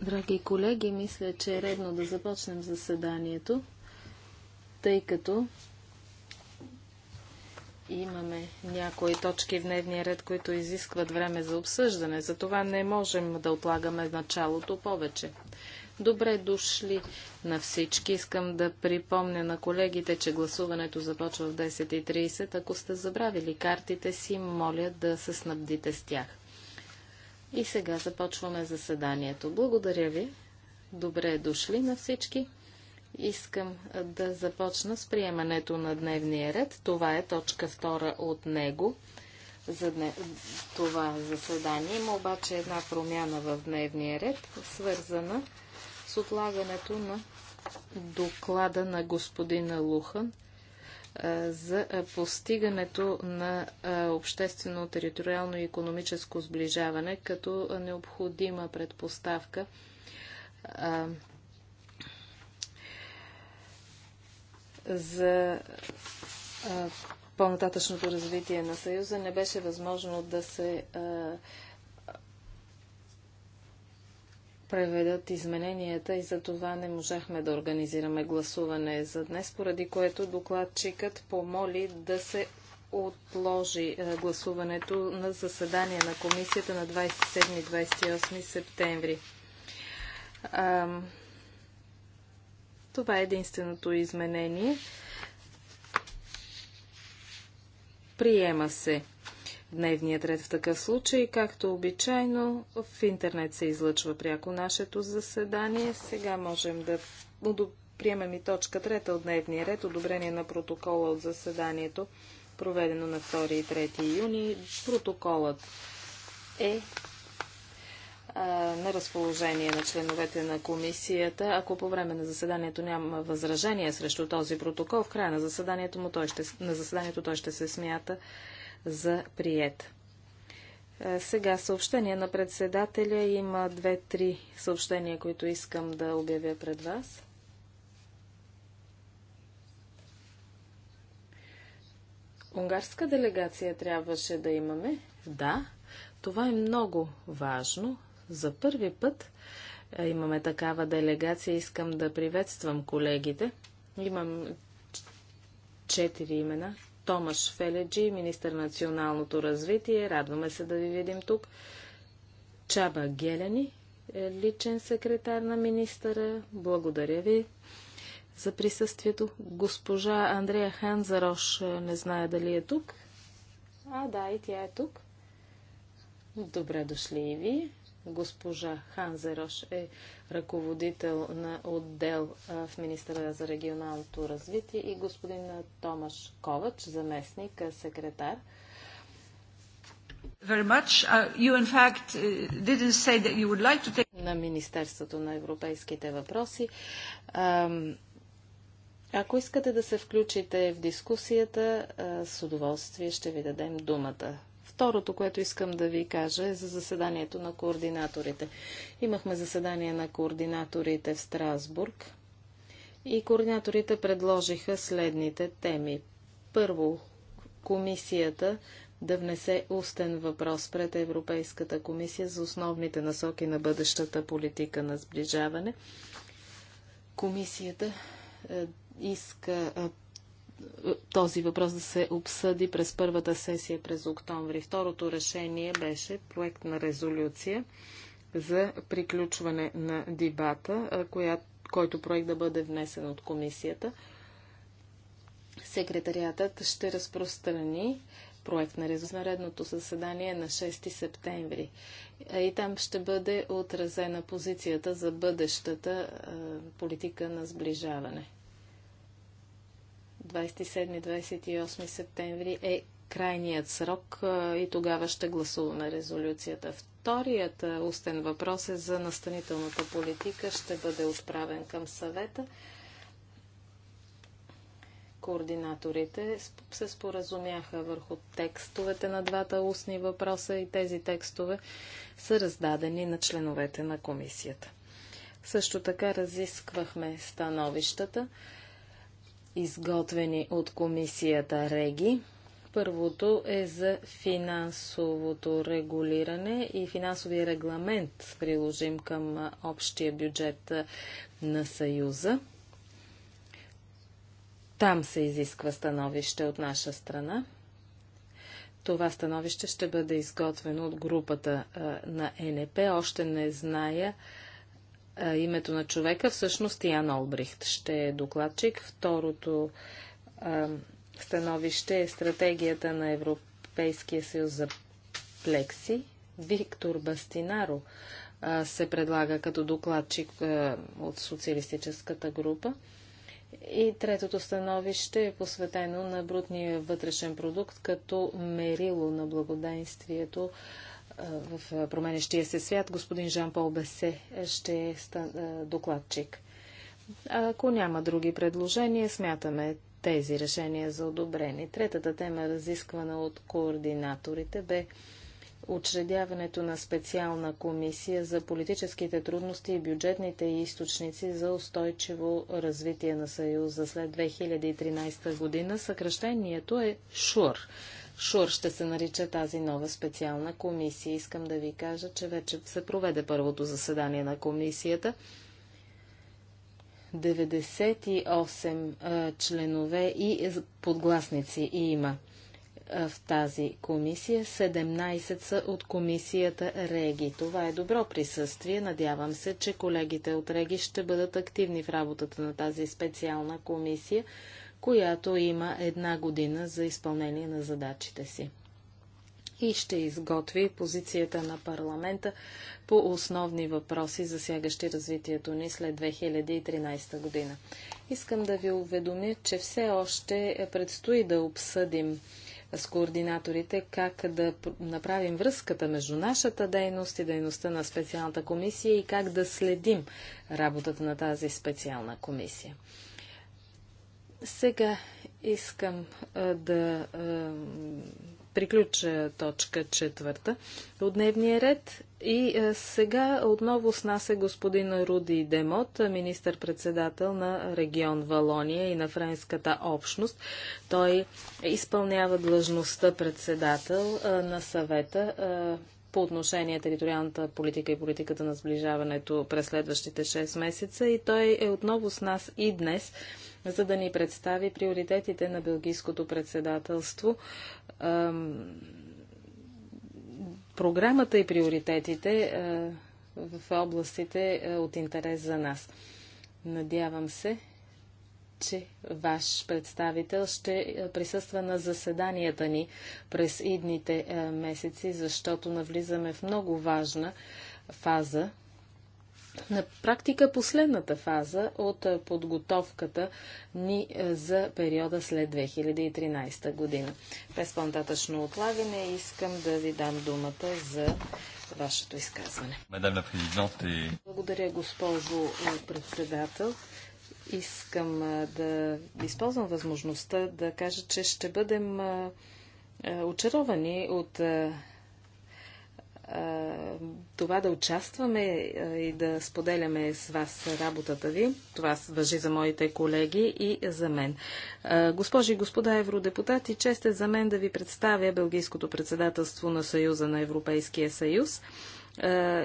Драги колеги, мисля, че е редно да започнем заседанието, тъй като имаме някои точки в дневния ред, които изискват време за обсъждане. Затова не можем да отлагаме началото повече. Добре дошли на всички. Искам да припомня на колегите, че гласуването започва в 10.30. Ако сте забравили картите си, моля да се снабдите с тях. И сега започваме заседанието. Благодаря ви. Добре дошли на всички. Искам да започна с приемането на дневния ред. Това е точка втора от него за дне... това заседание. Има обаче една промяна в дневния ред, свързана с отлагането на доклада на господина Лухан за постигането на обществено, териториално и економическо сближаване като необходима предпоставка за по-нататъчното развитие на Съюза не беше възможно да се преведат измененията и за това не можахме да организираме гласуване за днес, поради което докладчикът помоли да се отложи е, гласуването на заседание на комисията на 27-28 септември. това е единственото изменение. Приема се дневният ред в такъв случай. Както обичайно, в интернет се излъчва пряко нашето заседание. Сега можем да приемем и точка трета от дневния ред, одобрение на протокола от заседанието, проведено на 2 и 3 юни. Протоколът е на разположение на членовете на комисията. Ако по време на заседанието няма възражение срещу този протокол, в края на заседанието, му той ще, на заседанието той ще се смята за прият. Е, сега съобщения на председателя. Има две-три съобщения, които искам да обявя пред вас. Унгарска делегация трябваше да имаме. Да, това е много важно. За първи път е, имаме такава делегация. Искам да приветствам колегите. Имам четири имена, Томаш Феледжи, министър на националното развитие. Радваме се да ви видим тук. Чаба Гелени, е личен секретар на министъра. Благодаря ви за присъствието. Госпожа Андрея Ханзарош е, не знае дали е тук. А, да, и тя е тук. Добре дошли и ви. Госпожа Ханзерош е ръководител на отдел в Министъра за регионалното развитие и господин Томаш Ковач, заместник секретар. Uh, fact, like take... На Министерството на европейските въпроси. ако искате да се включите в дискусията, с удоволствие ще ви дадем думата. Второто, което искам да ви кажа е за заседанието на координаторите. Имахме заседание на координаторите в Страсбург и координаторите предложиха следните теми. Първо, комисията да внесе устен въпрос пред Европейската комисия за основните насоки на бъдещата политика на сближаване. Комисията е, иска този въпрос да се обсъди през първата сесия през октомври. Второто решение беше проект на резолюция за приключване на дебата, коя, който проект да бъде внесен от комисията. Секретариатът ще разпространи проект на резонарядното съседание на 6 септември. И там ще бъде отразена позицията за бъдещата политика на сближаване. 27-28 септември е крайният срок и тогава ще гласуваме резолюцията. Вторият устен въпрос е за настанителната политика. Ще бъде отправен към съвета. Координаторите се споразумяха върху текстовете на двата устни въпроса и тези текстове са раздадени на членовете на комисията. Също така разисквахме становищата изготвени от комисията Реги. Първото е за финансовото регулиране и финансовия регламент, приложим към общия бюджет на Съюза. Там се изисква становище от наша страна. Това становище ще бъде изготвено от групата на НП. Още не зная е, името на човека, всъщност Ян Олбрихт ще е докладчик. Второто а, е, становище е стратегията на Европейския съюз за плекси. Виктор Бастинаро а, е, се предлага като докладчик а, от социалистическата група. И третото становище е посветено на брутния вътрешен продукт като мерило на благоденствието в променещия се свят. Господин Жан-Пол Бесе ще е докладчик. Ако няма други предложения, смятаме тези решения за одобрени. Третата тема, разисквана от координаторите, бе учредяването на специална комисия за политическите трудности и бюджетните източници за устойчиво развитие на Съюза след 2013 година. Съкръщението е ШУР. ШУР ще се нарича тази нова специална комисия. Искам да ви кажа, че вече се проведе първото заседание на комисията. 98 членове и подгласници има в тази комисия. 17 са от комисията Реги. Това е добро присъствие. Надявам се, че колегите от Реги ще бъдат активни в работата на тази специална комисия която има една година за изпълнение на задачите си и ще изготви позицията на парламента по основни въпроси, засягащи развитието ни след 2013 година. Искам да ви уведомя, че все още предстои да обсъдим с координаторите как да направим връзката между нашата дейност и дейността на специалната комисия и как да следим работата на тази специална комисия. Сега искам а, да а, приключа точка четвърта от дневния ред. И а, сега отново с нас е господин Руди Демот, министър-председател на регион Валония и на френската общност. Той изпълнява длъжността председател а, на съвета а, по отношение териториалната политика и политиката на сближаването през следващите 6 месеца. И той е отново с нас и днес за да ни представи приоритетите на Белгийското председателство. Програмата и приоритетите в областите от интерес за нас. Надявам се, че ваш представител ще присъства на заседанията ни през идните месеци, защото навлизаме в много важна фаза на практика последната фаза от подготовката ни за периода след 2013 година. Без по-нататъчно отлагане искам да ви дам думата за вашето изказване. Благодаря, госпожо председател. Искам да използвам възможността да кажа, че ще бъдем очаровани от това да участваме и да споделяме с вас работата ви. Това въжи за моите колеги и за мен. Госпожи и господа евродепутати, чест е за мен да ви представя Белгийското председателство на Съюза на Европейския съюз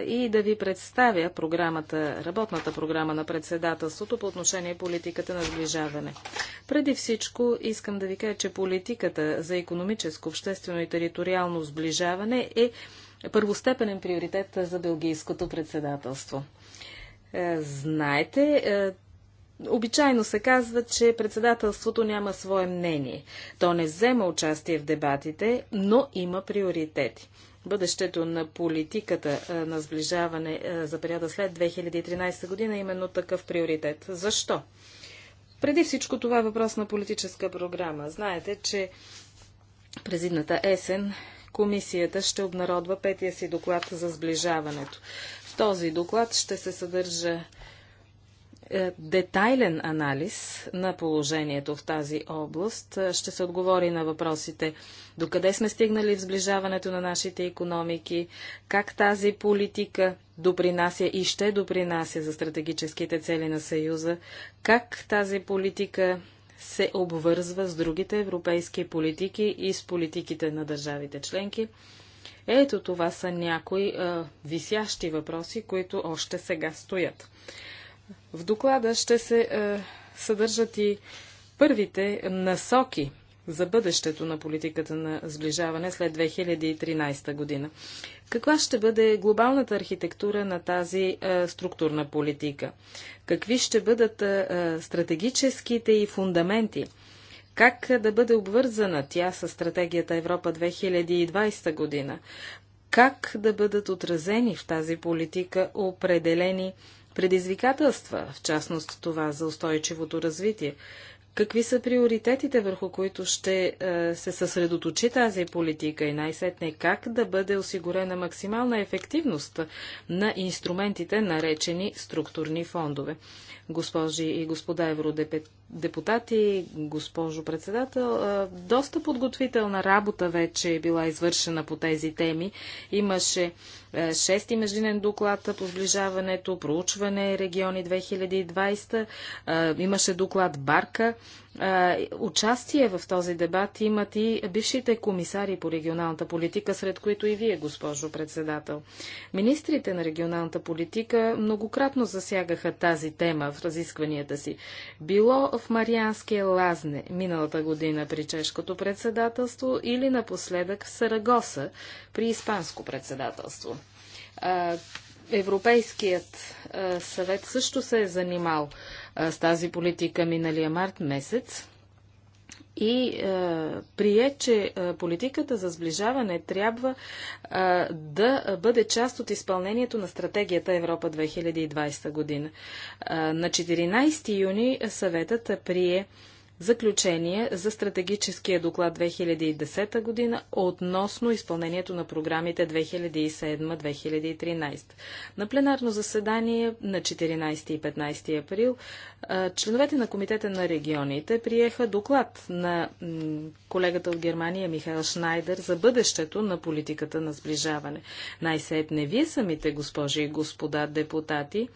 и да ви представя програмата, работната програма на председателството по отношение политиката на сближаване. Преди всичко искам да ви кажа, че политиката за економическо, обществено и териториално сближаване е е първостепенен приоритет за белгийското председателство. Е, знаете, е, Обичайно се казва, че председателството няма свое мнение. То не взема участие в дебатите, но има приоритети. Бъдещето на политиката е, на сближаване за периода след 2013 година е именно такъв приоритет. Защо? Преди всичко това е въпрос на политическа програма. Знаете, че през есен Комисията ще обнародва петия си доклад за сближаването. В този доклад ще се съдържа е, детайлен анализ на положението в тази област. Е, ще се отговори на въпросите докъде сме стигнали в сближаването на нашите економики, как тази политика допринася и ще допринася за стратегическите цели на Съюза, как тази политика се обвързва с другите европейски политики и с политиките на държавите членки. Ето това са някои а, висящи въпроси, които още сега стоят. В доклада ще се а, съдържат и първите насоки за бъдещето на политиката на сближаване след 2013 година. Каква ще бъде глобалната архитектура на тази а, е, структурна политика? Какви ще бъдат а, е, е, стратегическите и фундаменти? Как да бъде обвързана тя с стратегията Европа 2020 година? Как да бъдат отразени в тази политика определени предизвикателства, в частност това за устойчивото развитие? Какви са приоритетите, върху които ще е, се съсредоточи тази политика и най-сетне как да бъде осигурена максимална ефективност на инструментите, наречени структурни фондове? Госпожи и господа евродепутати, депутати, госпожо председател. Доста подготвителна работа вече е била извършена по тези теми. Имаше шести междинен доклад по сближаването, проучване региони 2020, имаше доклад Барка е, участие в този дебат имат и бившите комисари по регионалната политика, сред които и вие, госпожо председател. Министрите на регионалната политика многократно засягаха тази тема в разискванията си. Било в Марианския лазне миналата година при чешкото председателство или напоследък в Сарагоса при испанско председателство. Е, Европейският е, съвет също се е занимал с тази политика миналия март месец и е, прие, че е, политиката за сближаване трябва е, да бъде част от изпълнението на стратегията Европа 2020 година. Е, на 14 юни съветът прие заключение за стратегическия доклад 2010 година относно изпълнението на програмите 2007-2013. На пленарно заседание на 14 и 15 април членовете на Комитета на регионите приеха доклад на колегата от Германия Михаил Шнайдер за бъдещето на политиката на сближаване. Най-сетне вие самите, госпожи и господа депутати,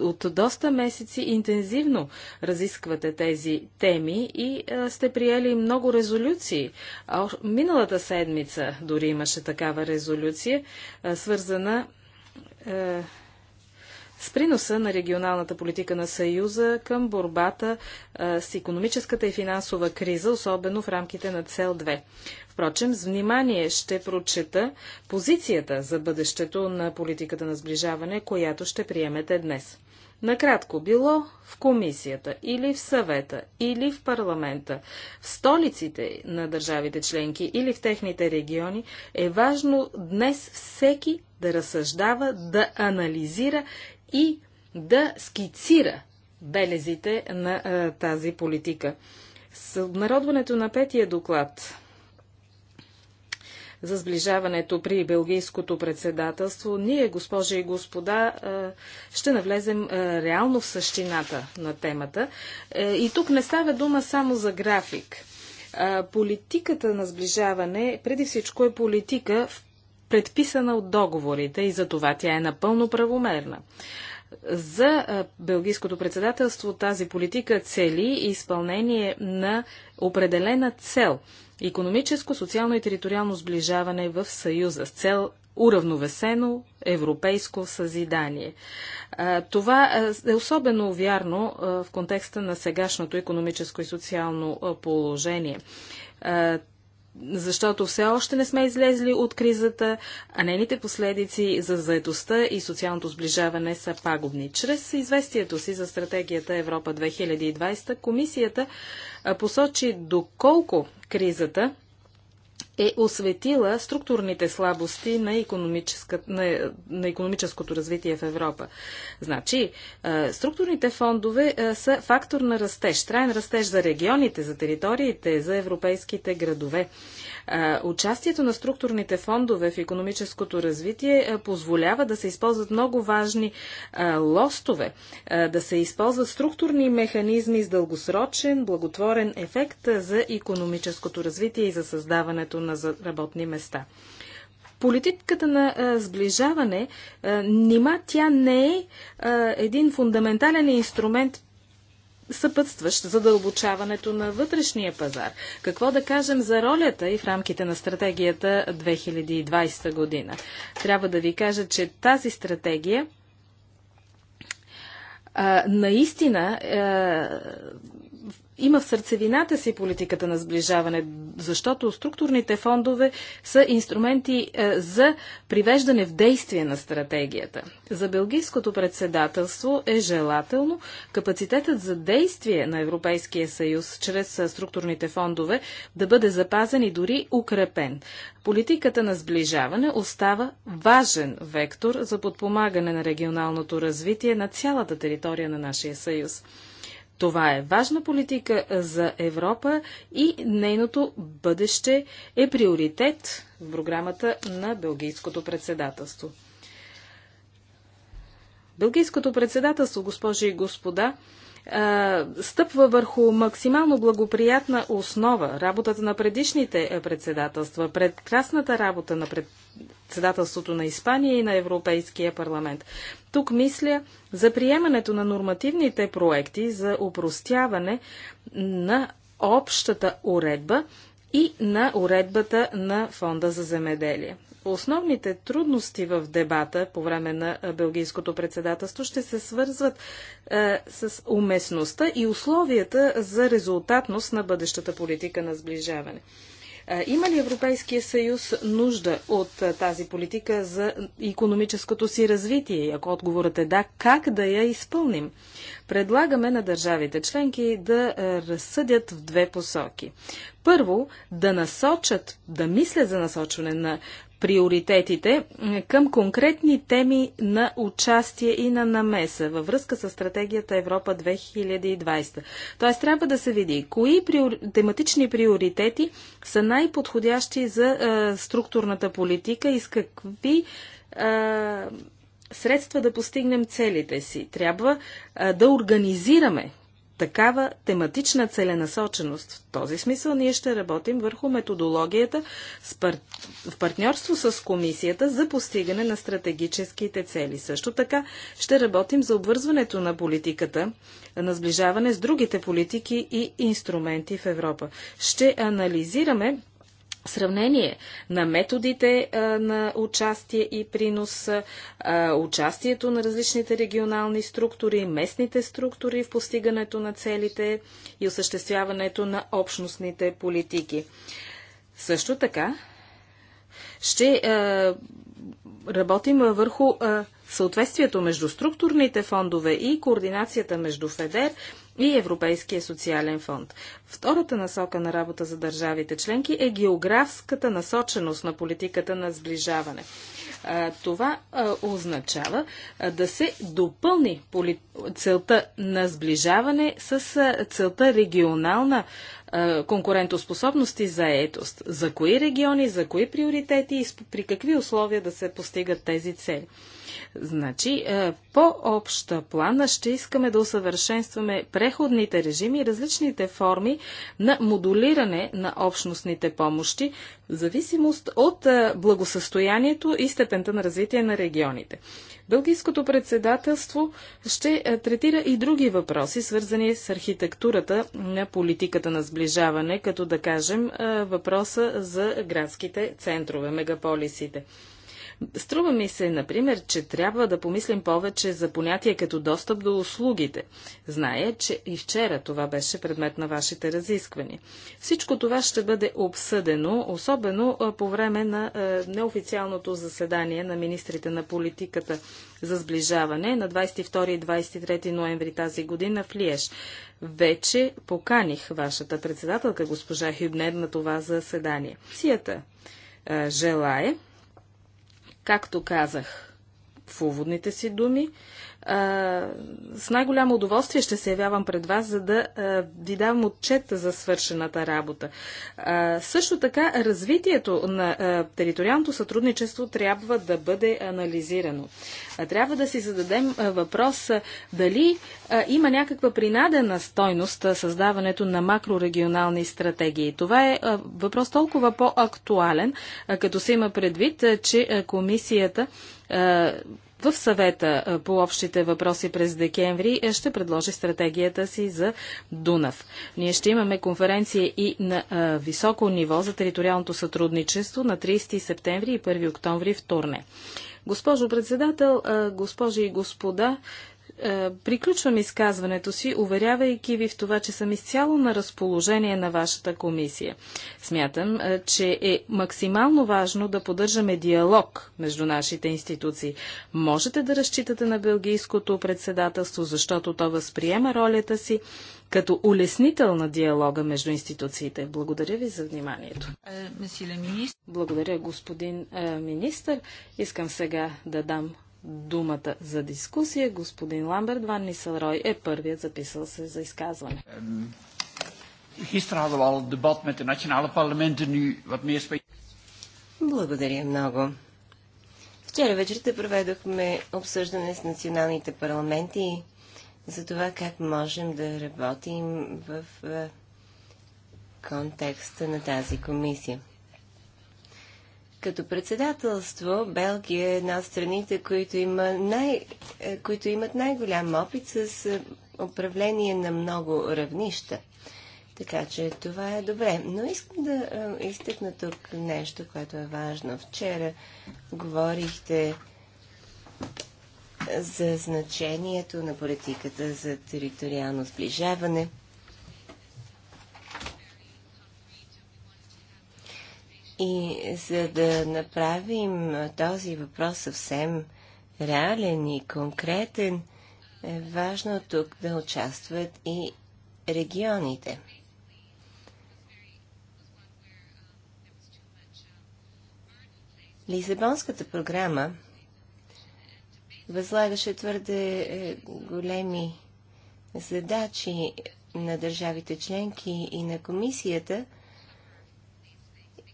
от доста месеци интензивно разисквате тези теми и сте приели много резолюции. Миналата седмица дори имаше такава резолюция, свързана с приноса на регионалната политика на Съюза към борбата а, с економическата и финансова криза, особено в рамките на цел 2. Впрочем, с внимание ще прочета позицията за бъдещето на политиката на сближаване, която ще приемете днес. Накратко, било в комисията, или в съвета, или в парламента, в столиците на държавите членки или в техните региони, е важно днес всеки да разсъждава, да анализира и да скицира белезите на а, тази политика. С обнародването на петия доклад за сближаването при Белгийското председателство, ние, госпожи и господа, ще навлезем реално в същината на темата. Е, и тук не става дума само за график. Политиката на сближаване преди всичко е политика в предписана от договорите и за това тя е напълно правомерна. За Белгийското председателство тази политика цели изпълнение на определена цел – економическо, социално и териториално сближаване в Съюза с цел уравновесено европейско съзидание. Това е особено вярно в контекста на сегашното економическо и социално положение защото все още не сме излезли от кризата, а нейните последици за заедостта и социалното сближаване са пагубни. Чрез известието си за стратегията Европа 2020, комисията посочи доколко кризата е осветила структурните слабости на, на, на економическото развитие в Европа. Значи, структурните фондове са фактор на растеж, траен растеж за регионите, за териториите, за европейските градове. Участието на структурните фондове в економическото развитие позволява да се използват много важни лостове, да се използват структурни механизми с дългосрочен, благотворен ефект за економическото развитие и за създаването на на работни места. Политиката на а, сближаване, а, нима тя не е а, един фундаментален инструмент съпътстващ задълбочаването на вътрешния пазар. Какво да кажем за ролята и в рамките на стратегията 2020 година? Трябва да ви кажа, че тази стратегия а, наистина а, е, има в сърцевината си политиката на сближаване, защото структурните фондове са инструменти е, за привеждане в действие на стратегията. За белгийското председателство е желателно капацитетът за действие на Европейския съюз чрез е, структурните фондове да бъде запазен и дори укрепен. Политиката на сближаване остава важен вектор за подпомагане на регионалното развитие на цялата територия на нашия съюз. Това е важна политика за Европа и нейното бъдеще е приоритет в програмата на Белгийското председателство. Белгийското председателство, госпожи и господа, стъпва върху максимално благоприятна основа. Работата на предишните е, председателства, прекрасната работа на председателството на Испания и на Европейския парламент. Тук мисля за приемането на нормативните проекти за упростяване на общата уредба и на уредбата на Фонда за земеделие. Основните трудности в дебата по време на Белгийското председателство ще се свързват е, с уместността и условията за резултатност на бъдещата политика на сближаване. Има ли Европейския съюз нужда от тази политика за економическото си развитие? Ако отговорът е да, как да я изпълним? Предлагаме на държавите членки да разсъдят в две посоки. Първо, да насочат, да мислят за насочване на приоритетите към конкретни теми на участие и на намеса във връзка с стратегията Европа 2020. Тоест трябва да се види кои приор... тематични приоритети са най-подходящи за а, структурната политика и с какви а, средства да постигнем целите си. Трябва а, да организираме такава тематична целенасоченост. В този смисъл ние ще работим върху методологията пар... в партньорство с комисията за постигане на стратегическите цели. Също така ще работим за обвързването на политиката на сближаване с другите политики и инструменти в Европа. Ще анализираме сравнение на методите на участие и принос, участието на различните регионални структури, местните структури в постигането на целите и осъществяването на общностните политики. Също така ще работим върху съответствието между структурните фондове и координацията между ФЕДЕР и Европейския социален фонд. Втората насока на работа за държавите членки е географската насоченост на политиката на сближаване. Това означава да се допълни целта на сближаване с целта регионална конкурентоспособност и заетост. За кои региони, за кои приоритети и при какви условия да се постигат тези цели. Значи, е, по-обща плана ще искаме да усъвършенстваме преходните режими и различните форми на модулиране на общностните помощи в зависимост от е, благосъстоянието и степента на развитие на регионите. Бългийското председателство ще е, третира и други въпроси, свързани с архитектурата на политиката на сближаване, като да кажем въпроса за градските центрове, мегаполисите. Струва ми се, например, че трябва да помислим повече за понятие като достъп до услугите. Зная, че и вчера това беше предмет на вашите разисквания. Всичко това ще бъде обсъдено, особено по време на неофициалното заседание на министрите на политиката за сближаване на 22 и 23 ноември тази година в Лиеш. Вече поканих вашата председателка, госпожа Хюбнер, на това заседание. Сията желае Както казах в уводните си думи, с най-голямо удоволствие ще се явявам пред вас, за да ви дам отчет за свършената работа. Също така, развитието на териториалното сътрудничество трябва да бъде анализирано. Трябва да си зададем въпрос дали има някаква принадена стойност създаването на макрорегионални стратегии. Това е въпрос толкова по-актуален, като се има предвид, че комисията в съвета по общите въпроси през декември ще предложи стратегията си за Дунав. Ние ще имаме конференция и на а, високо ниво за териториалното сътрудничество на 30 септември и 1 октомври в Турне. Госпожо председател, госпожи и господа, е, приключвам изказването си, уверявайки ви в това, че съм изцяло на разположение на вашата комисия. Смятам, е, че е максимално важно да поддържаме диалог между нашите институции. Можете да разчитате на белгийското председателство, защото то възприема ролята си като улеснител на диалога между институциите. Благодаря ви за вниманието. Е, Благодаря, господин министр. Искам сега да дам думата за дискусия. Господин Ламберт Ван Нисълрой е първият записал се за изказване. Благодаря много. Вчера вечерта проведохме обсъждане с националните парламенти за това как можем да работим в е, контекста на тази комисия. Като председателство, Белгия е една от страните, които, има най, е, които имат най-голям опит с е, управление на много равнища. Така че това е добре. Но искам да е, изтъкна тук нещо, което е важно. Вчера говорихте за значението на политиката за териториално сближаване. И за да направим този въпрос съвсем реален и конкретен, е важно тук да участват и регионите. Лисабонската програма възлагаше твърде е, големи задачи на държавите членки и на комисията –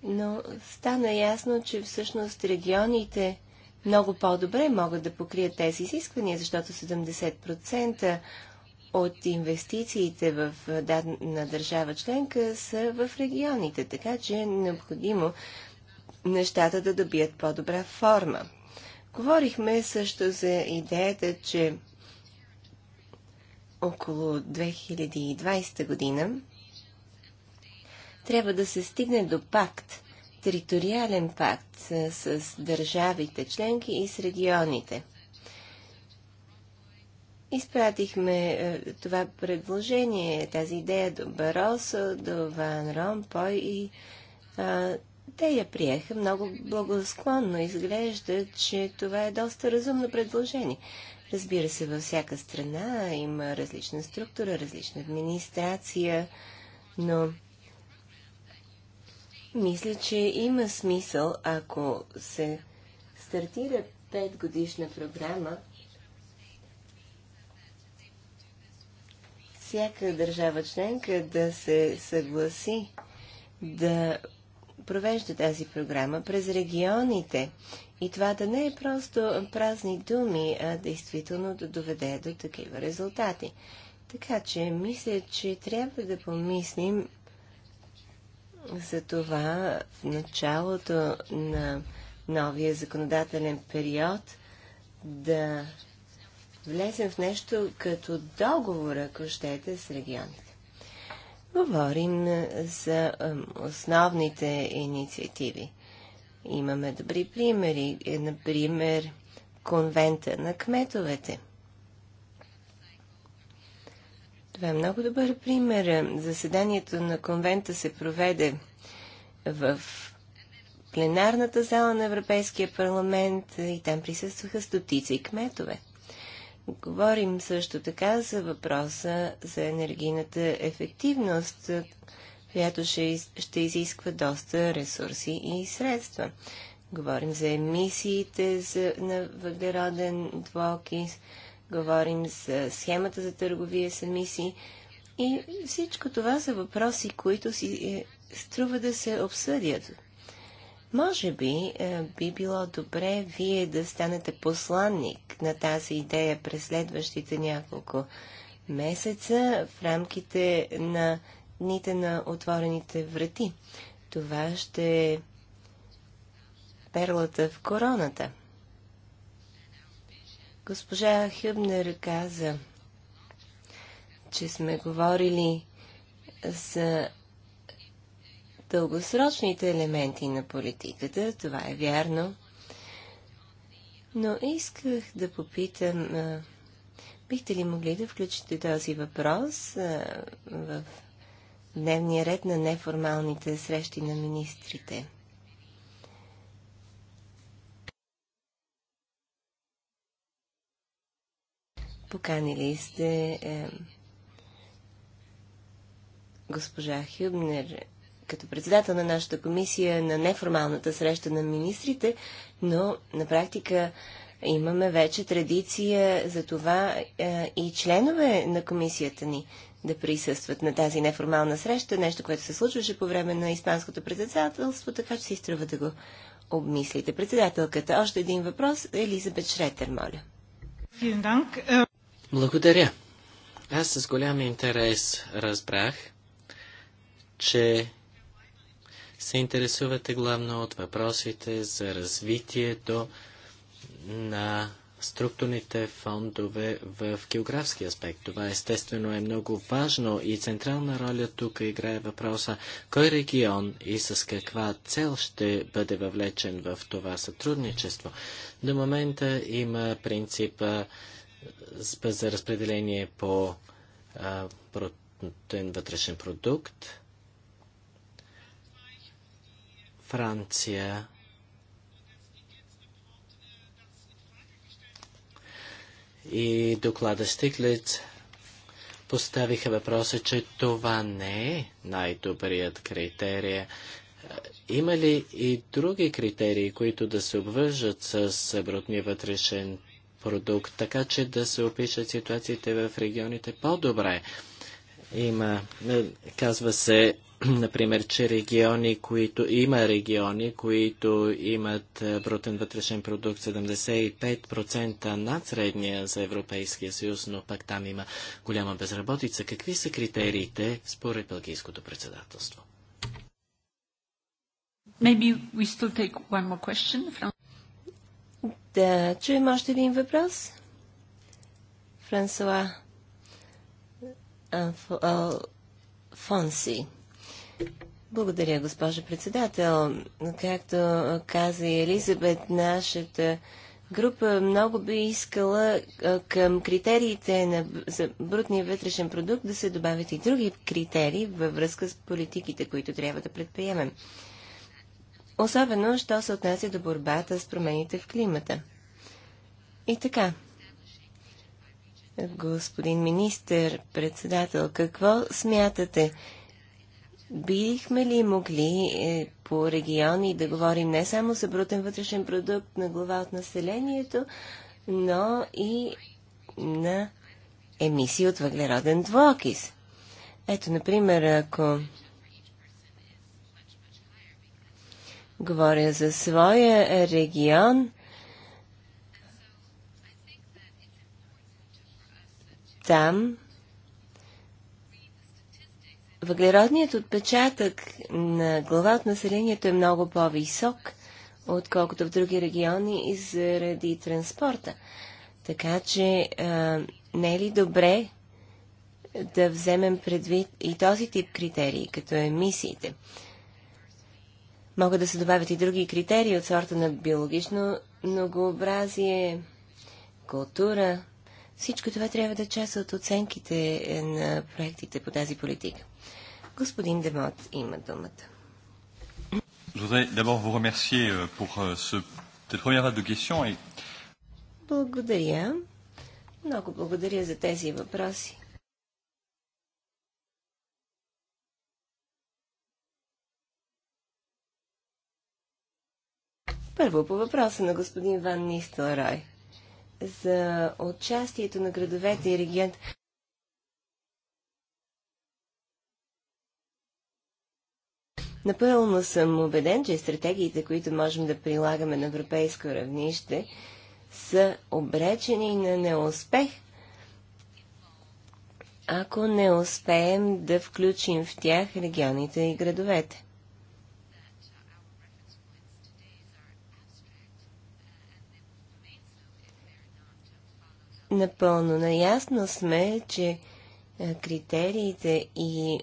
но стана ясно, че всъщност регионите много по-добре могат да покрият тези изисквания, защото 70% от инвестициите в дадена държава членка са в регионите, така че е необходимо нещата да добият по-добра форма. Говорихме също за идеята, че около 2020 година трябва да се стигне до пакт, териториален пакт с, с държавите членки и с регионите. Изпратихме е, това предложение, тази идея до Баросо, до Ван Ромпой и е, те я приеха много благосклонно. Изглежда, че това е доста разумно предложение. Разбира се, във всяка страна има различна структура, различна администрация, но мисля, че има смисъл, ако се стартира годишна програма, всяка държава членка да се съгласи да провежда тази програма през регионите. И това да не е просто празни думи, а действително да доведе до такива резултати. Така че мисля, че трябва да помислим затова в началото на новия законодателен период да влезем в нещо като договор, ако щете, с регионите. Говорим е, за основните инициативи. Имаме добри примери. Е, например, конвента на кметовете – това е много добър пример. Заседанието на конвента се проведе в пленарната зала на Европейския парламент и там присъстваха стотици и кметове. Говорим също така за въпроса за енергийната ефективност, която ще, изисква доста ресурси и средства. Говорим за емисиите на въглероден двокис, говорим за схемата за търговия с емисии. И всичко това са въпроси, които си е, струва да се обсъдят. Може би е, би било добре вие да станете посланник на тази идея през следващите няколко месеца в рамките на дните на отворените врати. Това ще е перлата в короната – Госпожа Хюбнер каза, че сме говорили за дългосрочните елементи на политиката. Това е вярно. Но исках да попитам, бихте ли могли да включите този въпрос в дневния ред на неформалните срещи на министрите? Поканили сте е, госпожа Хюбнер като председател на нашата комисия на неформалната среща на министрите, но на практика имаме вече традиция за това е, и членове на комисията ни да присъстват на тази неформална среща, нещо, което се случваше по време на Испанското председателство, така че си струва да го обмислите. Председателката, още един въпрос. Елизабет Шретер, моля. Благодаря. Аз с голям интерес разбрах, че се интересувате главно от въпросите за развитието на структурните фондове в географски аспект. Това естествено е много важно и централна роля тук играе въпроса кой регион и с каква цел ще бъде въвлечен в това сътрудничество. До момента има принципа за разпределение по брутен вътрешен продукт. Франция и доклада Штиклиц поставиха въпроса, че това не е най-добрият критерия. Има ли и други критерии, които да се обвържат с брутния вътрешен продукт, така че да се опишат ситуациите в регионите по-добре. Има, е, казва се, например, че региони, които има региони, които имат е, брутен вътрешен продукт 75% над средния за Европейския съюз, но пък там има голяма безработица. Какви са критериите според белгийското председателство? Maybe we still take one more question from... Да чуем още един въпрос. Франсуа Фонси. Благодаря, госпожа председател. Както каза и Елизабет, нашата група много би искала към критериите на за брутния вътрешен продукт да се добавят и други критерии във връзка с политиките, които трябва да предприемем особено, що се отнася до борбата с промените в климата. И така, господин министър, председател, какво смятате? Бихме ли могли е, по региони да говорим не само за брутен вътрешен продукт на глава от населението, но и на емисии от въглероден двуокис? Ето, например, ако Говоря за своя регион. Там въглеродният отпечатък на глава от населението е много по-висок, отколкото в други региони и заради транспорта. Така че а, не е ли добре да вземем предвид и този тип критерии, като емисиите? Могат да се добавят и други критерии от сорта на биологично многообразие, култура. Всичко това трябва да е част от оценките е, на проектите по тази политика. Господин Демот има думата. Euh, euh, благодаря. Много благодаря за тези въпроси. Първо, по въпроса на господин Ван Нистелрой за участието на градовете и регент, Напълно съм убеден, че стратегиите, които можем да прилагаме на европейско равнище, са обречени на неуспех, ако не успеем да включим в тях регионите и градовете. напълно наясно сме, че е, критериите и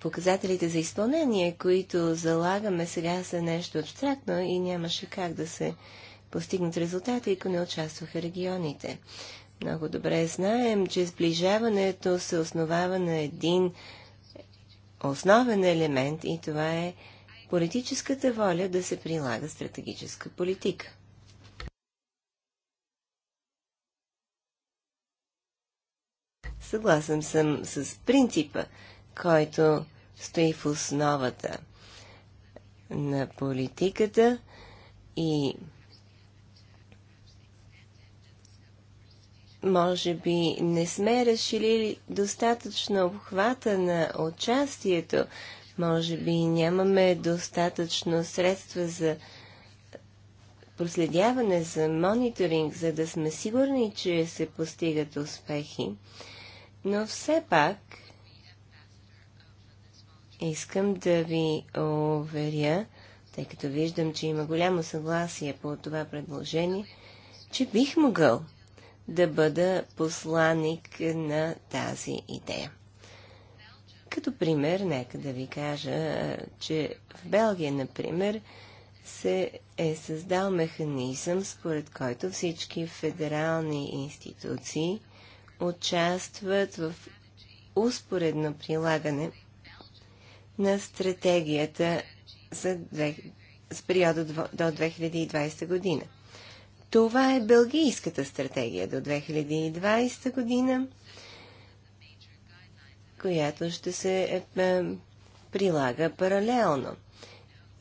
показателите за изпълнение, които залагаме сега са нещо абстрактно и нямаше как да се постигнат резултати, ако не участваха регионите. Много добре знаем, че сближаването се основава на един основен елемент и това е политическата воля да се прилага стратегическа политика. Съгласен съм с принципа, който стои в основата на политиката и може би не сме разширили достатъчно обхвата на участието, може би нямаме достатъчно средства за проследяване, за мониторинг, за да сме сигурни, че се постигат успехи. Но все пак искам да ви уверя, тъй като виждам, че има голямо съгласие по това предложение, че бих могъл да бъда посланник на тази идея. Като пример, нека да ви кажа, че в Белгия, например, се е създал механизъм, според който всички федерални институции участват в успоредно прилагане на стратегията за, две, за периода до 2020 година. Това е Белгийската стратегия до 2020 година, която ще се е, е, прилага паралелно.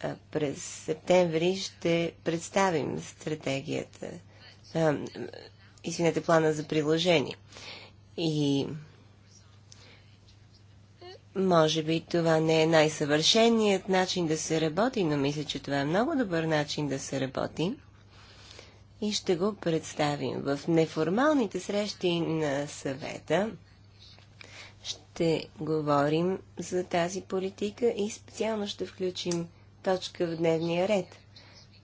А през септември ще представим стратегията, извинете, плана за приложение. И може би това не е най-съвършеният начин да се работи, но мисля, че това е много добър начин да се работи. И ще го представим в неформалните срещи на съвета. Ще говорим за тази политика и специално ще включим точка в дневния ред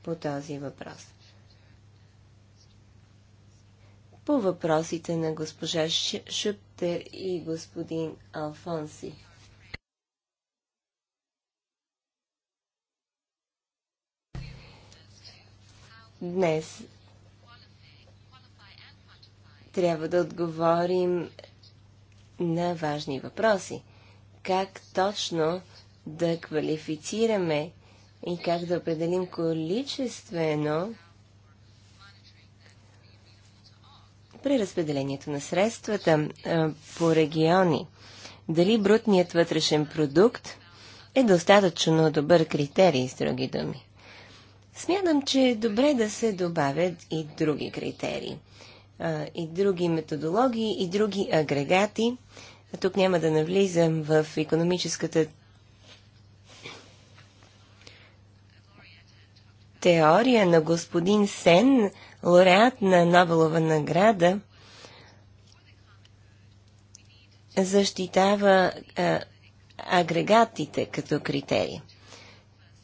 по този въпрос. по въпросите на госпожа Шуптер и господин Алфонси. Днес трябва да отговорим на важни въпроси. Как точно да квалифицираме и как да определим количествено преразпределението на средствата по региони. Дали брутният вътрешен продукт е достатъчно добър критерий, с други думи. Смятам, че е добре да се добавят и други критерии, и други методологии, и други агрегати. Тук няма да навлизам в економическата теория на господин Сен, лауреат на Нобелова награда, защитава а, агрегатите като критерии.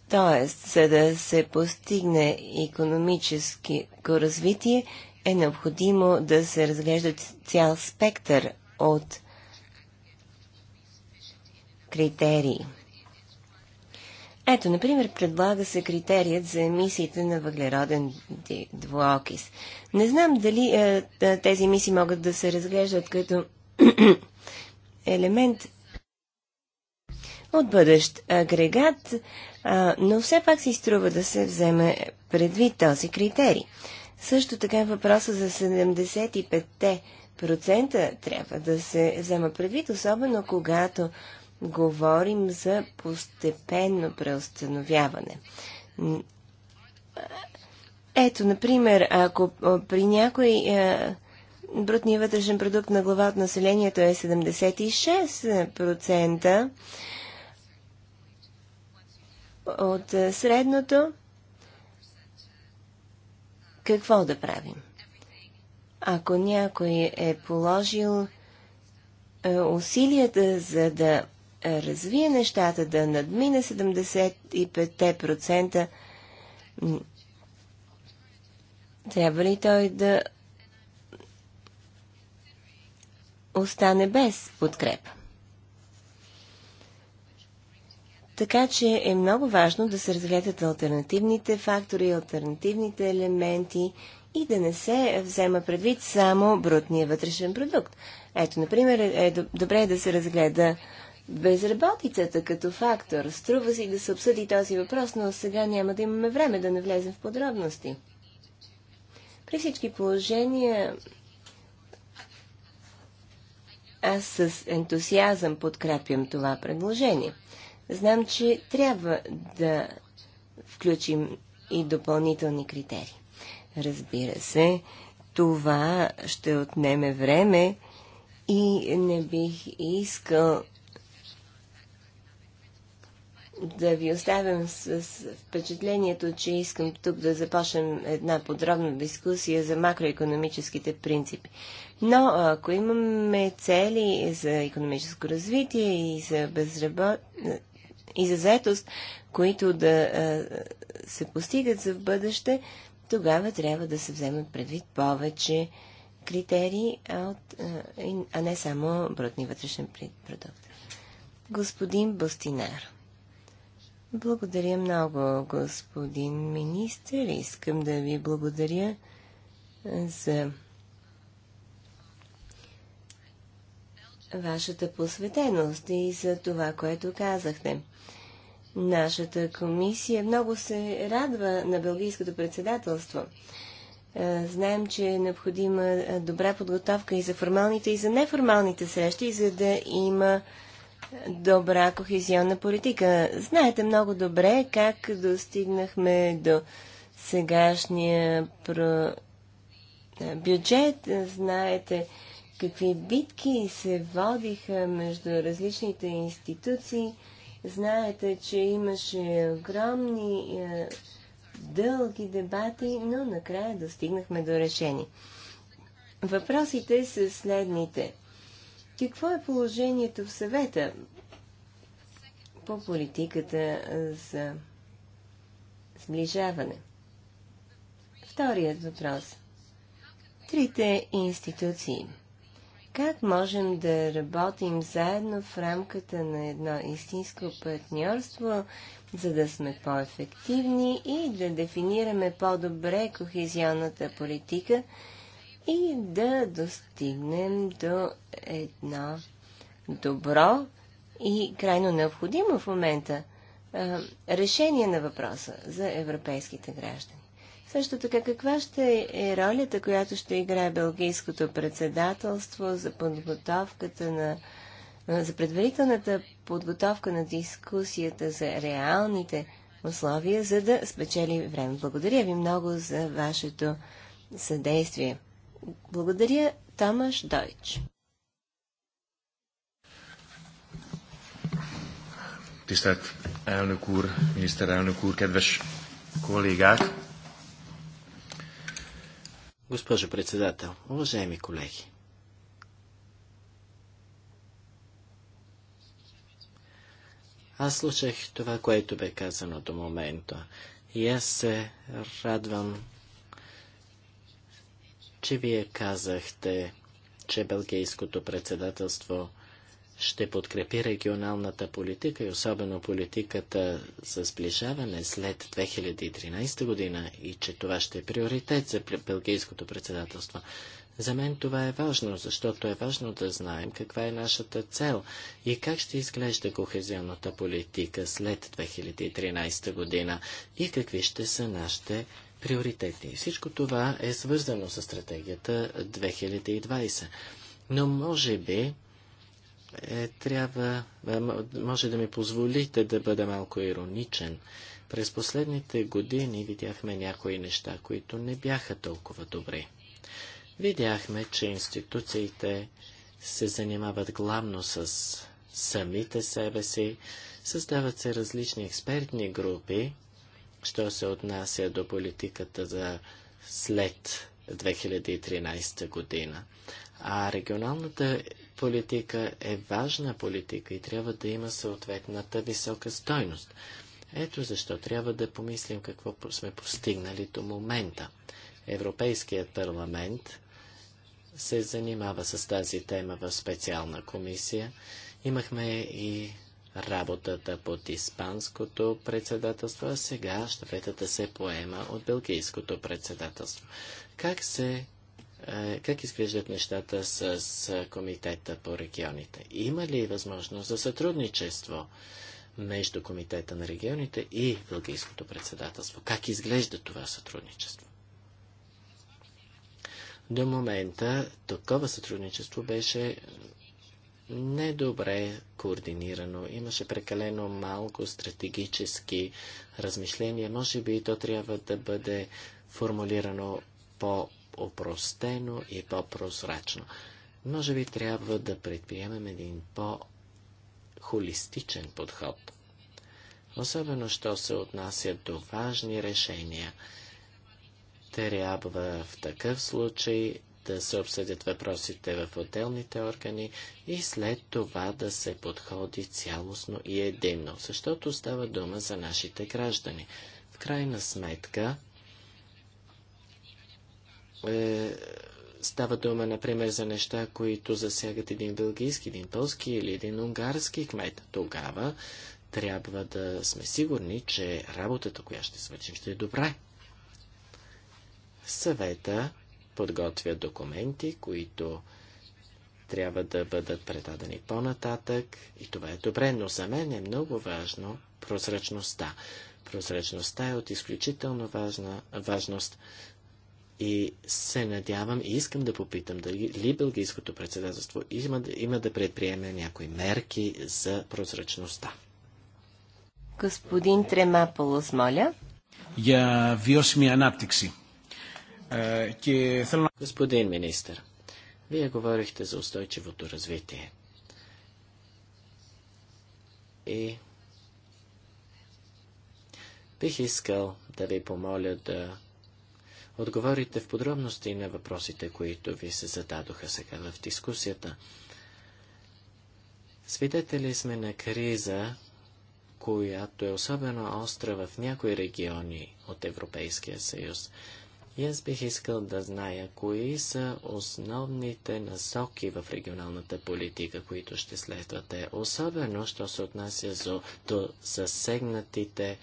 Тоест, за да се постигне економически развитие, е необходимо да се разглежда цял спектър от критерии. Ето, например, предлага се критерият за емисиите на въглероден двуокис. Не знам дали е, е, тези емисии могат да се разглеждат като елемент от бъдещ агрегат, а, е, но все пак си струва да се вземе предвид този критерий. Също така въпроса за 75% трябва да се взема предвид, особено когато говорим за постепенно преустановяване. Ето, например, ако при някой е, брутния вътрешен продукт на глава от населението е 76% от е, средното, какво да правим? Ако някой е положил е, усилията за да развие нещата, да надмине 75%, трябва ли той да остане без подкрепа? Така че е много важно да се разгледат альтернативните фактори, альтернативните елементи и да не се взема предвид само брутния вътрешен продукт. Ето, например, е добре е да се разгледа безработицата като фактор. Струва си да се обсъди този въпрос, но сега няма да имаме време да не влезем в подробности. При всички положения аз с ентусиазъм подкрепям това предложение. Знам, че трябва да включим и допълнителни критерии. Разбира се, това ще отнеме време и не бих искал да ви оставям с впечатлението, че искам тук да започнем една подробна дискусия за макроекономическите принципи. Но ако имаме цели за економическо развитие и за безработ... и за заетост, които да се постигат за в бъдеще, тогава трябва да се вземат предвид повече критерии, а, от, а не само брутни вътрешен продукт. Господин Бастинар. Благодаря много, господин министр. Искам да ви благодаря за вашата посветеност и за това, което казахте. Нашата комисия много се радва на Белгийското председателство. Е, знаем, че е необходима добра подготовка и за формалните, и за неформалните срещи, за да има добра кохезионна политика. Знаете много добре как достигнахме до сегашния про... бюджет. Знаете какви битки се водиха между различните институции. Знаете, че имаше огромни е, дълги дебати, но накрая достигнахме до решение. Въпросите са следните. Какво е положението в съвета по политиката за сближаване? Вторият въпрос. Трите институции. Как можем да работим заедно в рамката на едно истинско партньорство, за да сме по-ефективни и да дефинираме по-добре кохезионната политика – и да достигнем до едно добро и крайно необходимо в момента решение на въпроса за европейските граждани. Също така, каква ще е ролята, която ще играе Белгийското председателство за подготовката на за предварителната подготовка на дискусията за реалните условия, за да спечели време. Благодаря ви много за вашето съдействие. Благодаря, Тамаш Дойч. Tisztelt elnök úr, miniszterelnök úr, kedves kollégák! Госпожо председател, уважаеми колеги! Аз слушах това, което бе казано до момента и аз се радвам че вие казахте, че Белгийското председателство ще подкрепи регионалната политика и особено политиката за сближаване след 2013 година и че това ще е приоритет за Белгийското председателство. За мен това е важно, защото е важно да знаем каква е нашата цел и как ще изглежда кохезионната политика след 2013 година и какви ще са нашите приоритети. Всичко това е свързано с стратегията 2020. Но може би е, трябва, е, може да ми позволите да бъда малко ироничен. През последните години видяхме някои неща, които не бяха толкова добри. Видяхме, че институциите се занимават главно с самите себе си, създават се различни експертни групи, що се отнася до политиката за след 2013 година. А регионалната политика е важна политика и трябва да има съответната висока стойност. Ето защо трябва да помислим какво сме постигнали до момента. Европейският парламент се занимава с тази тема в специална комисия. Имахме и работата под испанското председателство, а сега щафетата се поема от белгийското председателство. Как се е, как изглеждат нещата с, с Комитета по регионите? Има ли възможност за сътрудничество между Комитета на регионите и Бългийското председателство? Как изглежда това сътрудничество? До момента такова сътрудничество беше недобре координирано. Имаше прекалено малко стратегически размишления. Може би то трябва да бъде формулирано по-опростено и по-прозрачно. Може би трябва да предприемем един по-холистичен подход. Особено, що се отнася до важни решения, трябва в такъв случай да се обсъдят въпросите в отделните органи и след това да се подходи цялостно и единно, защото става дума за нашите граждани. В крайна сметка, е, става дума, например, за неща, които засягат един бългийски, един полски или един унгарски кмет. Тогава трябва да сме сигурни, че работата, която ще свършим, ще е добра. Съвета подготвя документи, които трябва да бъдат предадени по-нататък и това е добре, но за мен е много важно прозрачността. Прозрачността е от изключително важна, важност и се надявам и искам да попитам дали Бългийското председателство има, има да предприеме някои мерки за прозрачността. Господин Тремаполос, моля. Για βιώσιμη ανάπτυξη. Господин министр, вие говорихте за устойчивото развитие. И бих искал да ви помоля да отговорите в подробности на въпросите, които ви се зададоха сега в дискусията. Свидетели сме на криза, която е особено остра в някои региони от Европейския съюз. И аз бих искал да зная, кои са основните насоки в регионалната политика, които ще следвате, особено, що се отнася за, до засегнатите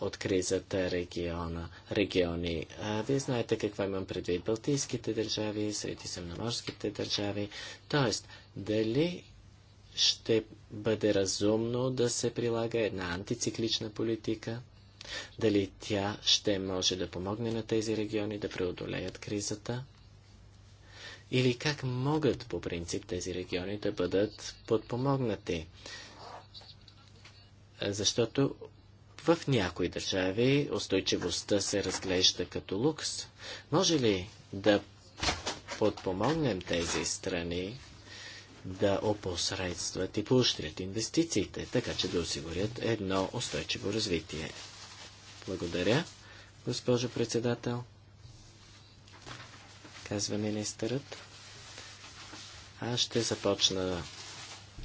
от кризата региона, региони. А, вие знаете какво имам предвид. Балтийските държави, средиземноморските държави. Тоест, дали ще бъде разумно да се прилага една антициклична политика? Дали тя ще може да помогне на тези региони да преодолеят кризата? Или как могат по принцип тези региони да бъдат подпомогнати? Защото в някои държави устойчивостта се разглежда като лукс. Може ли да подпомогнем тези страни да опосредстват и поощрят инвестициите, така че да осигурят едно устойчиво развитие. Благодаря, госпожо председател. Казва министърът. Аз ще започна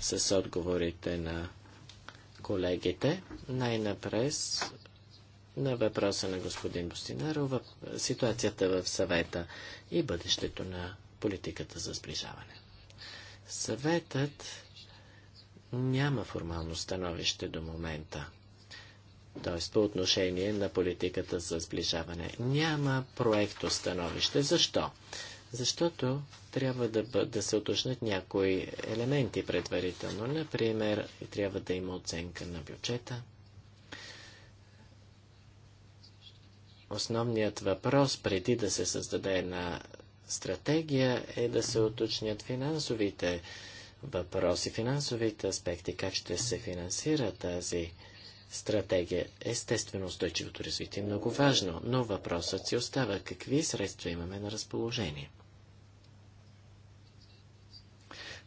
с отговорите на колегите. Най-напрез на въпроса на господин Бостинаров, ситуацията в съвета и бъдещето на политиката за сближаване. Съветът няма формално становище до момента т.е. по отношение на политиката за сближаване. Няма проекто становище. Защо? Защото трябва да, бъ... да се уточнят някои елементи предварително. Например, трябва да има оценка на бюджета. Основният въпрос преди да се създаде една стратегия е да се уточнят финансовите въпроси, финансовите аспекти, как ще се финансира тази стратегия стратегия. Естествено, устойчивото развитие е много важно, но въпросът си остава какви средства имаме на разположение.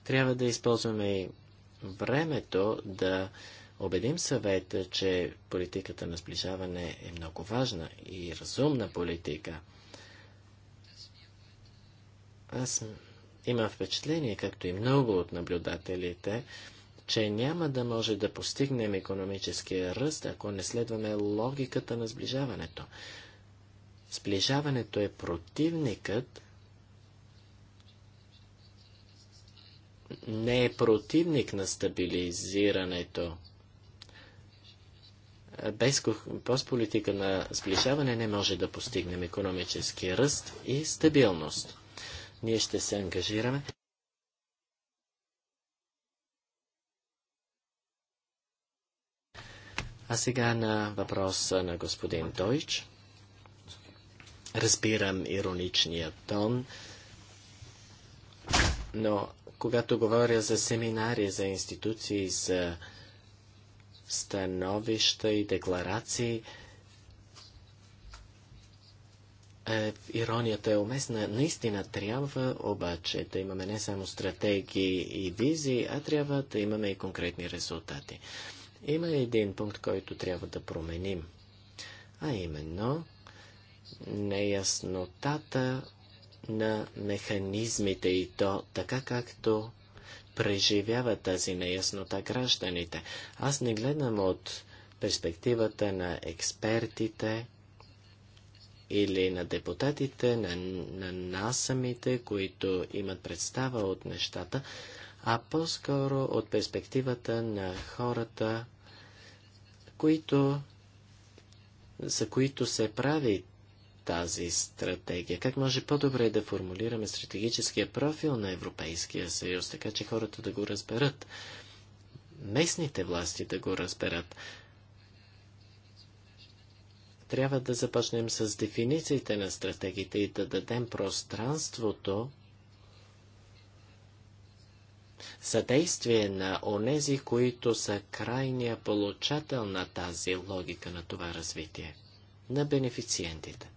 Трябва да използваме и времето да убедим съвета, че политиката на сближаване е много важна и разумна политика. Аз имам впечатление, както и много от наблюдателите, че няма да може да постигнем економическия ръст, ако не следваме логиката на сближаването. Сближаването е противникът, не е противник на стабилизирането. Без, постполитика на сближаване не може да постигнем економически ръст и стабилност. Ние ще се ангажираме А сега на въпроса на господин Дойч. Разбирам ироничният тон, но когато говоря за семинари, за институции, за становища и декларации, е, иронията е уместна. Наистина трябва обаче да имаме не само стратегии и визии, а трябва да имаме и конкретни резултати. Има един пункт, който трябва да променим, а именно неяснотата на механизмите и то така както преживяват тази неяснота гражданите. Аз не гледам от перспективата на експертите или на депутатите, на, на нас самите, които имат представа от нещата, а по-скоро от перспективата на хората, които, за които се прави тази стратегия? Как може по-добре да формулираме стратегическия профил на Европейския съюз, така че хората да го разберат? Местните власти да го разберат? Трябва да започнем с дефинициите на стратегиите и да дадем пространството съдействие на онези, които са крайния получател на тази логика на това развитие, на бенефициентите.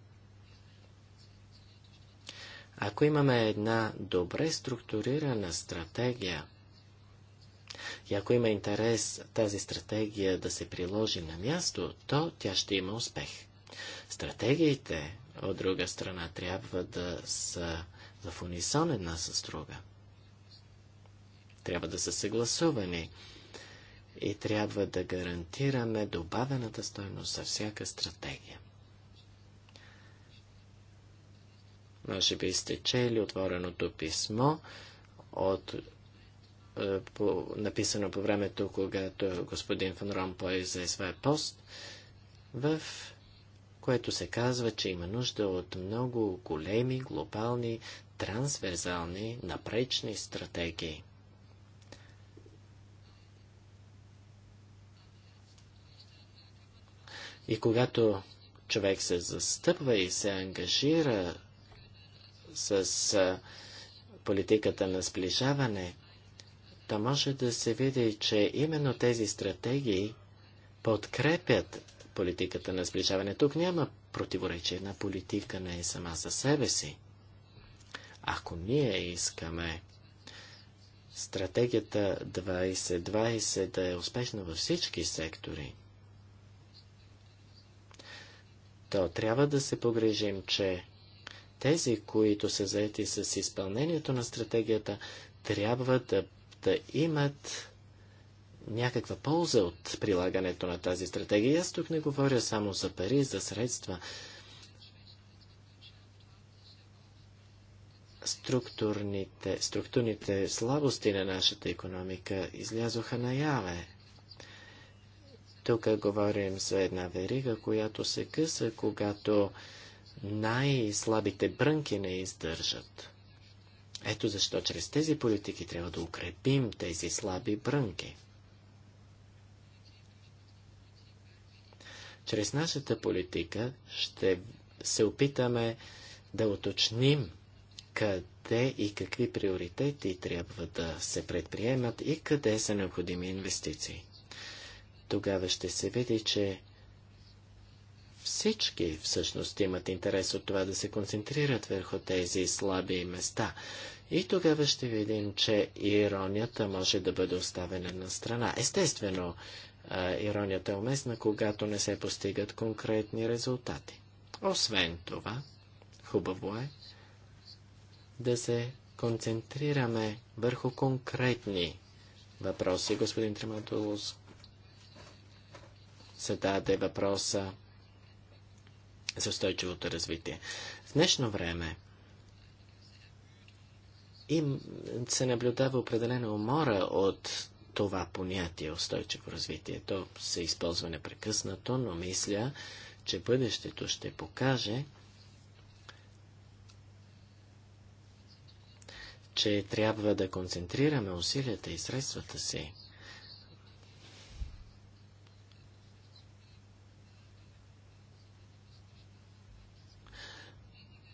Ако имаме една добре структурирана стратегия, и ако има интерес тази стратегия да се приложи на място, то тя ще има успех. Стратегиите, от друга страна, трябва да са в унисон една с друга – трябва да са съгласувани и трябва да гарантираме добавената стойност за всяка стратегия. Може би сте чели отвореното писмо от е, по, написано по времето, когато господин Фан Ромпой взе своя пост, в което се казва, че има нужда от много големи, глобални, трансверзални, напречни стратегии. И когато човек се застъпва и се ангажира с политиката на сближаване, то може да се види, че именно тези стратегии подкрепят политиката на сближаване. Тук няма противоречие. на политика не е сама за себе си. Ако ние искаме стратегията 2020 да е успешна във всички сектори, то трябва да се погрежим, че тези, които са заети с изпълнението на стратегията, трябва да, да имат някаква полза от прилагането на тази стратегия. Аз тук не говоря само за пари, за средства. Структурните, структурните слабости на нашата економика излязоха наяве. Тук говорим за една верига, която се къса, когато най-слабите брънки не издържат. Ето защо чрез тези политики трябва да укрепим тези слаби брънки. Чрез нашата политика ще се опитаме да уточним къде и какви приоритети трябва да се предприемат и къде са необходими инвестиции тогава ще се види, че всички всъщност имат интерес от това да се концентрират върху тези слаби места. И тогава ще видим, че иронията може да бъде оставена на страна. Естествено, иронията е уместна, когато не се постигат конкретни резултати. Освен това, хубаво е да се концентрираме върху конкретни въпроси. Господин Трематолос зададе въпроса за устойчивото развитие. В днешно време им се наблюдава определена умора от това понятие устойчиво развитие. То се използва непрекъснато, но мисля, че бъдещето ще покаже, че трябва да концентрираме усилията и средствата си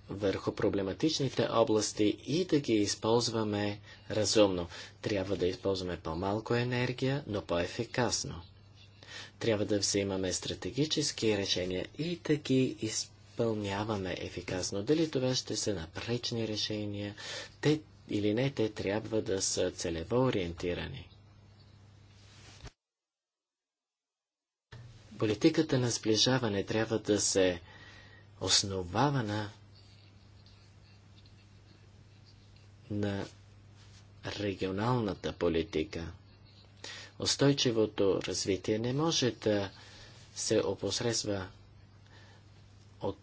върху проблематичните области и да ги използваме разумно. Трябва да използваме по-малко енергия, но по-ефикасно. Трябва да взимаме стратегически решения и да ги изпълняваме ефикасно. Дали това ще са напречни решения, те или не, те трябва да са целево ориентирани. Политиката на сближаване трябва да се основава на на регионалната политика. Устойчивото развитие не може да се опосредства от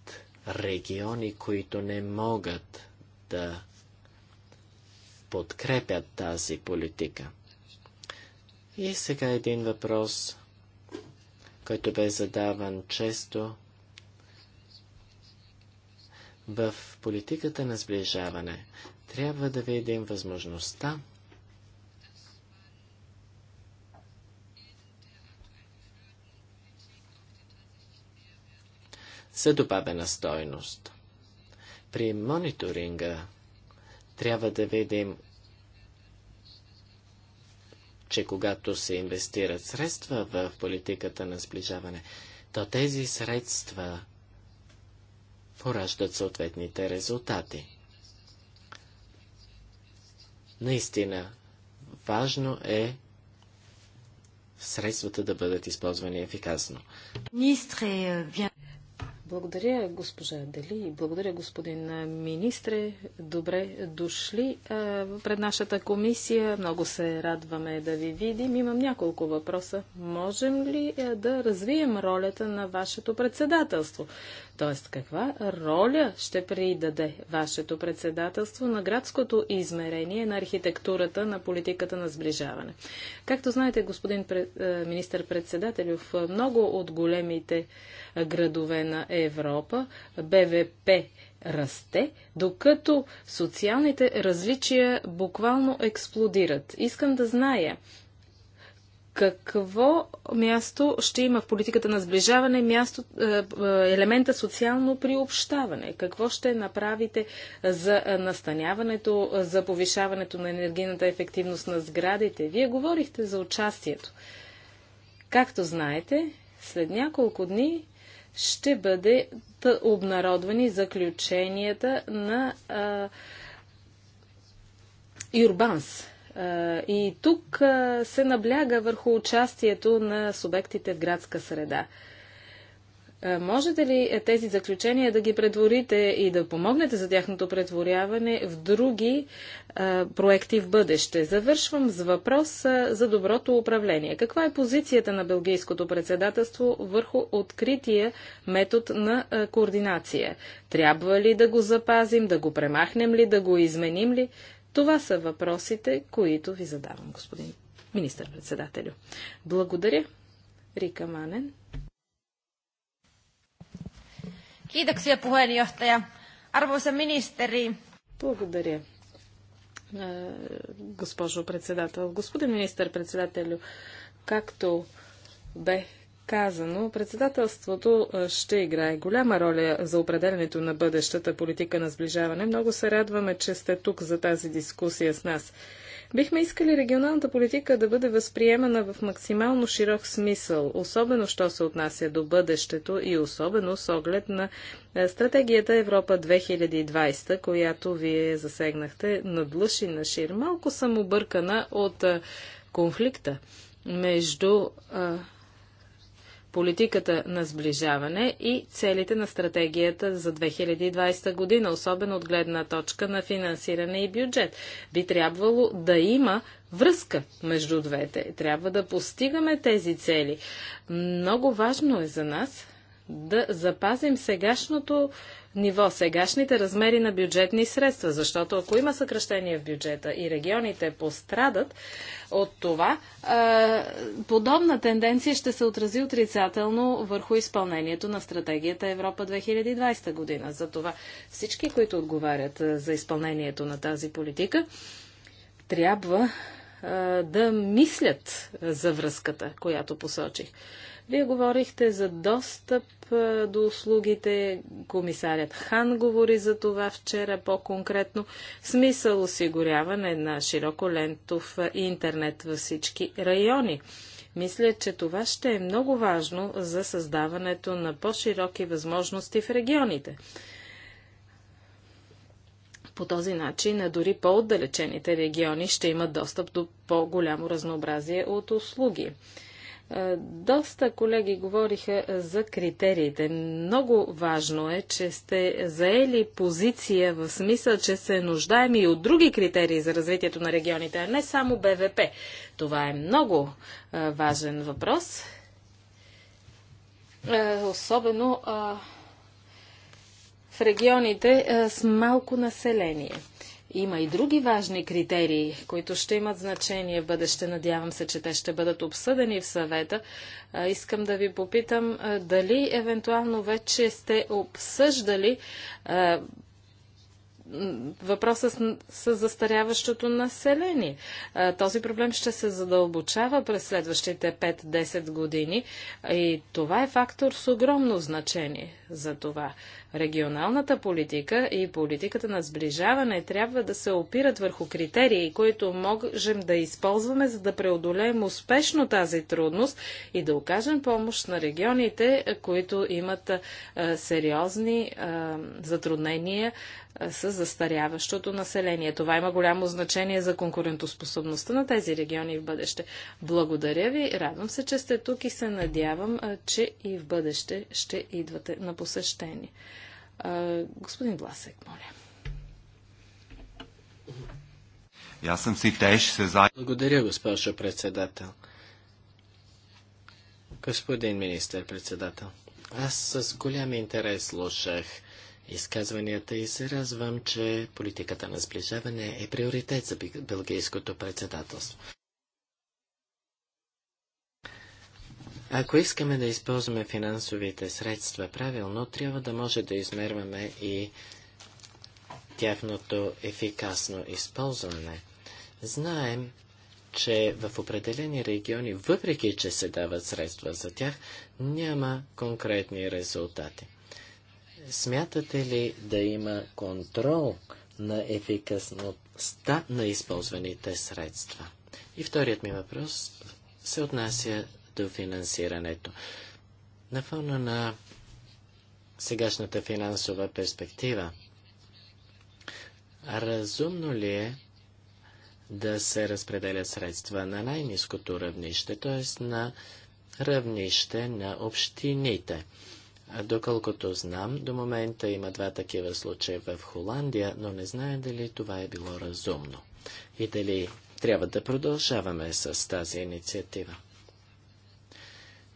региони, които не могат да подкрепят тази политика. И сега един въпрос, който бе задаван често в политиката на сближаване. Трябва да видим възможността за добавена стойност. При мониторинга трябва да видим, че когато се инвестират средства в политиката на сближаване, то тези средства пораждат съответните резултати. Наистина, важно е средствата да бъдат използвани ефикасно. Е, благодаря, госпожа Дели. Благодаря, господин министре. Добре дошли пред нашата комисия. Много се радваме да ви видим. Имам няколко въпроса. Можем ли да развием ролята на вашето председателство? Тоест, каква роля ще придаде вашето председателство на градското измерение на архитектурата на политиката на сближаване? Както знаете, господин министър-председател, в много от големите градове на Европа, БВП расте, докато социалните различия буквално експлодират. Искам да зная какво място ще има в политиката на сближаване място, е, е, елемента социално приобщаване? Какво ще направите за настаняването, за повишаването на енергийната ефективност на сградите? Вие говорихте за участието. Както знаете, след няколко дни ще бъде обнародвани заключенията на а, Юрбанс. А, и тук а, се набляга върху участието на субектите в градска среда. Е, можете ли е, тези заключения да ги предворите и да помогнете за тяхното претворяване в други е, проекти в бъдеще? Завършвам с въпрос за доброто управление. Каква е позицията на Белгийското председателство върху открития метод на координация? Трябва ли да го запазим, да го премахнем ли, да го изменим ли? Това са въпросите, които ви задавам, господин министър-председателю. Благодаря. Рика Манен. Kiitoksia puheenjohtaja. Arvoisa ministeri. Благодаря. Е, госпожо председател, господин министър председателю, както бе казано, председателството е, ще играе голяма роля за определенето на бъдещата политика на сближаване. Много се радваме, че сте тук за тази дискусия с нас. Бихме искали регионалната политика да бъде възприемана в максимално широк смисъл, особено що се отнася до бъдещето и особено с оглед на е, стратегията Европа 2020, която вие засегнахте надлъж и на шир. Малко съм объркана от е, конфликта между е, политиката на сближаване и целите на стратегията за 2020 година, особено от гледна точка на финансиране и бюджет. Би трябвало да има връзка между двете. Трябва да постигаме тези цели. Много важно е за нас да запазим сегашното ниво, сегашните размери на бюджетни средства, защото ако има съкръщение в бюджета и регионите пострадат от това, подобна тенденция ще се отрази отрицателно върху изпълнението на стратегията Европа 2020 година. Затова всички, които отговарят за изпълнението на тази политика, трябва да мислят за връзката, която посочих. Вие говорихте за достъп до услугите. Комисарят Хан говори за това вчера по-конкретно. Смисъл осигуряване на широко лентов интернет във всички райони. Мисля, че това ще е много важно за създаването на по-широки възможности в регионите. По този начин, дори по-отдалечените региони ще имат достъп до по-голямо разнообразие от услуги. Е, доста колеги говориха за критериите. Много важно е, че сте заели позиция в смисъл, че се нуждаем и от други критерии за развитието на регионите, а не само БВП. Това е много е, важен въпрос. Е, особено в регионите с малко население. Има и други важни критерии, които ще имат значение в бъдеще. Надявам се, че те ще бъдат обсъдени в съвета. Искам да ви попитам дали евентуално вече сте обсъждали въпроса с, с застаряващото население. А, този проблем ще се задълбочава през следващите 5-10 години и това е фактор с огромно значение за това. Регионалната политика и политиката на сближаване трябва да се опират върху критерии, които можем да използваме, за да преодолеем успешно тази трудност и да окажем помощ на регионите, които имат а, сериозни а, затруднения с застаряващото население. Това има голямо значение за конкурентоспособността на тези региони в бъдеще. Благодаря ви, радвам се, че сте тук и се надявам, че и в бъдеще ще идвате на посещение. Господин Власек, моля. Аз съм си теж се за... Благодаря, госпожо председател. Господин министър-председател, аз с голям интерес слушах изказванията и се развам, че политиката на сближаване е приоритет за бългийското председателство. Ако искаме да използваме финансовите средства правилно, трябва да може да измерваме и тяхното ефикасно използване. Знаем, че в определени региони, въпреки че се дават средства за тях, няма конкретни резултати. Смятате ли да има контрол на ефикасността на използваните средства? И вторият ми въпрос се отнася до финансирането. На фона на сегашната финансова перспектива, разумно ли е да се разпределят средства на най-низкото равнище, т.е. на равнище на общините? Доколкото знам, до момента има два такива случая в Холандия, но не знае дали това е било разумно и дали трябва да продължаваме с тази инициатива.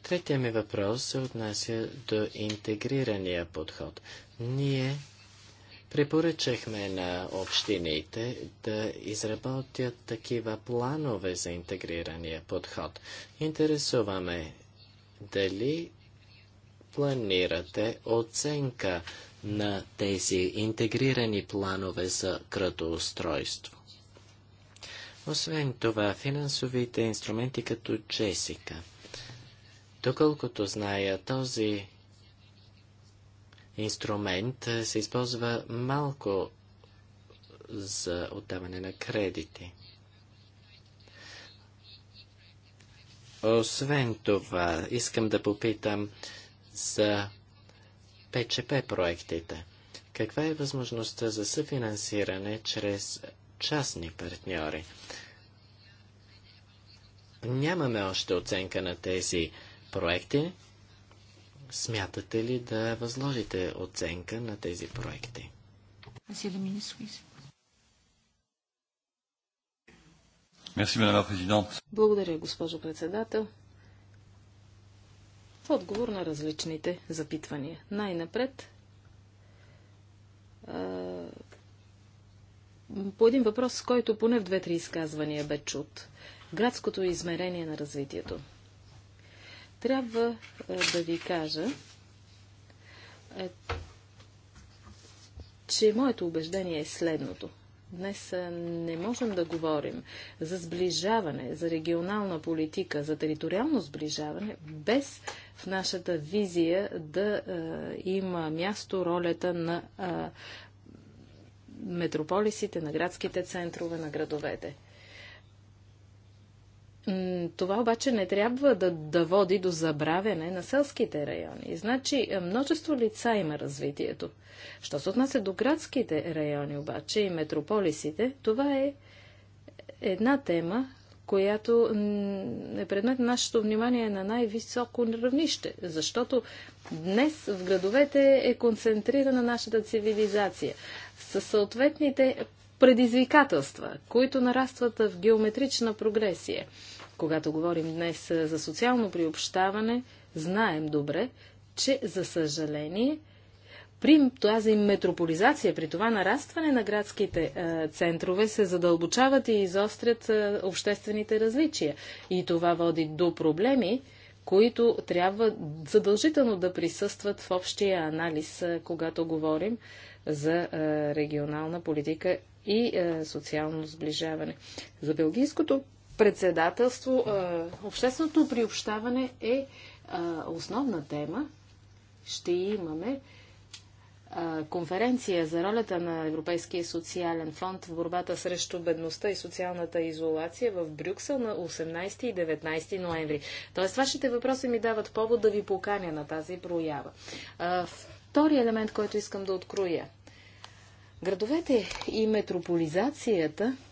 Третия ми въпрос се отнася до интегрирания подход. Ние препоръчахме на общините да изработят такива планове за интегрирания подход. Интересуваме дали планирате оценка на тези интегрирани планове за градоустройство? Освен това, финансовите инструменти като Джесика. Доколкото зная, този инструмент се използва малко за отдаване на кредити. Освен това, искам да попитам, за ПЧП проектите. Каква е възможността за съфинансиране чрез частни партньори? Нямаме още оценка на тези проекти. Смятате ли да възложите оценка на тези проекти? Благодаря, госпожо председател в отговор на различните запитвания. Най-напред по един въпрос, с който поне в две-три изказвания бе чут. Градското измерение на развитието. Трябва да ви кажа, е, че моето убеждение е следното. Днес не можем да говорим за сближаване, за регионална политика, за териториално сближаване, без в нашата визия да е, има място ролята на е, метрополисите, на градските центрове, на градовете. Това обаче не трябва да, да води до забравяне на селските райони. Значи, е, множество лица има развитието. Що се отнася до градските райони обаче и метрополисите, това е една тема, която е предмет на нашето внимание на най-високо равнище, защото днес в градовете е концентрирана нашата цивилизация със съответните предизвикателства, които нарастват в геометрична прогресия. Когато говорим днес за социално приобщаване, знаем добре, че за съжаление при тази метрополизация, при това нарастване на градските е, центрове се задълбочават и изострят е, обществените различия. И това води до проблеми, които трябва задължително да присъстват в общия анализ, е, когато говорим за регионална политика и социално сближаване. За белгийското председателство. Общественото приобщаване е основна тема. Ще имаме конференция за ролята на Европейския социален фонд в борбата срещу бедността и социалната изолация в Брюксел на 18 и 19 ноември. Тоест, вашите въпроси ми дават повод да ви поканя на тази проява. Втори елемент, който искам да откроя. Градовете и метрополизацията –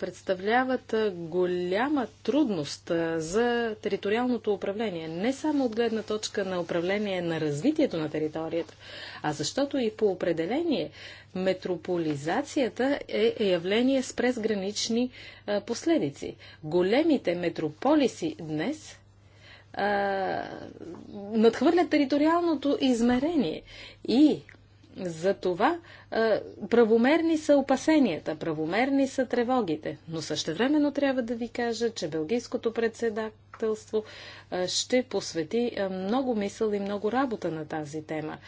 представляват голяма трудност за териториалното управление. Не само от гледна точка на управление на развитието на територията, а защото и по определение метрополизацията е, е явление с презгранични последици. Големите метрополиси днес надхвърлят териториалното измерение и за това а, правомерни са опасенията, правомерни са тревогите, но същевременно трябва да ви кажа, че Белгийското председателство а, ще посвети а, много мисъл и много работа на тази тема.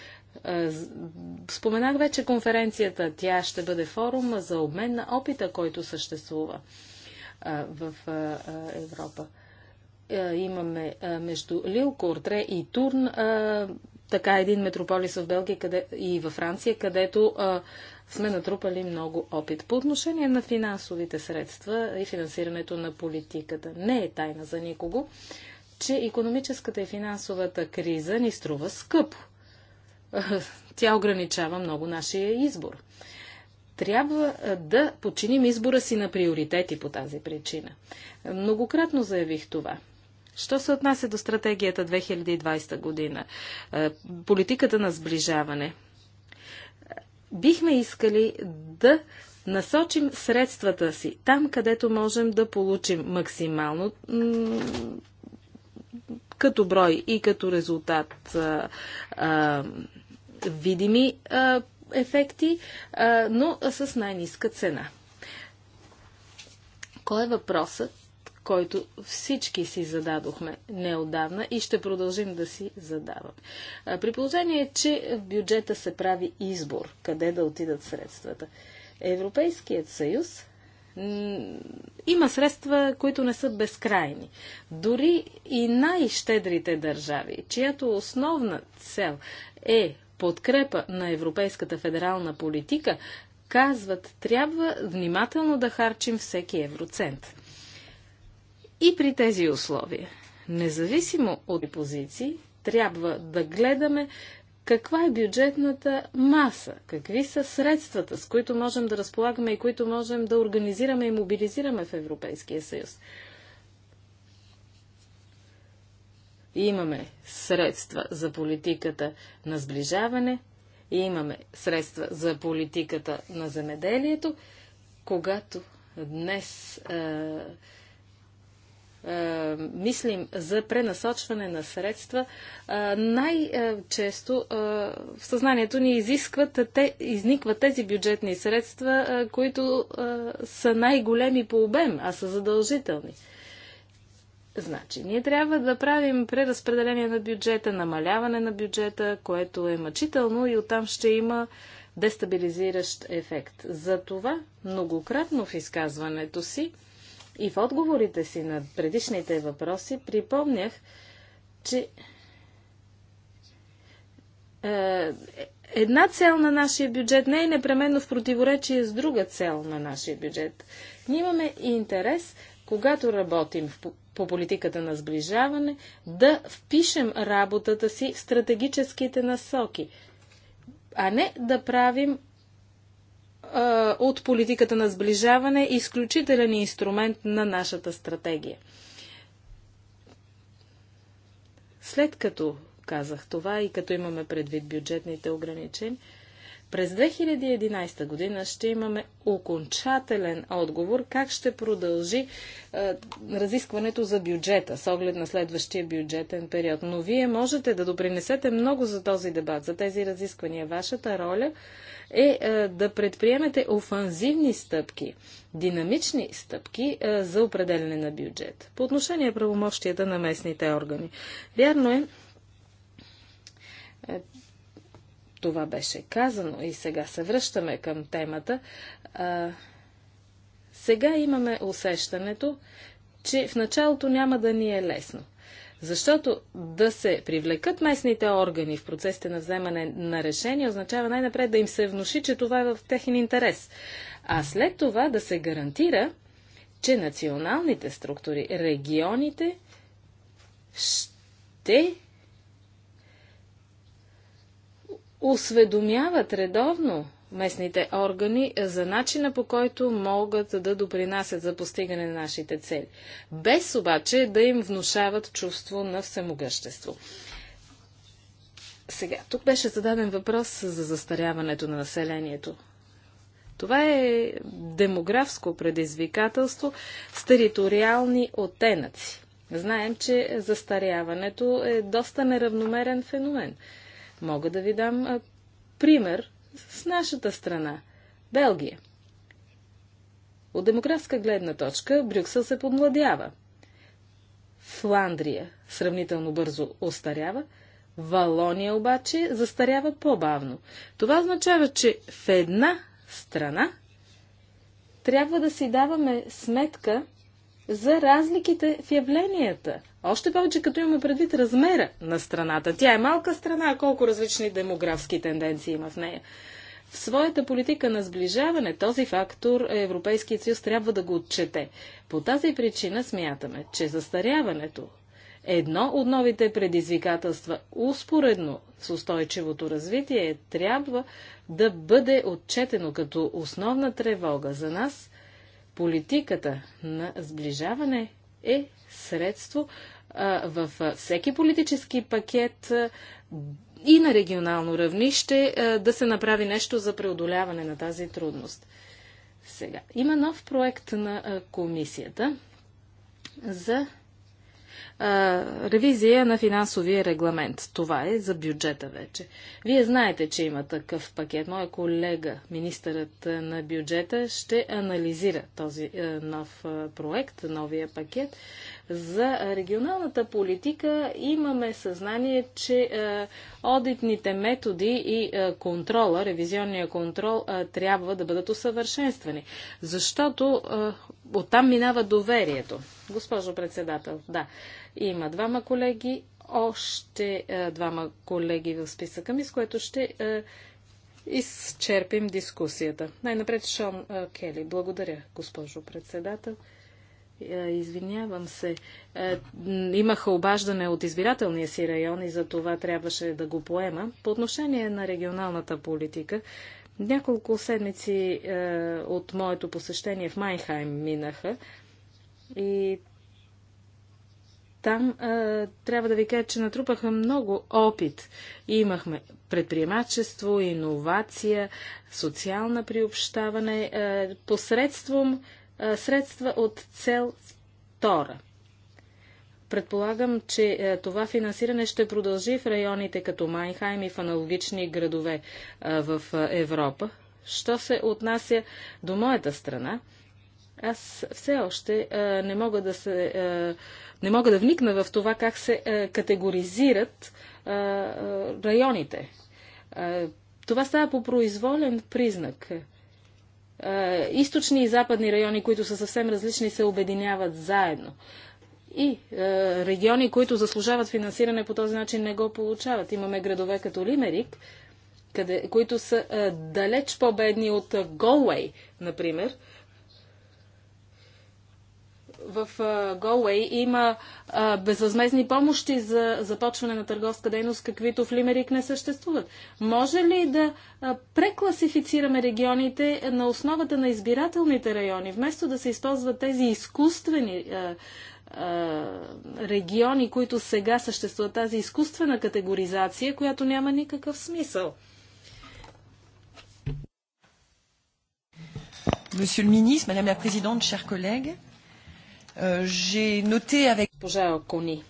Споменах вече конференцията, тя ще бъде форум за обмен на опита, който съществува в Европа. Имаме между Лил, Кортре и Турн така един метрополис в Белгия къде, и във Франция, където а, сме натрупали много опит. По отношение на финансовите средства и финансирането на политиката, не е тайна за никого, че економическата и финансовата криза ни струва скъпо. Тя ограничава много нашия избор. Трябва да починим избора си на приоритети по тази причина. Многократно заявих това. Що се отнася до стратегията 2020 година, е, политиката на сближаване, бихме искали да насочим средствата си там, където можем да получим максимално като брой и като резултат видими ефекти, но с най-низка цена. Кой е въпросът? който всички си зададохме неодавна и ще продължим да си задаваме. При положение, че в бюджета се прави избор къде да отидат средствата. Европейският съюз има средства, които не са безкрайни. Дори и най-щедрите държави, чиято основна цел е подкрепа на Европейската федерална политика, казват, трябва внимателно да харчим всеки евроцент. И при тези условия, независимо от позиции, трябва да гледаме каква е бюджетната маса, какви са средствата, с които можем да разполагаме и които можем да организираме и мобилизираме в Европейския съюз. имаме средства за политиката на сближаване, имаме средства за политиката на земеделието, когато днес е, е, мислим за пренасочване на средства, е, най-често е, в съзнанието ни изискват, те, изникват тези бюджетни средства, които са най-големи по обем, а са задължителни. Значи, ние трябва да правим преразпределение на бюджета, намаляване на бюджета, което е мъчително и оттам ще има дестабилизиращ ефект. За това многократно в изказването си и в отговорите си на предишните въпроси припомнях, че е, една цел на нашия бюджет не е непременно в противоречие с друга цел на нашия бюджет. Ние имаме и интерес, когато работим в, по политиката на сближаване, да впишем работата си в стратегическите насоки, а не да правим от политиката на сближаване е изключителен инструмент на нашата стратегия. След като казах това и като имаме предвид бюджетните ограничения, през 2011 година ще имаме окончателен отговор как ще продължи е, разискването за бюджета с оглед на следващия бюджетен период. Но вие можете да допринесете много за този дебат, за тези разисквания. Вашата роля е, е да предприемете офанзивни стъпки, динамични стъпки е, за определене на бюджет. По отношение правомощията на местните органи. Вярно е, е, това беше казано и сега се връщаме към темата. сега имаме усещането, че в началото няма да ни е лесно. Защото да се привлекат местните органи в процесите на вземане на решение означава най-напред да им се внуши, че това е в техен интерес. А след това да се гарантира, че националните структури, регионите ще осведомяват редовно местните органи за начина по който могат да допринасят за постигане на нашите цели, без обаче да им внушават чувство на всемогъщество. Сега, тук беше зададен въпрос за застаряването на населението. Това е демографско предизвикателство с териториални оттенъци. Знаем, че застаряването е доста неравномерен феномен. Мога да ви дам пример с нашата страна, Белгия. От демографска гледна точка Брюксел се подмладява. Фландрия сравнително бързо остарява, Валония обаче застарява по-бавно. Това означава, че в една страна трябва да си даваме сметка за разликите в явленията. Още повече като имаме предвид размера на страната. Тя е малка страна, колко различни демографски тенденции има в нея. В своята политика на сближаване този фактор Европейският съюз трябва да го отчете. По тази причина смятаме, че застаряването Едно от новите предизвикателства, успоредно с устойчивото развитие, трябва да бъде отчетено като основна тревога за нас Политиката на сближаване е средство във всеки политически пакет и на регионално равнище да се направи нещо за преодоляване на тази трудност. Сега, има нов проект на комисията за ревизия на финансовия регламент. Това е за бюджета вече. Вие знаете, че има такъв пакет. Моя колега, министърът на бюджета, ще анализира този нов проект, новия пакет. За регионалната политика имаме съзнание, че Одитните методи и е, контрола, ревизионния контрол, е, трябва да бъдат усъвършенствани, защото е, оттам минава доверието. Госпожо председател, да, има двама колеги, още двама колеги в списъка ми, с което ще изчерпим дискусията. Най-напред Шон Кели. Благодаря, госпожо председател. Е, извинявам се. Е, имаха обаждане от избирателния си район и за това трябваше да го поема. По отношение на регионалната политика, няколко седмици е, от моето посещение в Майнхайм минаха и там трябва да ви кажа, че натрупаха много опит. имахме предприемачество, иновация, социална приобщаване, посредством средства от цел 2. Предполагам, че това финансиране ще продължи в районите като Майнхайм и в аналогични градове в Европа. Що се отнася до моята страна, аз все още не мога да се. не мога да вникна в това как се категоризират районите. Това става по произволен признак. Е, източни и западни райони, които са съвсем различни, се обединяват заедно. И е, региони, които заслужават финансиране по този начин, не го получават. Имаме градове като Лимерик, къде, които са е, далеч по-бедни от Голвей, например, в Голуей има безвъзмезни помощи за започване на търговска дейност, каквито в Лимерик не съществуват. Може ли да прекласифицираме регионите на основата на избирателните райони, вместо да се използват тези изкуствени региони, които сега съществуват, тази изкуствена категоризация, която няма никакъв смисъл? Monsieur le ministre, Madame la Présidente, chers collègues, е, Пожа Кони.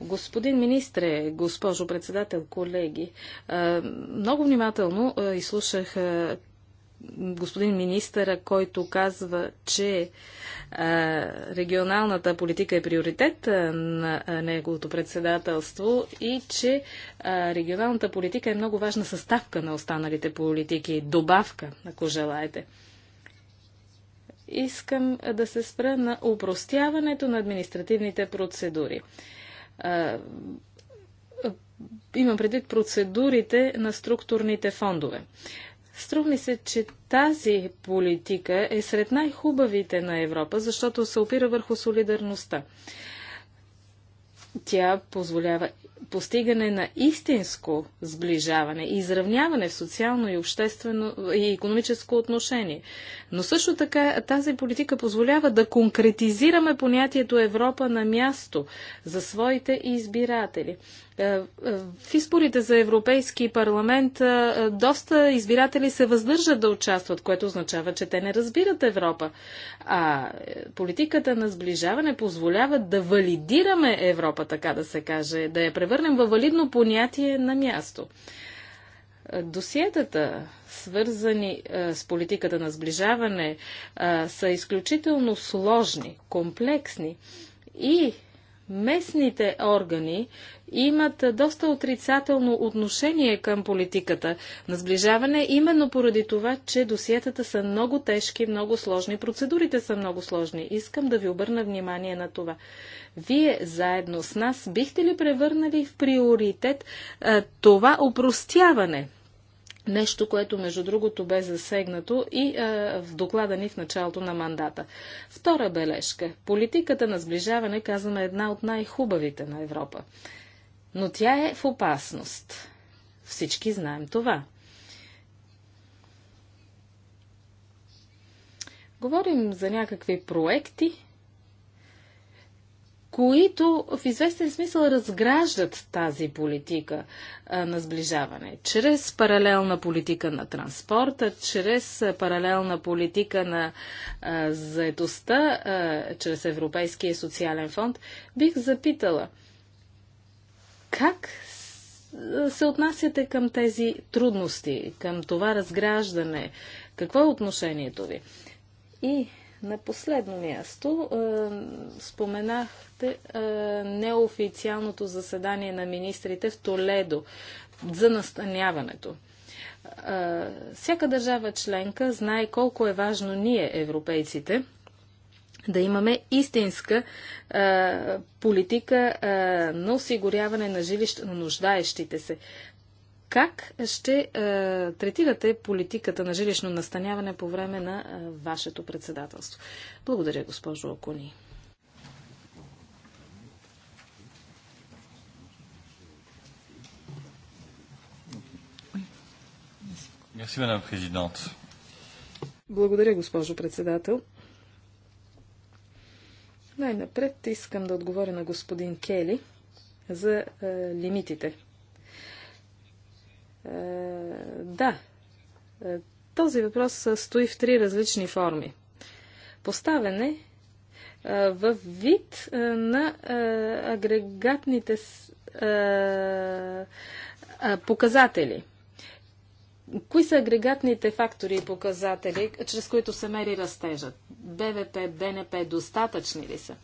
Господин министре, госпожо председател, колеги, е, много внимателно е, изслушах господин министъра, който казва, че регионалната политика е приоритет на неговото председателство и че регионалната политика е много важна съставка на останалите политики, добавка, ако желаете искам да се спра на упростяването на административните процедури. Имам предвид процедурите на структурните фондове. Струва ми се, че тази политика е сред най-хубавите на Европа, защото се опира върху солидарността. Тя позволява постигане на истинско сближаване и изравняване в социално и обществено и економическо отношение. Но също така тази политика позволява да конкретизираме понятието Европа на място за своите избиратели. Е, е, в изборите за Европейски парламент е, доста избиратели се въздържат да участват, което означава, че те не разбират Европа. А политиката на сближаване позволява да валидираме Европа, така да се каже, да я превърнем във валидно понятие на място. Досиетата, свързани с политиката на сближаване, са изключително сложни, комплексни и местните органи имат доста отрицателно отношение към политиката на сближаване, именно поради това, че досиетата са много тежки, много сложни, процедурите са много сложни. Искам да ви обърна внимание на това. Вие заедно с нас бихте ли превърнали в приоритет а, това опростяване Нещо, което между другото бе засегнато и е, в доклада ни в началото на мандата. Втора бележка. Политиката на сближаване, казваме, е една от най-хубавите на Европа. Но тя е в опасност. Всички знаем това. Говорим за някакви проекти, които в известен смисъл разграждат тази политика на сближаване. Чрез паралелна политика на транспорта, чрез паралелна политика на заедостта, чрез Европейския социален фонд, бих запитала как се отнасяте към тези трудности, към това разграждане? Какво е отношението ви? И на последно място е, споменахте е, неофициалното заседание на министрите в Толедо за настаняването. Е, всяка държава членка знае колко е важно ние, европейците, да имаме истинска а, политика а, на осигуряване на жилища на нуждаещите се. Как ще а, е, третирате политиката на жилищно настаняване по време на а, е, вашето председателство? Благодаря, госпожо Окуни. Благодаря, госпожо председател. Най-напред искам да отговоря на господин Кели за е, лимитите е, да, е, този въпрос стои в три различни форми. Поставяне е, в вид на агрегатните показатели. Кои са агрегатните фактори и показатели, чрез които се мери растежът? БВП, БНП, достатъчни ли са?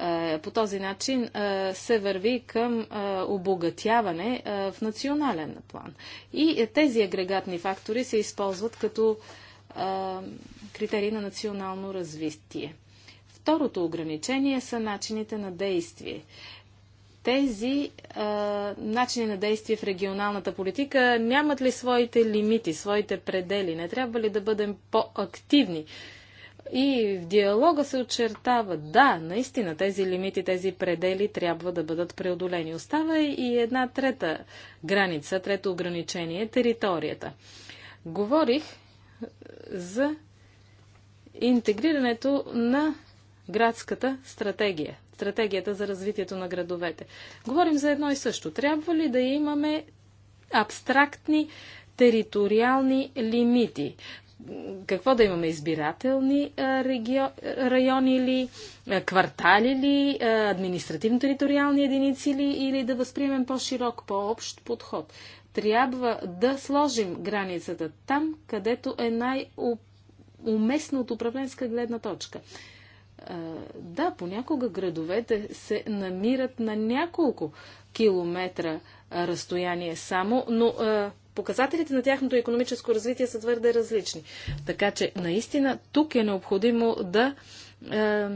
Е, по този начин е, се върви към е, обогатяване в национален план. И тези агрегатни фактори се използват като критерии на национално развитие. Второто ограничение са начините на действие тези а, начини на действие в регионалната политика нямат ли своите лимити, своите предели? Не трябва ли да бъдем по-активни и в диалога се очертава, да, наистина тези лимити, тези предели трябва да бъдат преодолени. Остава и една трета граница, трето ограничение територията. Говорих за интегрирането на градската стратегия, стратегията за развитието на градовете. Говорим за едно и също. Трябва ли да имаме абстрактни териториални лимити, какво да имаме? Избирателни регио... райони или квартали или административно-териториални единици ли, или да възприемем по-широк, по-общ подход? Трябва да сложим границата там, където е най-уместно от управленска гледна точка. Да, понякога градовете се намират на няколко километра разстояние само, но показателите на тяхното економическо развитие са твърде различни. Така че наистина тук е необходимо да е,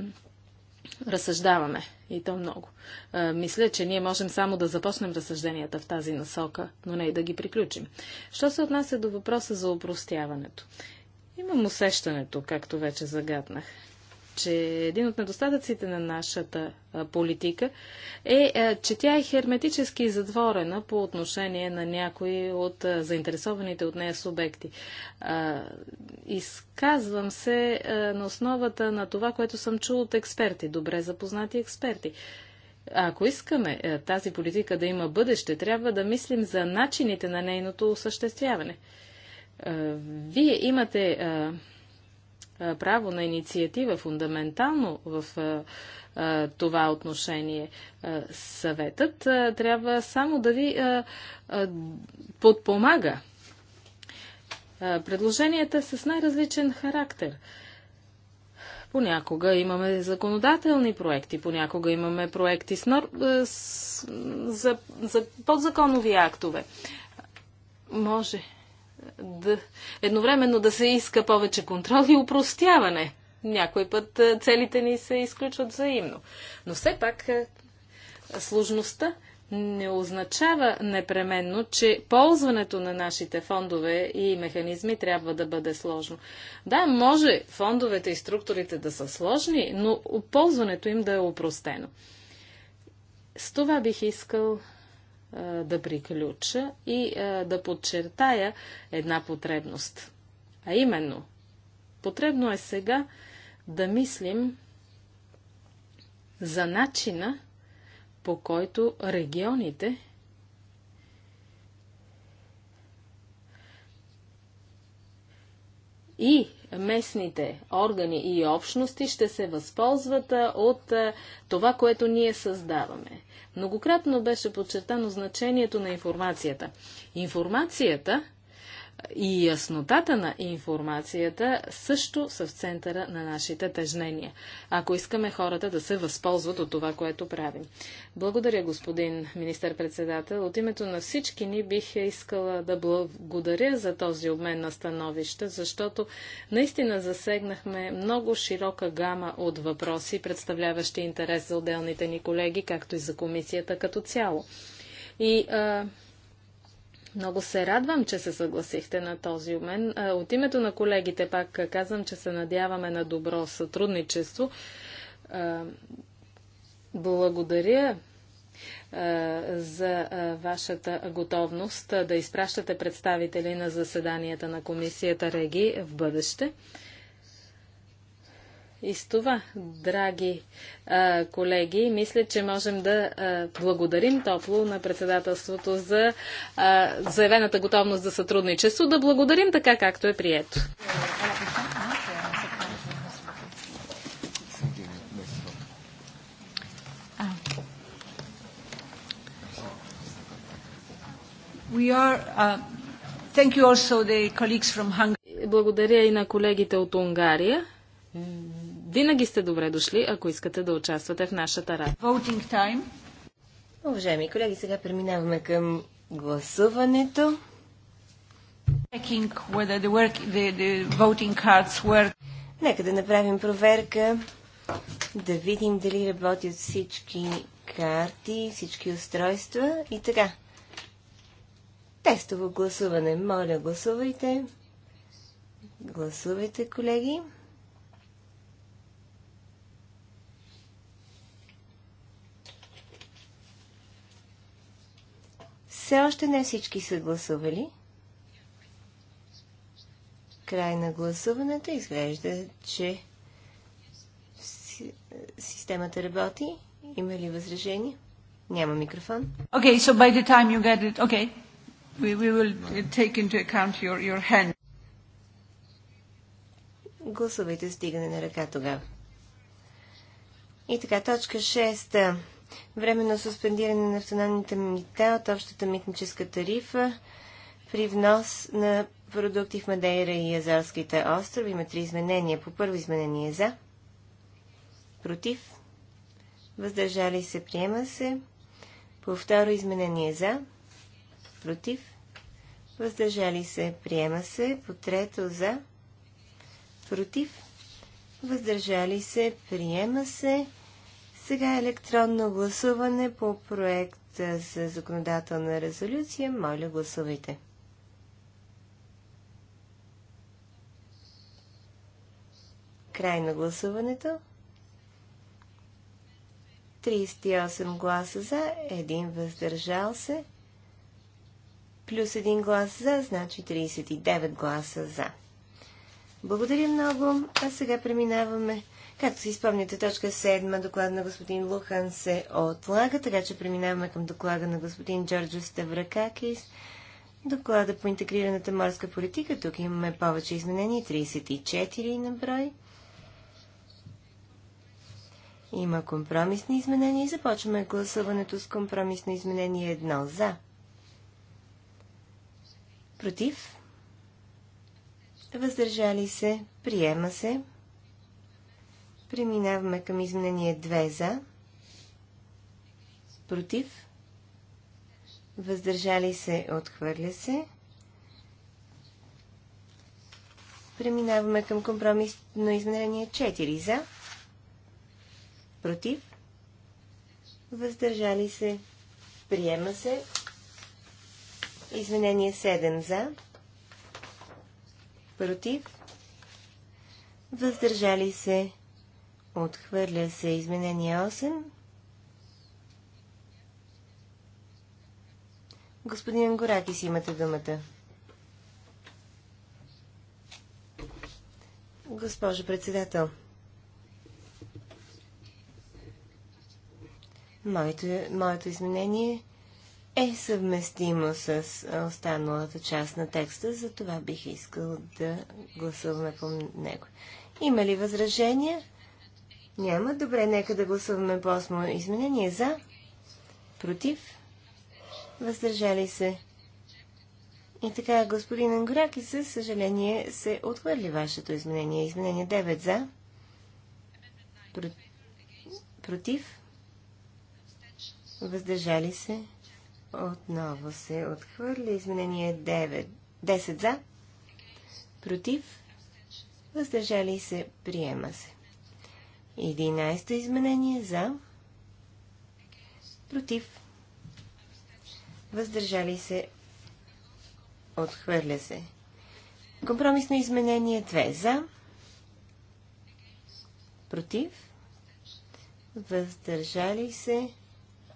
разсъждаваме. И то много. Е, мисля, че ние можем само да започнем разсъжденията в тази насока, но не и да ги приключим. Що се отнася до въпроса за упростяването? Имам усещането, както вече загаднах, че един от недостатъците на нашата политика е, че тя е херметически затворена по отношение на някои от заинтересованите от нея субекти. Изказвам се на основата на това, което съм чул от експерти, добре запознати експерти. Ако искаме тази политика да има бъдеще, трябва да мислим за начините на нейното осъществяване. Вие имате е, право на инициатива фундаментално в е, е, това отношение. Съветът трябва само да ви подпомага. Предложенията са с най-различен характер. Понякога имаме законодателни проекти, понякога имаме проекти с нор... с... За... за подзаконови актове. Може да, едновременно да се иска повече контрол и упростяване. Някой път е, целите ни се изключват взаимно. Но все пак е, сложността не означава непременно, че ползването на нашите фондове и механизми трябва да бъде сложно. Да, може фондовете и структурите да са сложни, но ползването им да е упростено. С това бих искал да приключа и да подчертая една потребност. А именно, потребно е сега да мислим за начина, по който регионите и местните органи и общности ще се възползват от това, което ние създаваме. Многократно беше подчертано значението на информацията. Информацията и яснотата на информацията също са в центъра на нашите тъжнения, ако искаме хората да се възползват от това, което правим. Благодаря, господин министър-председател. От името на всички ни бих искала да благодаря за този обмен на становища, защото наистина засегнахме много широка гама от въпроси, представляващи интерес за отделните ни колеги, както и за комисията като цяло. И а, много се радвам, че се съгласихте на този обмен. От името на колегите пак казвам, че се надяваме на добро сътрудничество. Благодаря за вашата готовност да изпращате представители на заседанията на комисията Реги в бъдеще. И с това, драги а, колеги, мисля, че можем да а, благодарим топло на председателството за а, заявената готовност за сътрудничество, да благодарим така, както е прието. Uh, Благодаря и на колегите от Унгария. Винаги сте добре дошли, ако искате да участвате в нашата работа. Уважаеми колеги, сега преминаваме към гласуването. The work, the, the Нека да направим проверка, да видим дали работят всички карти, всички устройства и така. Тестово гласуване. Моля, гласувайте. Гласувайте, колеги. Все още не всички са гласували. Край на гласуването изглежда, че системата работи. Има ли възражение? Няма микрофон. Okay, so by the time you get it, okay, we, we will take into account your, your hand. Гласувайте стигане на ръка тогава. И така, точка 6 временно суспендиране на националните мита от общата митническа тарифа при внос на продукти в Мадейра и Азорските острови. Има три изменения. По първо изменение е за, против, въздържали се, приема се. По второ изменение е за, против, въздържали се, приема се. По трето за, против, въздържали се, приема се. Сега електронно гласуване по проект за законодателна резолюция. Моля, гласувайте. Край на гласуването. 38 гласа за, 1 въздържал се, плюс 1 глас за, значи 39 гласа за. Благодаря много, а сега преминаваме Както си спомняте, точка 7, доклад на господин Лухан се отлага, така че преминаваме към доклада на господин Джорджо Ставракакис. Доклада по интегрираната морска политика. Тук имаме повече изменения, 34 на брой. Има компромисни изменения и започваме гласуването с компромисно изменение 1 за. Против? Въздържали се? Приема се? Преминаваме към изменение 2 за. Против. Въздържали се, отхвърля се. Преминаваме към компромисно изменение 4 за. Против. Въздържали се. Приема се. Изменение 7 за. Против. Въздържали се. Отхвърля се изменение 8. Господин Горакис, имате думата. Госпожо председател, моето, моето изменение е съвместимо с останалата част на текста, за това бих искал да гласуваме по него. Има ли възражения? Няма. Добре, нека да гласуваме по изменение. За? Против? Въздържали се? И така, господин Ангораки, със съжаление се отхвърли вашето изменение. Изменение 9 за. Про... Против? Въздържали се? Отново се отхвърли. Изменение 9. 10 за. Против? Въздържали се? Приема се. 11 изменение за, против, въздържали се, отхвърля се. Компромисно изменение 2 за, против, въздържали се,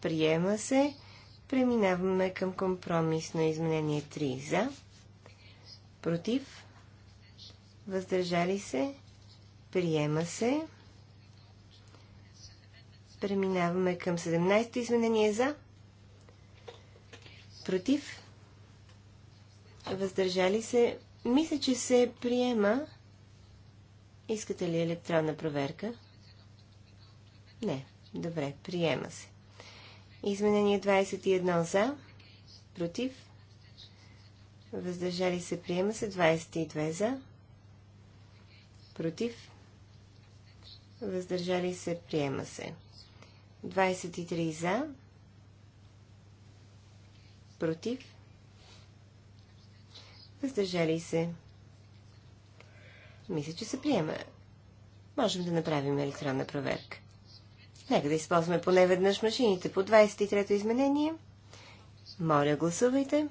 приема се. Преминаваме към компромисно изменение 3 за, против, въздържали се, приема се. Преминаваме към 17-то изменение за. Против. Въздържали се. Мисля, че се приема. Искате ли електронна проверка? Не. Добре, приема се. Изменение 21 за. Против. Въздържали се приема се 22 за. Против. Въздържали се приема се. 23 за, против, въздържали се. Мисля, че се приема. Можем да направим електронна проверка. Нека да използваме поне веднъж машините по 23-то изменение. Моля, гласувайте.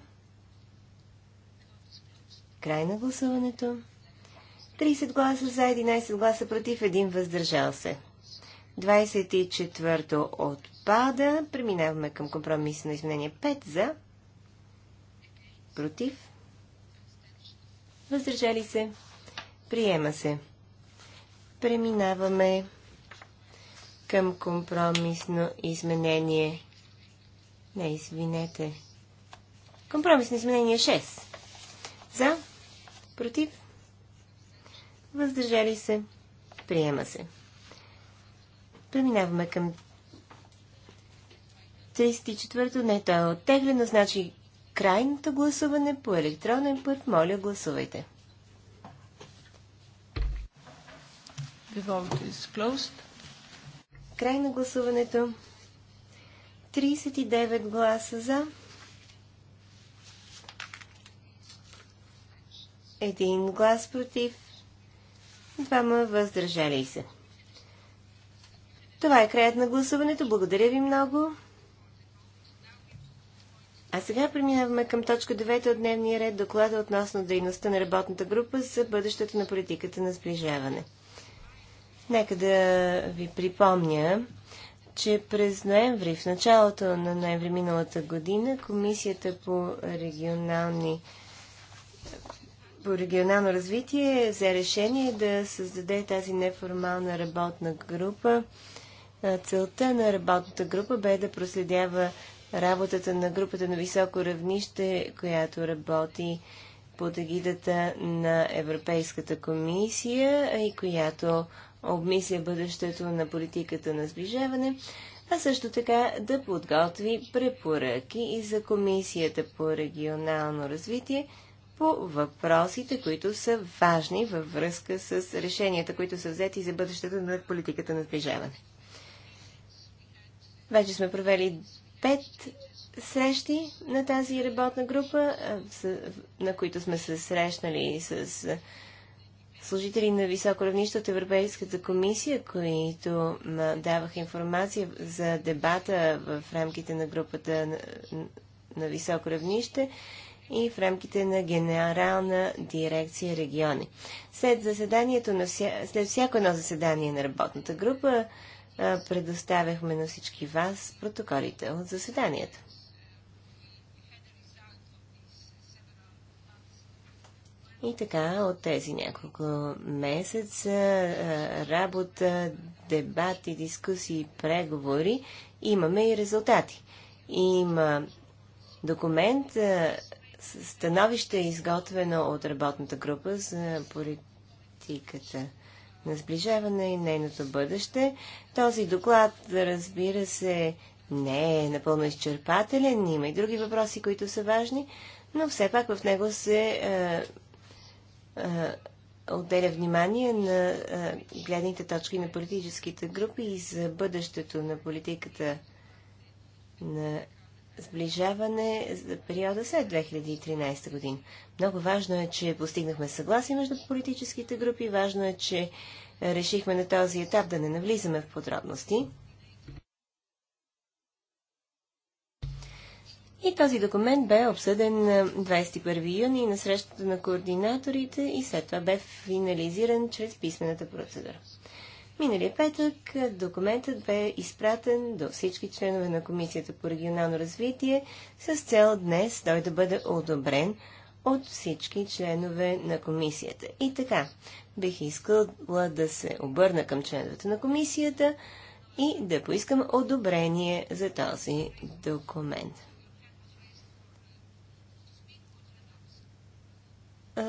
Край на гласуването. 30 гласа за, 11 гласа против, 1 въздържал се. 24-то отпада. Преминаваме към компромисно изменение 5 за. Против. Въздържали се. Приема се. Преминаваме към компромисно изменение. Не, извинете. Компромисно изменение 6. За. Против. Въздържали се. Приема се. Преминаваме към 34-то. Не, то е оттеглено, значи крайното гласуване по електронен път. Моля, гласувайте. The vote is closed. Край на гласуването. 39 гласа за. Един глас против. Двама въздържали се. Това е краят на гласуването. Благодаря ви много. А сега преминаваме към точка 9 от дневния ред доклада относно дейността на работната група за бъдещето на политиката на сближаване. Нека да ви припомня, че през ноември, в началото на ноември миналата година, Комисията по, регионални, по регионално развитие взе решение да създаде тази неформална работна група е, целта на работната група бе да проследява работата на групата на високо равнище, която работи под егидата на Европейската комисия и която обмисля бъдещето на политиката на сближаване, а също така да подготви препоръки и за Комисията по регионално развитие по въпросите, които са важни във връзка с решенията, които са взети за бъдещето на политиката на сближаване. Вече сме провели пет срещи на тази работна група, на които сме се срещнали с служители на високо равнище от Европейската комисия, които даваха информация за дебата в рамките на групата на, високо равнище и в рамките на Генерална дирекция региони. След заседанието на вся... след всяко едно заседание на работната група, предоставяхме на всички вас протоколите от заседанията. И така, от тези няколко месеца работа, дебати, дискусии, преговори, имаме и резултати. Има документ, становище изготвено от работната група за политиката на сближаване и нейното бъдеще. Този доклад, разбира се, не е напълно изчерпателен, има и други въпроси, които са важни, но все пак в него се е, е, отделя внимание на е, гледните точки на политическите групи и за бъдещето на политиката на сближаване за периода след 2013 година. Много важно е, че постигнахме съгласие между политическите групи. Важно е, че решихме на този етап да не навлизаме в подробности. И този документ бе обсъден 21 юни на срещата на координаторите и след това бе финализиран чрез писмената процедура. Миналия петък документът бе изпратен до всички членове на Комисията по регионално развитие с цел днес той да бъде одобрен от всички членове на комисията. И така, бих искала да се обърна към членовете на комисията и да поискам одобрение за този документ.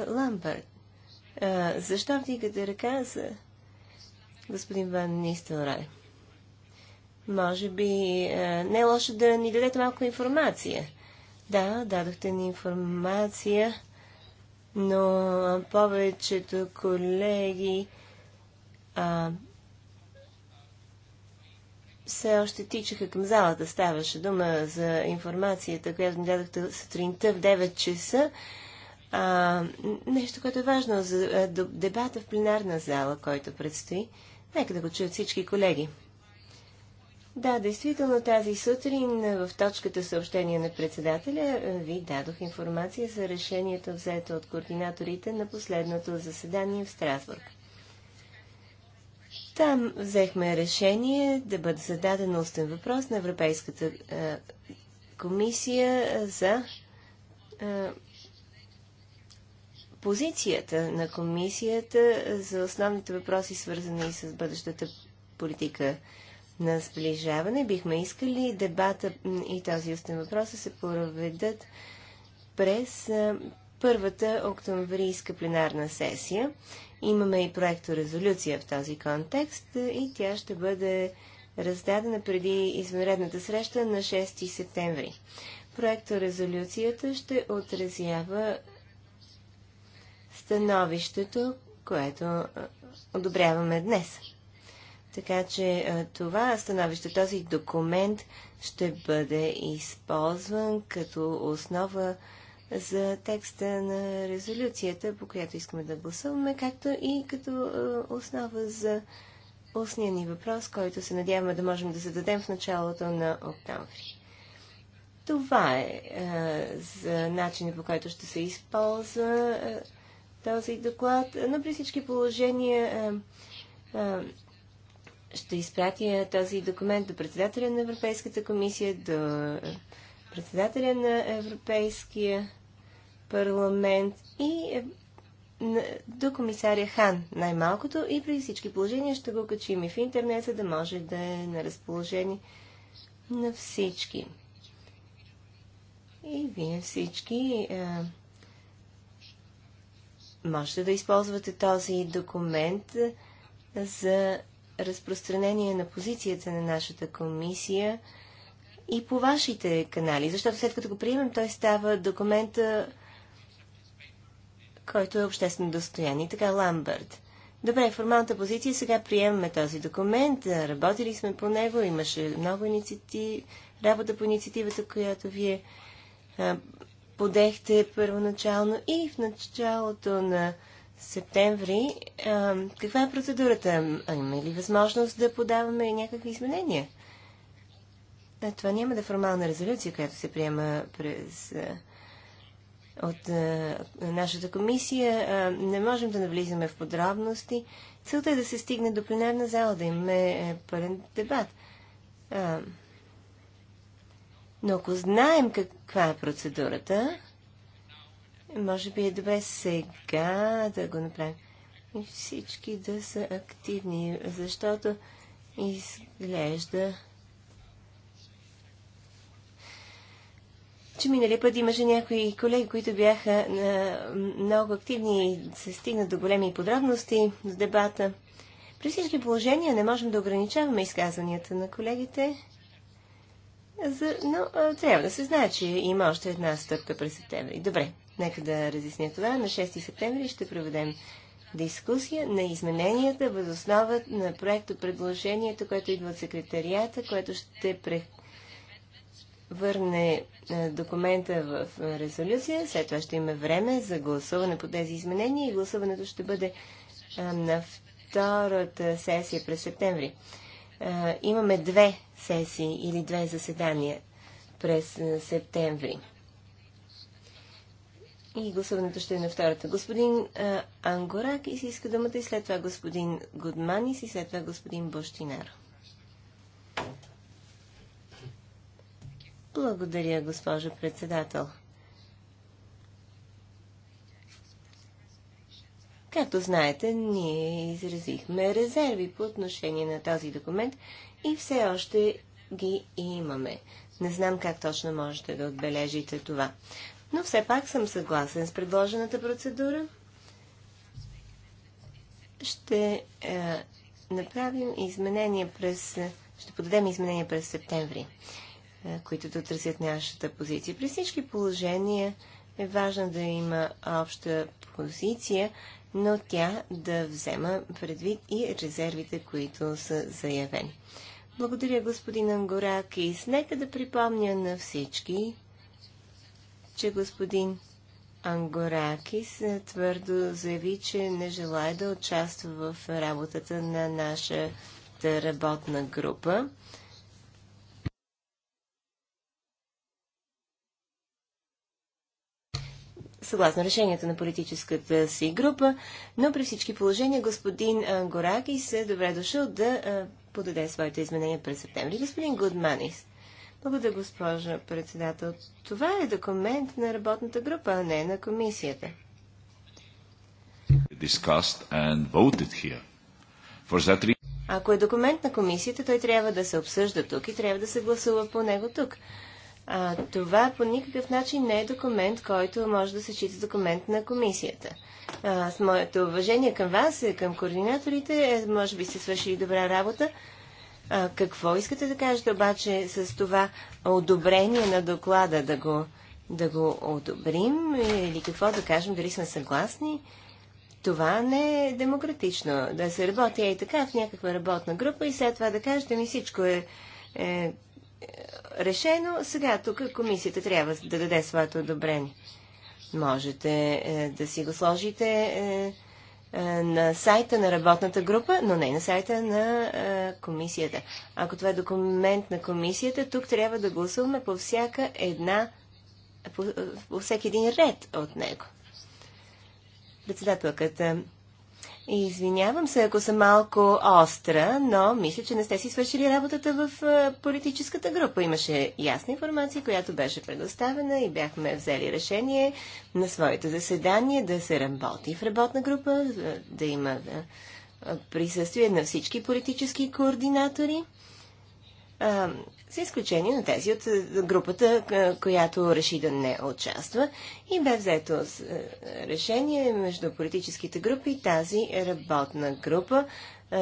Ламбърт, защо вдигате ръка за господин Ван Нистелрай. Може би е, не е лошо да ни дадете малко информация. Да, дадохте ни информация, но повечето колеги а, все още тичаха към залата. Ставаше дума за информацията, която ни дадохте сутринта в 9 часа. А, нещо, което е важно за е, дебата в пленарна зала, който предстои. Нека да го чуят всички колеги. Да, действително тази сутрин в точката съобщение на председателя е, ви дадох информация за решението взето от координаторите на последното заседание в Страсбург. Там взехме решение да бъде зададен устен въпрос на Европейската е, комисия за е, позицията на комисията за основните въпроси, свързани с бъдещата политика на сближаване. Бихме искали дебата и този устен въпрос да се проведат през първата октомврийска пленарна сесия. Имаме и проекто резолюция в този контекст и тя ще бъде раздадена преди извънредната среща на 6 септември. Проекто резолюцията ще отразява становището, което одобряваме днес. Така че това становище, този документ ще бъде използван като основа за текста на резолюцията, по която искаме да гласуваме, както и като основа за устния ни въпрос, който се надяваме да можем да зададем в началото на октомври. Това е, е за начина по който ще се използва е, този доклад, но при всички положения е, е, ще изпратя този документ до председателя на Европейската комисия, до е, председателя на Европейския парламент и до комисаря Хан най-малкото и при всички положения ще го качим и в интернет, за да може да е на разположение на всички. И вие всички а, можете да използвате този документ за разпространение на позицията на нашата комисия и по вашите канали, защото след като го приемем, той става документа, който е обществено достояние. Така, Ламбърт. Добре, формалната позиция, сега приемаме този документ, работили сме по него, имаше много инициатив, работа по инициативата, която вие а, подехте първоначално и в началото на септември. А, каква е процедурата? А, има ли възможност да подаваме някакви изменения? А, това няма да е формална резолюция, която се приема през, а, от а, нашата комисия. А, не можем да навлизаме в подробности. Целта е да се стигне до пленарна зала, да имаме пълен дебат. А, но ако знаем каква е процедурата, може би е добре сега да го направим. И всички да са активни, защото изглежда, че минали път имаше някои колеги, които бяха на, много активни и се стигнат до големи подробности с дебата. При всички положения не можем да ограничаваме изказванията на колегите. За, но трябва да се знае, че има още една стъпка през септември. Добре, нека да разясня това. На 6 септември ще проведем дискусия на измененията въз основа на проекто предложението, което идва от секретарията, което ще върне документа в резолюция. След това ще има време за гласуване по тези изменения и гласуването ще бъде на втората сесия през септември. имаме две сесии или две заседания през е, септември. И гласуването ще е на втората. Господин а, е, Ангорак и си иска думата и след това господин Гудманис и след това господин Бощинар. Благодаря, госпожо председател. Както знаете, ние изразихме резерви по отношение на този документ и все още ги имаме. Не знам как точно можете да отбележите това. Но все пак съм съгласен с предложената процедура. Ще е, направим изменения през... Ще подадем изменения през септември, е, които да отразят нашата позиция. При всички положения е важно да има обща позиция, но тя да взема предвид и резервите, които са заявени. Благодаря, господин Ангоракис. Нека да припомня на всички, че господин Ангоракис твърдо заяви, че не желая да участва в работата на нашата работна група. съгласно решението на политическата си група, но при всички положения господин Ангоракис, е добре дошъл да подаде своите изменения през септември. Господин Гудманис. Благодаря, госпожа председател. Това е документ на работната група, а не на комисията. Ако е документ на комисията, той трябва да се обсъжда тук и трябва да се гласува по него тук. А, това по никакъв начин не е документ, който може да се счита документ на комисията. А, с моето уважение към вас и към координаторите, е, може би сте свършили добра работа. А, какво искате да кажете обаче с това одобрение на доклада? Да го, да го одобрим или какво да кажем, дали сме съгласни? Това не е демократично. Да се работи и така в някаква работна група и след това да кажете ми всичко е, е решено. Сега тук комисията трябва да даде своето одобрение. Можете е, да си го сложите е, е, на сайта на работната група, но не на сайта на е, комисията. Ако това е документ на комисията, тук трябва да гласуваме по всяка една, по, по всеки един ред от него. Председателката, Извинявам се, ако съм малко остра, но мисля, че не сте си свършили работата в политическата група. Имаше ясна информация, която беше предоставена и бяхме взели решение на своите заседания да се работи в работна група, да има присъствие на всички политически координатори с изключение на тези от е, групата, е, която реши да не участва и бе взето е, решение между политическите групи тази работна група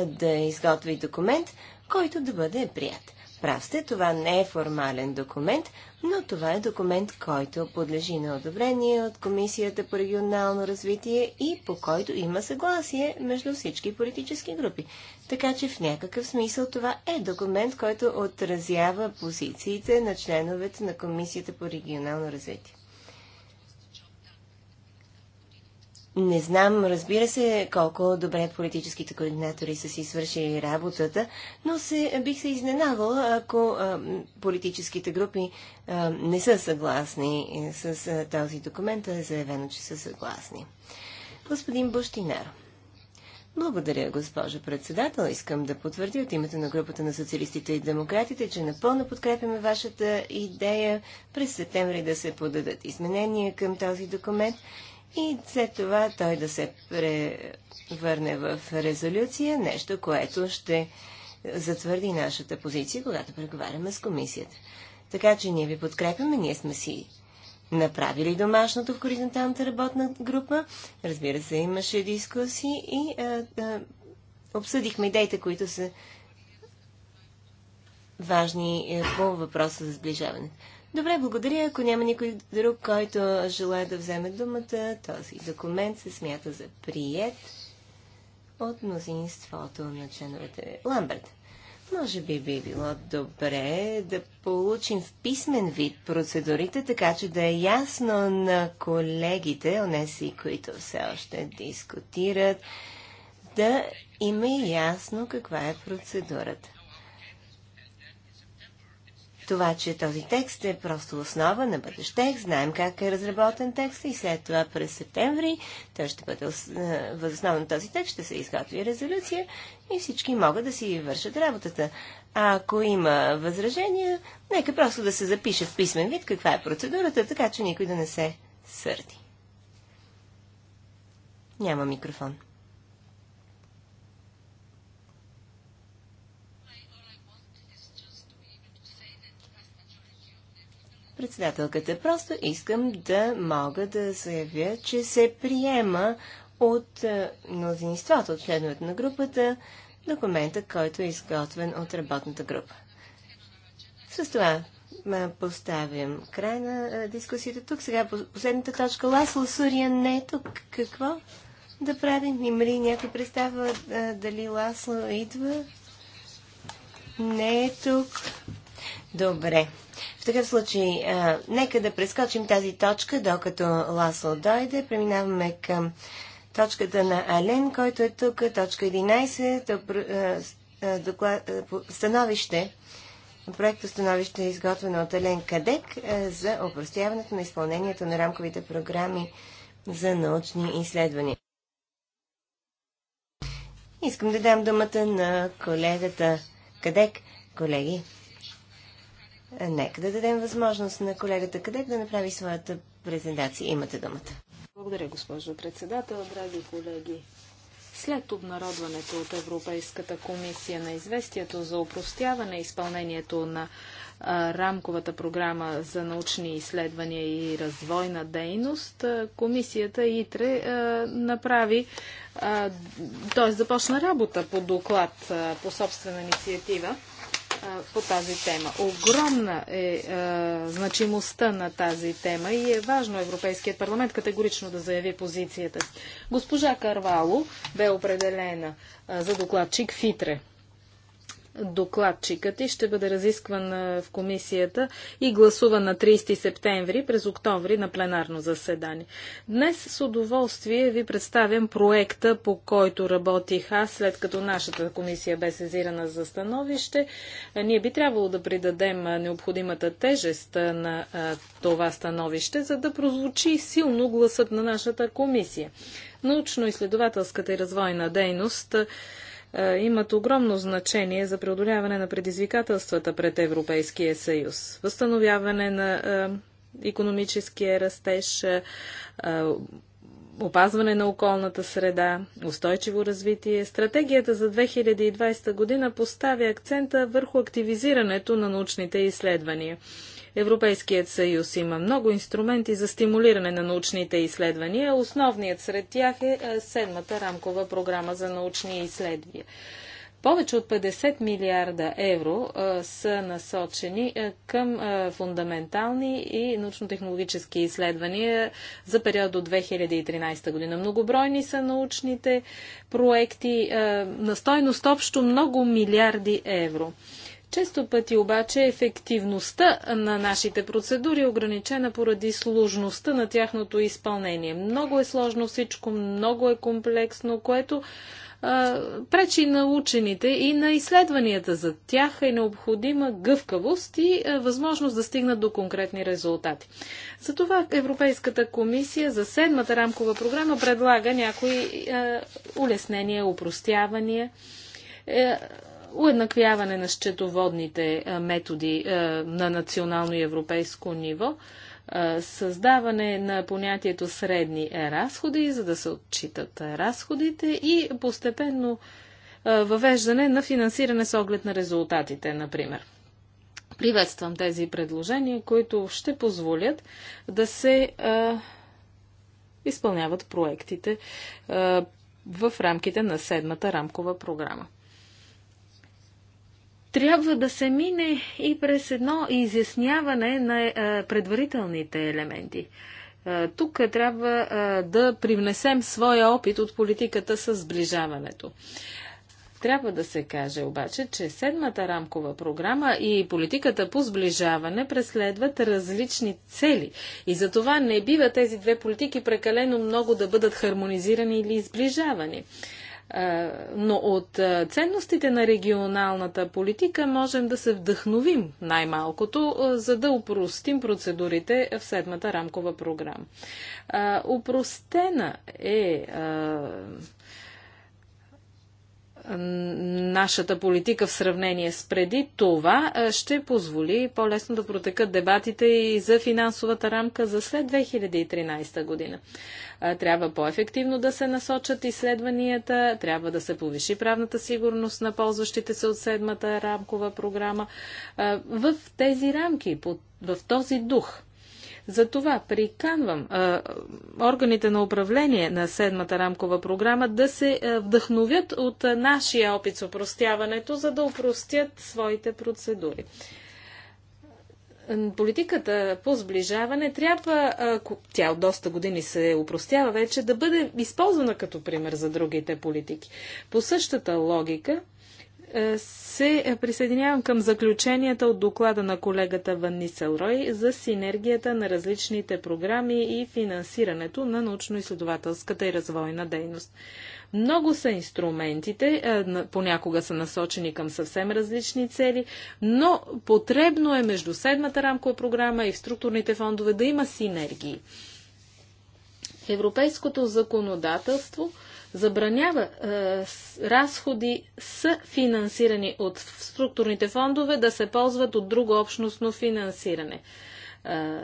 да изготви документ, който да бъде прият. Прав сте, това не е формален документ, но това е документ, който подлежи на одобрение от Комисията по регионално развитие и по който има съгласие между всички политически групи. Така че в някакъв смисъл това е документ, който отразява позициите на членовете на Комисията по регионално развитие. Не знам, разбира се, колко добре политическите координатори са си свършили работата, но се, бих се изненавала, ако а, политическите групи а, не са съгласни е, с а, този документ, а е заявено, че са съгласни. Господин Буштинар. Благодаря, госпожо председател. Искам да потвърдя от името на групата на социалистите и демократите, че напълно подкрепяме вашата идея през септември да се подадат изменения към този документ и след това той да се превърне в резолюция, нещо, което ще затвърди нашата позиция, когато преговаряме с комисията. Така че ние ви подкрепяме, ние сме си направили домашното в хоризонталната работна група. Разбира се, имаше дискусии и а, а, обсъдихме идеите, които са важни е, по въпроса за сближаването. Добре, благодаря. Ако няма никой друг, който желая да вземе думата, този документ се смята за прият от мнозинството на членовете. Ламберт, може би би било добре да получим в писмен вид процедурите, така че да е ясно на колегите, онеси, които все още дискутират, да има ясно каква е процедурата това, че този текст е просто основа на бъдещ текст. Знаем как е разработен текст и след това през септември той ще бъде е, възоснова на този текст, ще се изготви резолюция и всички могат да си вършат работата. А ако има възражения, нека просто да се запише в писмен вид каква е процедурата, така че никой да не се сърди. Няма микрофон. Председателката, просто искам да мога да заявя, че се приема от е, мнозинството, от членовете на групата, документа, който е изготвен от работната група. С това е, поставям край на е, дискусията тук. Сега последната точка. Ласло Сурия не е тук. Какво да правим? Има ли някой представа дали Ласло идва? Не е тук. Добре. В такъв случай, а, нека да прескочим тази точка, докато Ласло дойде. Преминаваме към точката на Ален, който е тук, точка 11, тъп, а, доклад, а, становище, проекто становище е изготвено от Ален Кадек а, за опростяването на изпълнението на рамковите програми за научни изследвания. Искам да дам думата на колегата Кадек. Колеги, е, нека да дадем възможност на колегата Кадек да направи своята презентация. Имате думата. Благодаря, госпожо председател, драги колеги. След обнародването от Европейската комисия на известието за упростяване изпълнението на а, рамковата програма за научни изследвания и развойна дейност, а, комисията ИТРЕ а, направи, т.е. започна работа по доклад по собствена инициатива по тази тема. Огромна е значимостта на тази тема и е важно Европейският парламент категорично да заяви позицията. Госпожа Карвало бе определена за докладчик ФИТРЕ докладчикът и ще бъде разискван в комисията и гласуван на 30 септември през октомври на пленарно заседание. Днес с удоволствие ви представям проекта, по който работих аз, след като нашата комисия бе сезирана за становище. Ние би трябвало да придадем необходимата тежест на това становище, за да прозвучи силно гласът на нашата комисия. Научно-изследователската и развойна дейност е, имат огромно значение за преодоляване на предизвикателствата пред Европейския съюз. Възстановяване на економическия растеж, е, е, опазване на околната среда, устойчиво развитие. Стратегията за 2020 година поставя акцента върху активизирането на научните изследвания. Европейският съюз има много инструменти за стимулиране на научните изследвания. Основният сред тях е, е седмата рамкова програма за научни изследвания. Повече от 50 милиарда евро а, е, са насочени а, е, към а, фундаментални и научно-технологически изследвания за период до 2013 година. Многобройни са научните проекти на стойност общо много милиарди евро. Често пъти обаче ефективността на нашите процедури е ограничена поради сложността на тяхното изпълнение. Много е сложно всичко, много е комплексно, което а, пречи на учените и на изследванията за тях е необходима гъвкавост и а, възможност да стигнат до конкретни резултати. Затова Европейската комисия за седмата рамкова програма предлага някои а, улеснения, упростявания. Е, уеднаквяване на счетоводните е, методи е, на национално и европейско ниво, е, създаване на понятието средни разходи, за да се отчитат разходите и постепенно въвеждане на финансиране с оглед на резултатите, например. Приветствам тези предложения, които ще позволят да се а, изпълняват проектите а, в рамките на седмата рамкова програма трябва да се мине и през едно изясняване на е, предварителните елементи. Е, тук трябва е, да привнесем своя опит от политиката с сближаването. Трябва да се каже обаче, че седмата рамкова програма и политиката по сближаване преследват различни цели. И за това не бива тези две политики прекалено много да бъдат хармонизирани или изближавани. Но от ценностите на регионалната политика можем да се вдъхновим най-малкото, за да упростим процедурите в седмата рамкова програма. Упростена е нашата политика в сравнение с преди, това ще позволи по-лесно да протекат дебатите и за финансовата рамка за след 2013 година. Трябва по-ефективно да се насочат изследванията, трябва да се повиши правната сигурност на ползващите се от седмата рамкова програма. В тези рамки, в този дух – затова приканвам а, органите на управление на седмата рамкова програма да се вдъхновят от нашия опит с упростяването, за да опростят своите процедури. Политиката по сближаване трябва, тя от доста години се упростява вече, да бъде използвана като пример за другите политики. По същата логика, се присъединявам към заключенията от доклада на колегата Ван Рой за синергията на различните програми и финансирането на научно-изследователската и развойна дейност. Много са инструментите, понякога са насочени към съвсем различни цели, но потребно е между седмата рамкова програма и в структурните фондове да има синергии. Европейското законодателство – забранява е, разходи са финансирани от структурните фондове да се ползват от друго общностно финансиране. Е,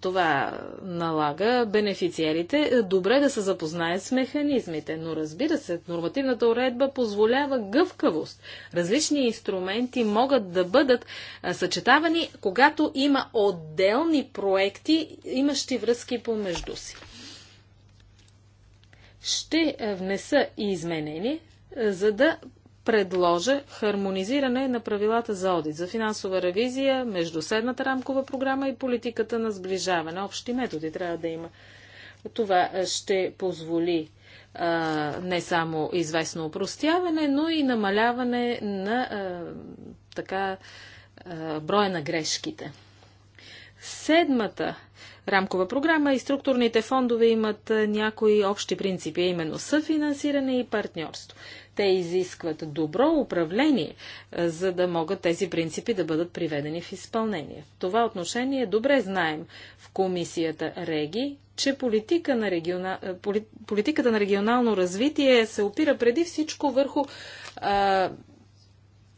това налага бенефициерите добре да се запознаят с механизмите, но разбира се, нормативната уредба позволява гъвкавост. Различни инструменти могат да бъдат е, съчетавани, когато има отделни проекти, имащи връзки помежду си ще е, внеса изменение, е, за да предложа хармонизиране на правилата за одит, за финансова ревизия между седмата рамкова програма и политиката на сближаване. Общи методи трябва да има. Това е, ще позволи а, не само известно упростяване, но и намаляване на а, така а, броя на грешките. Седмата рамкова програма и структурните фондове имат някои общи принципи, именно съфинансиране и партньорство. Те изискват добро управление, за да могат тези принципи да бъдат приведени в изпълнение. В това отношение добре знаем в комисията Реги, че политика на региона... политиката на регионално развитие се опира преди всичко върху а,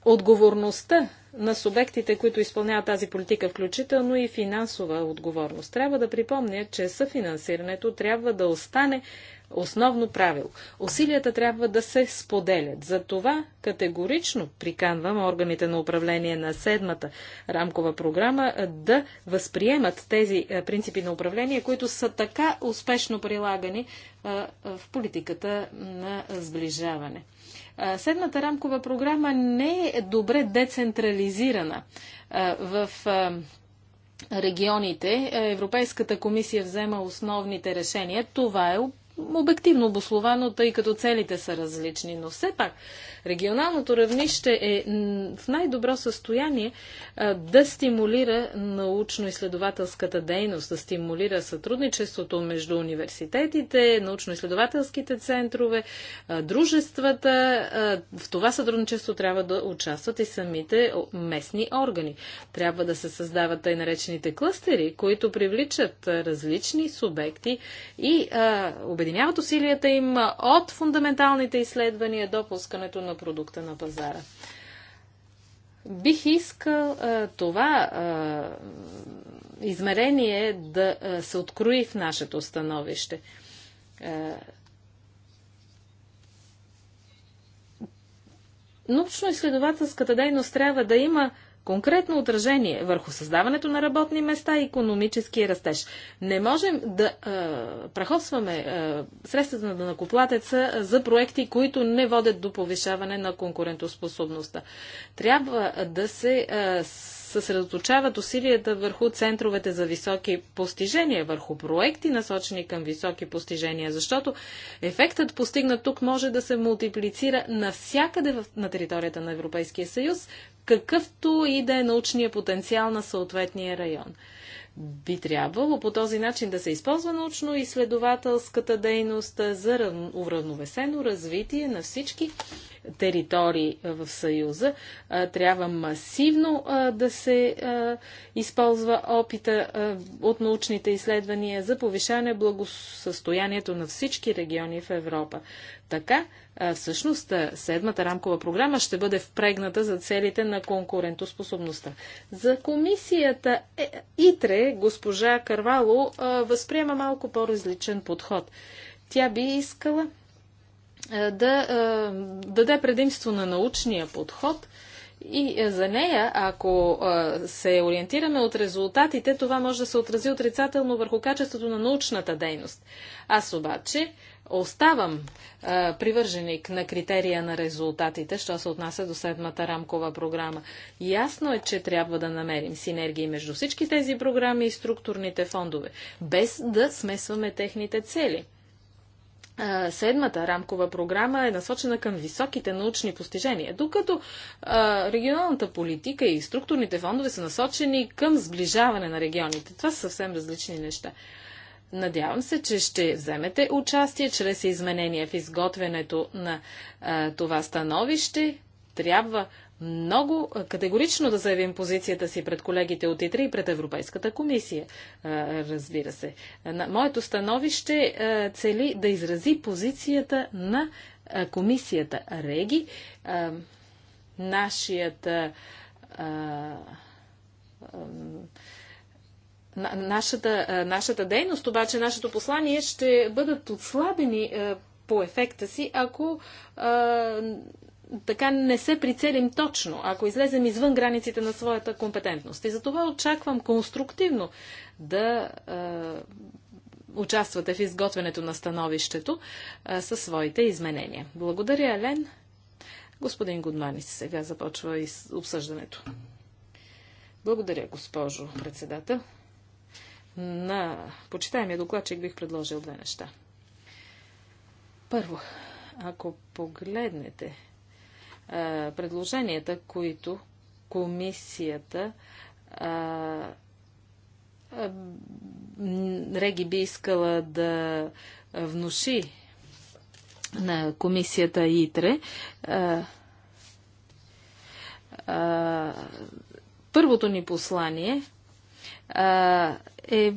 отговорността на субектите, които изпълняват тази политика, включително и финансова отговорност. Трябва да припомня, че съфинансирането трябва да остане основно правило. Усилията трябва да се споделят. За това категорично приканвам органите на управление на седмата рамкова програма да възприемат тези е, принципи на управление, които са така успешно прилагани е, в политиката на сближаване. Седмата рамкова програма не е добре децентрализирана. В регионите Европейската комисия взема основните решения. Това е обективно обословано, тъй като целите са различни, но все пак Регионалното равнище е в най-добро състояние да стимулира научно-изследователската дейност, да стимулира сътрудничеството между университетите, научно-изследователските центрове, дружествата. В това сътрудничество трябва да участват и самите местни органи. Трябва да се създават тъй наречените клъстери, които привличат различни субекти и а, обединяват усилията им от фундаменталните изследвания до пускането на продукта на пазара. Бих искал а, това а, измерение да а, се открои в нашето становище. А, научно-изследователската дейност трябва да има конкретно отражение върху създаването на работни места и економически растеж. Не можем да а, прахосваме а, средствата на накоплатеца за проекти, които не водят до повишаване на конкурентоспособността. Трябва да се а, съсредоточават усилията върху центровете за високи постижения, върху проекти насочени към високи постижения, защото ефектът постигнат тук може да се мултиплицира навсякъде на територията на Европейския съюз какъвто и да е научния потенциал на съответния район. Би трябвало по този начин да се използва научно-изследователската дейност за уравновесено развитие на всички територии в Съюза. Трябва масивно да се използва опита от научните изследвания за повишане благосъстоянието на всички региони в Европа. Така всъщност седмата рамкова програма ще бъде впрегната за целите на конкурентоспособността. За комисията е, ИТРЕ госпожа Карвало възприема малко по-различен подход. Тя би искала да даде предимство на научния подход – и за нея, ако се ориентираме от резултатите, това може да се отрази отрицателно върху качеството на научната дейност. Аз обаче Оставам а, привърженик на критерия на резултатите, що се отнася до седмата рамкова програма. Ясно е, че трябва да намерим синергии между всички тези програми и структурните фондове, без да смесваме техните цели. седмата рамкова програма е насочена към високите научни постижения, докато а, регионалната политика и структурните фондове са насочени към сближаване на регионите. Това са съвсем различни неща. Надявам се, че ще вземете участие чрез изменение в изготвянето на а, това становище. Трябва много категорично да заявим позицията си пред колегите от ИТРИ и пред Европейската комисия, разбира се. Моето становище цели да изрази позицията на комисията Реги. Нашият нашата, нашата дейност, обаче нашето послание ще бъдат отслабени по ефекта си, ако така не се прицелим точно, ако излезем извън границите на своята компетентност. И затова очаквам конструктивно да е, участвате в изготвянето на становището е, със своите изменения. Благодаря, Елен. Господин Гудманис сега започва из обсъждането. Благодаря, госпожо председател на почитаемия докладчик бих предложил две неща. Първо, ако погледнете а, предложенията, които комисията а, а, Реги би искала да внуши на комисията ИТРЕ, а, а, първото ни послание а, е,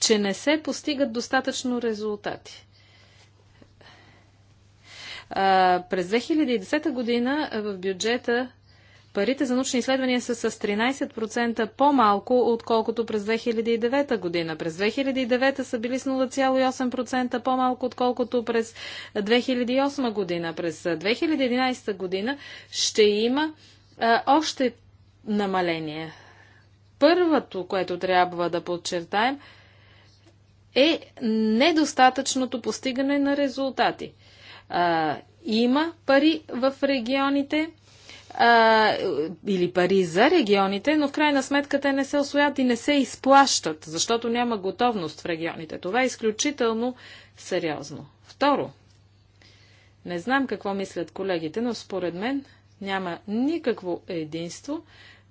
че не се постигат достатъчно резултати. А, през 2010 година в бюджета парите за научни изследвания са с 13% по-малко, отколкото през 2009 година. През 2009 са били с 0,8% по-малко, отколкото през 2008 година. През 2011 година ще има а, още намаление първото, което трябва да подчертаем, е недостатъчното постигане на резултати. А, има пари в регионите а, или пари за регионите, но в крайна сметка те не се освоят и не се изплащат, защото няма готовност в регионите. Това е изключително сериозно. Второ, не знам какво мислят колегите, но според мен няма никакво единство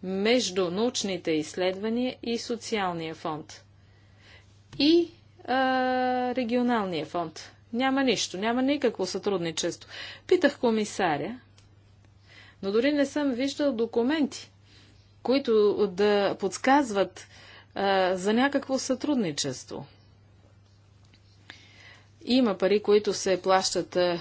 между научните изследвания и социалния фонд. И а, регионалния фонд. Няма нищо, няма никакво сътрудничество. Питах комисаря, но дори не съм виждал документи, които да подсказват а, за някакво сътрудничество. Има пари, които се плащат а,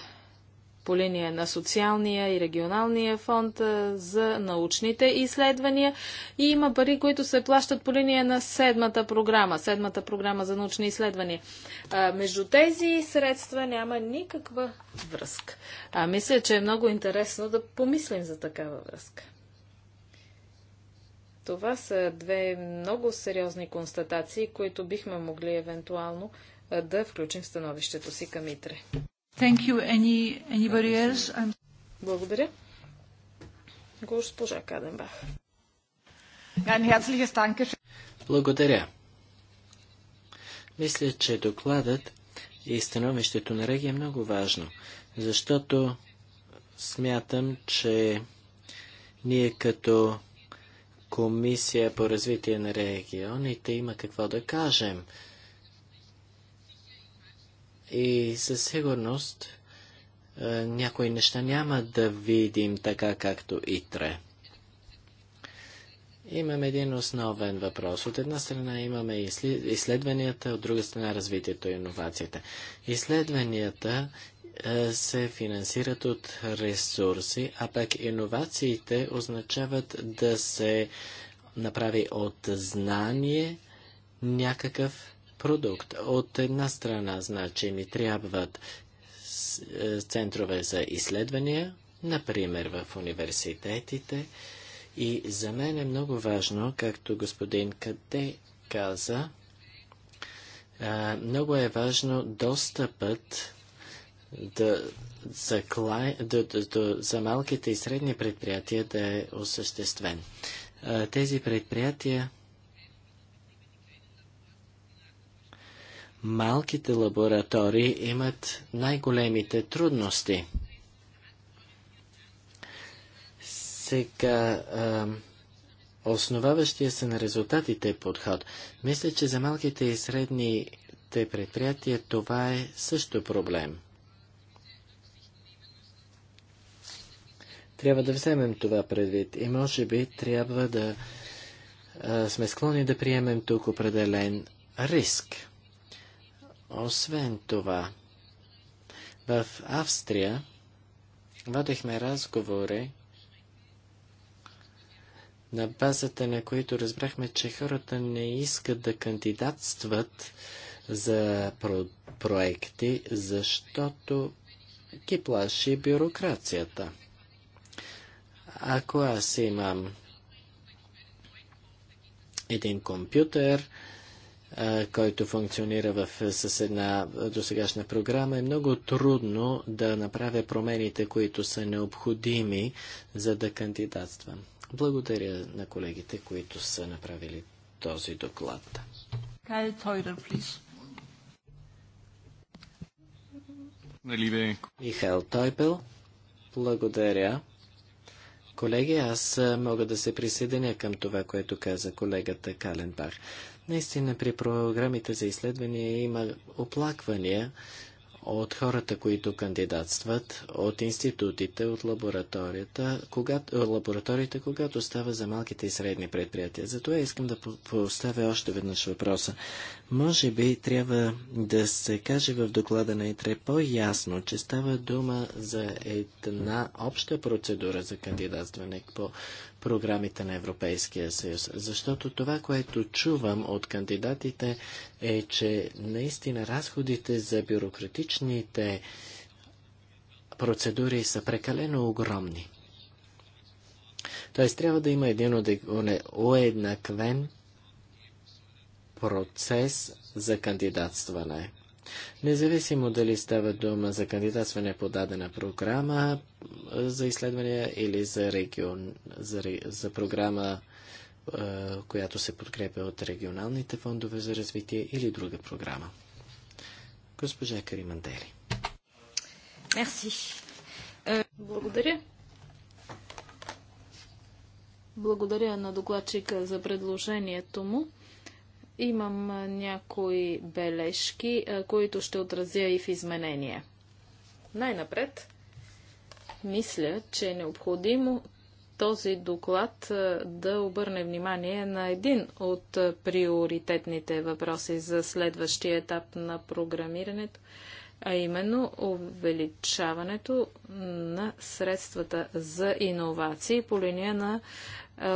по линия на социалния и регионалния фонд за научните изследвания. И има пари, които се плащат по линия на седмата програма, седмата програма за научни изследвания. А, между тези средства няма никаква връзка. А мисля, че е много интересно да помислим за такава връзка. Това са две много сериозни констатации, които бихме могли евентуално да включим в становището си към ИТРЕ. Thank you. Any, anybody else? I'm... Благодаря. Госпожа Каденбах. Благодаря. Мисля, че докладът и становището на Реги е много важно, защото смятам, че ние като Комисия по развитие на регионите има какво да кажем и със сигурност е, някои неща няма да видим така, както ИТРЕ. Имам един основен въпрос. От една страна имаме изследванията, от друга страна развитието и иновацията. Изследванията е, се финансират от ресурси, а пък иновациите означават да се направи от знание някакъв продукт. От една страна, значи, ни трябват е, центрове за изследвания, например в университетите. И за мен е много важно, както господин Каде каза, е, много е важно достъпът да, за, клай, да, да, да, за малките и средни предприятия да е осъществен. Е, тези предприятия малките лаборатории имат най-големите трудности. Сега, а, основаващия се на резултатите подход, мисля, че за малките и средните предприятия това е също проблем. Трябва да вземем това предвид и може би трябва да а, сме склонни да приемем тук определен риск. Освен това, в Австрия водихме разговори, на базата на които разбрахме, че хората не искат да кандидатстват за про- проекти, защото ги плаши бюрокрацията. Ако аз имам един компютър, който функционира в, с една досегашна програма, е много трудно да направя промените, които са необходими, за да кандидатствам. Благодаря на колегите, които са направили този доклад. Нали Михаил Тойпел, благодаря. Колеги, аз мога да се присъединя към това, което каза колегата Каленбах. Наистина при програмите за изследвания има оплаквания от хората, които кандидатстват, от институтите, от лабораторията, когато, лабораторията, когато става за малките и средни предприятия. Затова искам да поставя още веднъж въпроса. Може би трябва да се каже в доклада на ИТРЕ по-ясно, че става дума за една обща процедура за кандидатстване по програмите на Европейския съюз. Защото това, което чувам от кандидатите е, че наистина разходите за бюрократичните процедури са прекалено огромни. Т.е. трябва да има един уеднаквен процес за кандидатстване. Независимо дали става дума за кандидатстване по дадена програма за изследвания или за, регион, за, за програма, която се подкрепя от регионалните фондове за развитие или друга програма. Госпожа Каримандели. Мерси. Благодаря. Благодаря на докладчика за предложението му. Имам някои бележки, които ще отразя и в изменения. Най-напред, мисля, че е необходимо този доклад да обърне внимание на един от приоритетните въпроси за следващия етап на програмирането, а именно увеличаването на средствата за иновации по линия на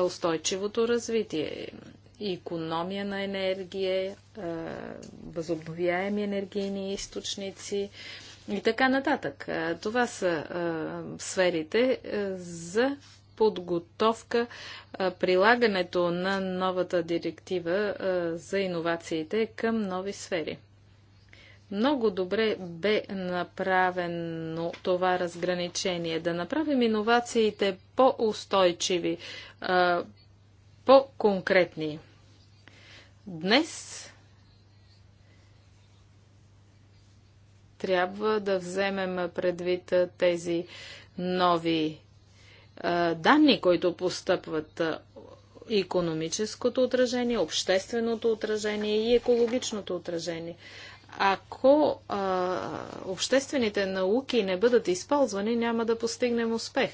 устойчивото развитие и економия на енергия, е, възобновяеми енергийни източници и така нататък. Е, това са е, сферите за подготовка, прилагането на новата директива за иновациите към нови сфери. Много добре бе направено това разграничение. Да направим иновациите по-устойчиви, по-конкретни. Днес трябва да вземем предвид тези нови данни, които постъпват економическото отражение, общественото отражение и екологичното отражение. Ако а, обществените науки не бъдат използвани, няма да постигнем успех.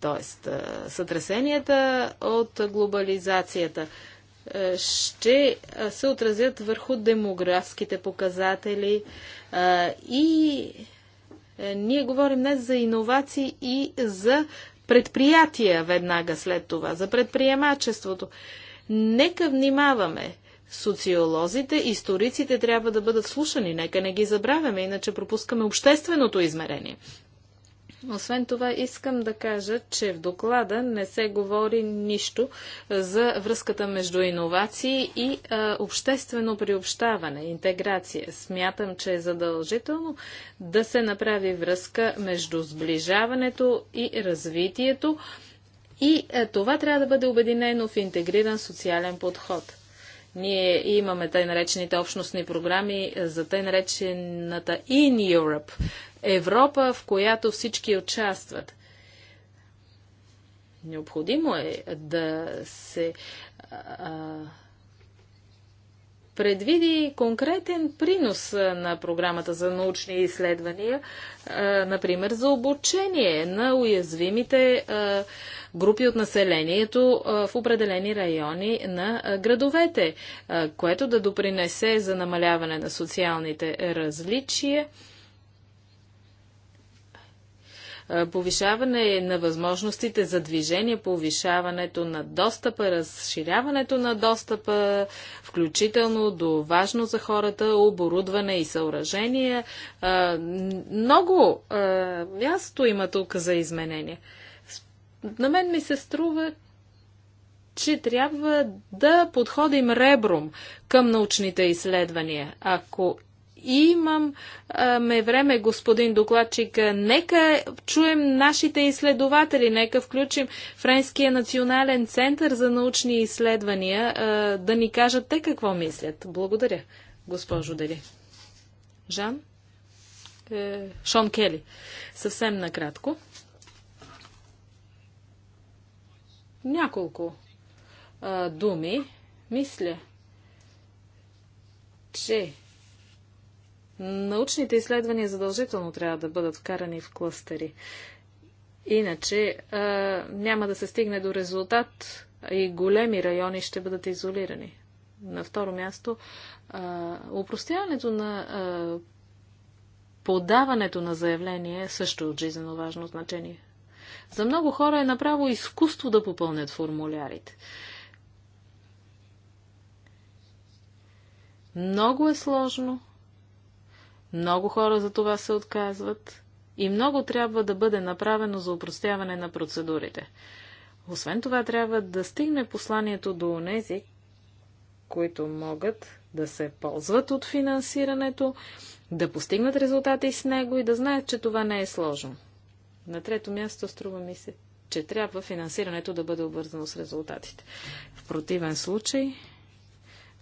Тоест, сътресенията от глобализацията ще се отразят върху демографските показатели и е, ние говорим днес за иновации и за предприятия веднага след това, за предприемачеството. Нека внимаваме. Социолозите, историците трябва да бъдат слушани, нека не ги забравяме, иначе пропускаме общественото измерение освен това, искам да кажа, че в доклада не се говори нищо за връзката между иновации и а, обществено приобщаване, интеграция. Смятам, че е задължително да се направи връзка между сближаването и развитието и а, това трябва да бъде обединено в интегриран социален подход. Ние имаме тъй наречените общностни програми е, за тъй наречената In Europe. Европа, в която всички участват. Необходимо е да се а, предвиди конкретен принос на програмата за научни изследвания, а, например за обучение на уязвимите а, групи от населението в определени райони на градовете, което да допринесе за намаляване на социалните различия повишаване на възможностите за движение, повишаването на достъпа, разширяването на достъпа, включително до важно за хората оборудване и съоръжения. Много място има тук за изменения на мен ми се струва, че трябва да подходим ребром към научните изследвания. Ако имам а, ме време, господин докладчик, нека чуем нашите изследователи, нека включим Френския национален център за научни изследвания а, да ни кажат те какво мислят. Благодаря, госпожо Дели. Жан? Е, Шон Кели. Съвсем накратко. Няколко а, думи. Мисля, че научните изследвания задължително трябва да бъдат вкарани в клъстери. Иначе а, няма да се стигне до резултат и големи райони ще бъдат изолирани. На второ място, а, упростяването на а, подаването на заявление е също е от жизненно важно значение. За много хора е направо изкуство да попълнят формулярите. Много е сложно. Много хора за това се отказват. И много трябва да бъде направено за упростяване на процедурите. Освен това, трябва да стигне посланието до онези, които могат да се ползват от финансирането, да постигнат резултати с него и да знаят, че това не е сложно. На трето място струва ми се, че трябва финансирането да бъде обвързано с резултатите. В противен случай,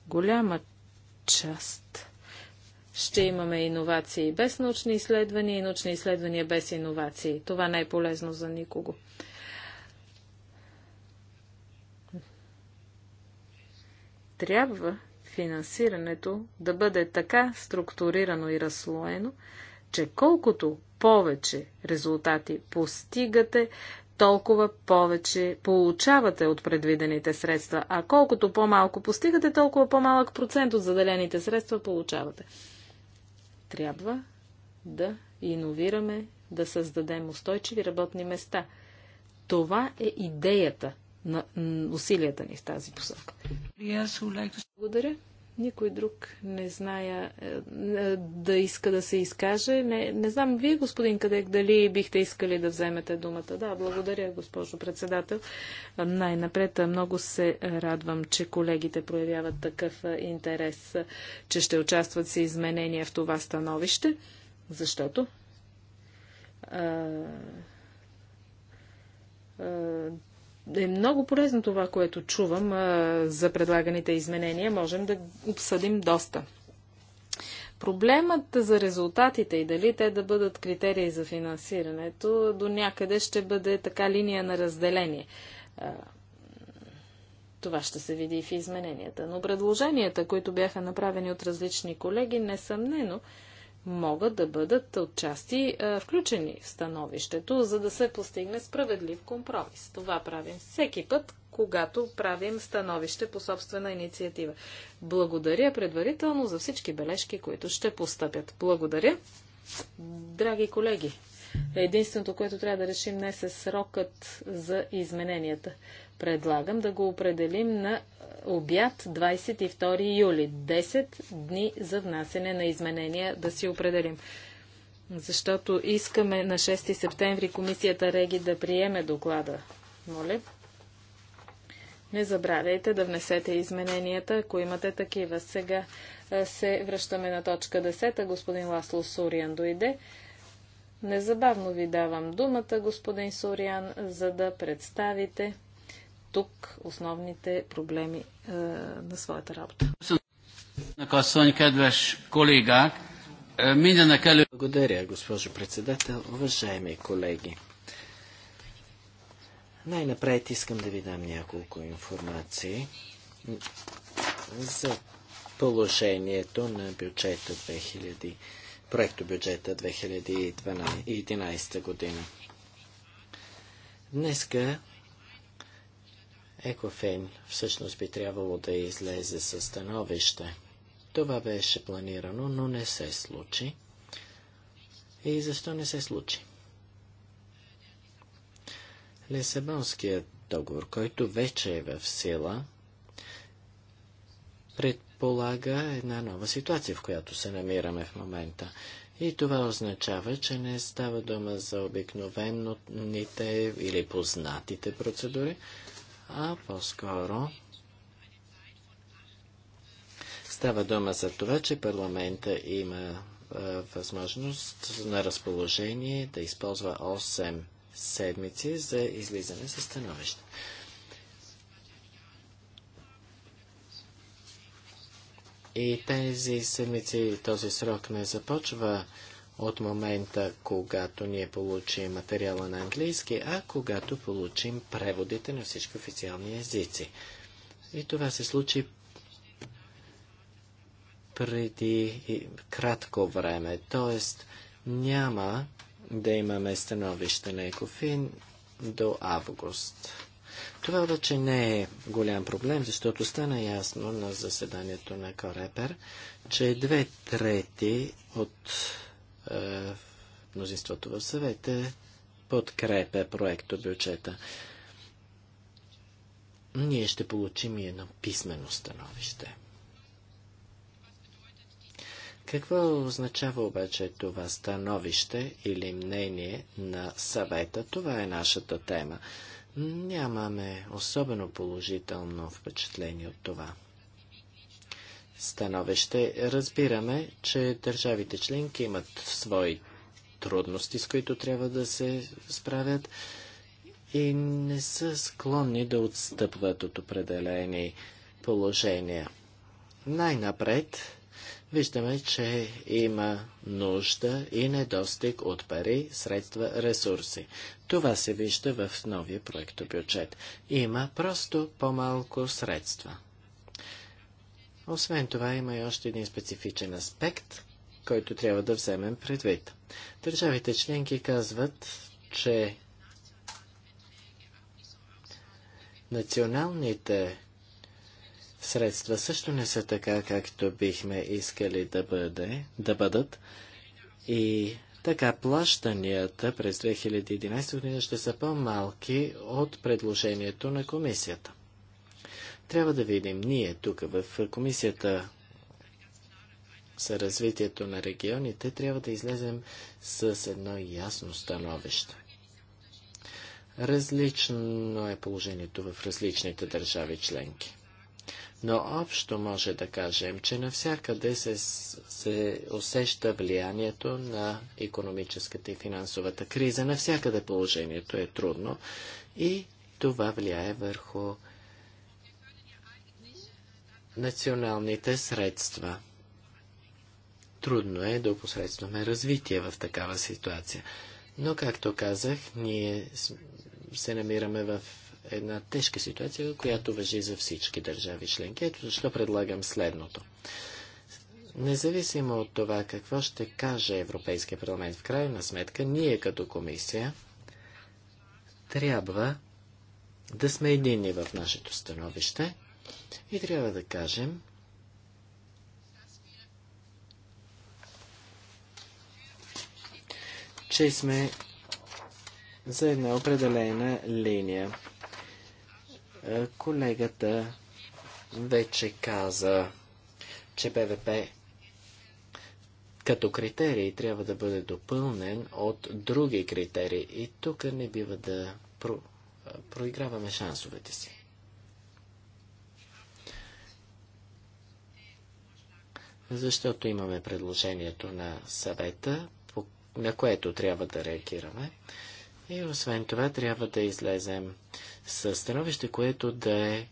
голяма част ще имаме иновации без научни изследвания и научни изследвания без иновации. Това не е полезно за никого. Трябва финансирането да бъде така структурирано и разслоено, че колкото повече резултати постигате, толкова повече получавате от предвидените средства. А колкото по-малко постигате, толкова по-малък процент от заделените средства получавате. Трябва да иновираме, да създадем устойчиви работни места. Това е идеята на усилията ни в тази посока. Благодаря. Никой друг не зная е, е, да иска да се изкаже. Не, не знам, вие, господин Кадек, дали бихте искали да вземете думата. Да, благодаря, госпожо председател. Най-напред е, много се радвам, че колегите проявяват такъв интерес, че ще участват с изменения в това становище, защото а, а, е много полезно това, което чувам а, за предлаганите изменения. Можем да обсъдим доста. Проблемът за резултатите и дали те да бъдат критерии за финансирането до някъде ще бъде така линия на разделение. А, това ще се види и в измененията. Но предложенията, които бяха направени от различни колеги, несъмнено, а, могат да бъдат отчасти включени в становището, за да се постигне справедлив компромис. Това правим всеки път, когато правим становище по собствена инициатива. Благодаря предварително за всички бележки, които ще постъпят. Благодаря. Драги колеги, единственото, което трябва да решим днес е срокът за измененията. Предлагам да го определим на е, обяд 22 юли. 10 дни за внасене на изменения да си определим. Защото искаме на 6 септември комисията Реги да приеме доклада. Моля. Не забравяйте да внесете измененията, ако имате такива. Сега е, се връщаме на точка 10. Господин Ласло Суриан дойде. Незабавно ви давам думата, господин Сориан, за да представите тук основните проблеми е, на своята работа. Е, Благодаря, госпожо председател, уважаеми колеги. Най-напред искам да ви дам няколко информации за положението на бюджета 2000, проекто бюджета 2011 година. Днеска Екофен всъщност би трябвало да излезе със становище. Това беше планирано, но не се случи. И защо не се случи? Лисабонският договор, който вече е в сила, предполага една нова ситуация, в която се намираме в момента. И това означава, че не става дума за обикновените или познатите процедури, а по-скоро става дума за това, че парламента има е, възможност на разположение да използва 8 седмици за излизане със становище. И тези седмици, този срок не започва от момента, когато ние получим материала на английски, а когато получим преводите на всички официални езици. И това се случи преди кратко време, т.е. няма да имаме становище на Екофин до август. Това обаче не е голям проблем, защото стана ясно на заседанието на Корепер, че две трети от е, мнозинството в съвета подкрепя проекто бюджета. Ние ще получим и едно писмено становище. Какво означава обаче това становище или мнение на съвета? Това е нашата тема. Нямаме особено положително впечатление от това становище. Разбираме, че държавите членки имат свои трудности, с които трябва да се справят и не са склонни да отстъпват от определени положения. Най-напред виждаме, че има нужда и недостиг от пари, средства, ресурси. Това се вижда в новия проектобюджет. Има просто по-малко средства. Освен това има и още един специфичен аспект, който трябва да вземем предвид. Държавите членки казват, че националните средства също не са така, както бихме искали да, бъде, да бъдат. И така, плащанията през 2011 година ще са по-малки от предложението на комисията. Трябва да видим ние тук в комисията за развитието на регионите, трябва да излезем с едно ясно становище. Различно е положението в различните държави членки. Но общо може да кажем, че навсякъде се, се усеща влиянието на економическата и финансовата криза. Навсякъде положението е трудно и това влияе върху националните средства. Трудно е да опосредстваме развитие в такава ситуация. Но, както казах, ние се намираме в една тежка ситуация, която въжи за всички държави членки. Ето защо предлагам следното. Независимо от това какво ще каже Европейския парламент, в крайна сметка, ние като комисия трябва да сме едини в нашето становище и трябва да кажем, че сме за една определена линия. Колегата вече каза, че БВП като критерий трябва да бъде допълнен от други критерии и тук не бива да про... проиграваме шансовете си. защото имаме предложението на съвета, на което трябва да реагираме. И освен това трябва да излезем с становище, което да е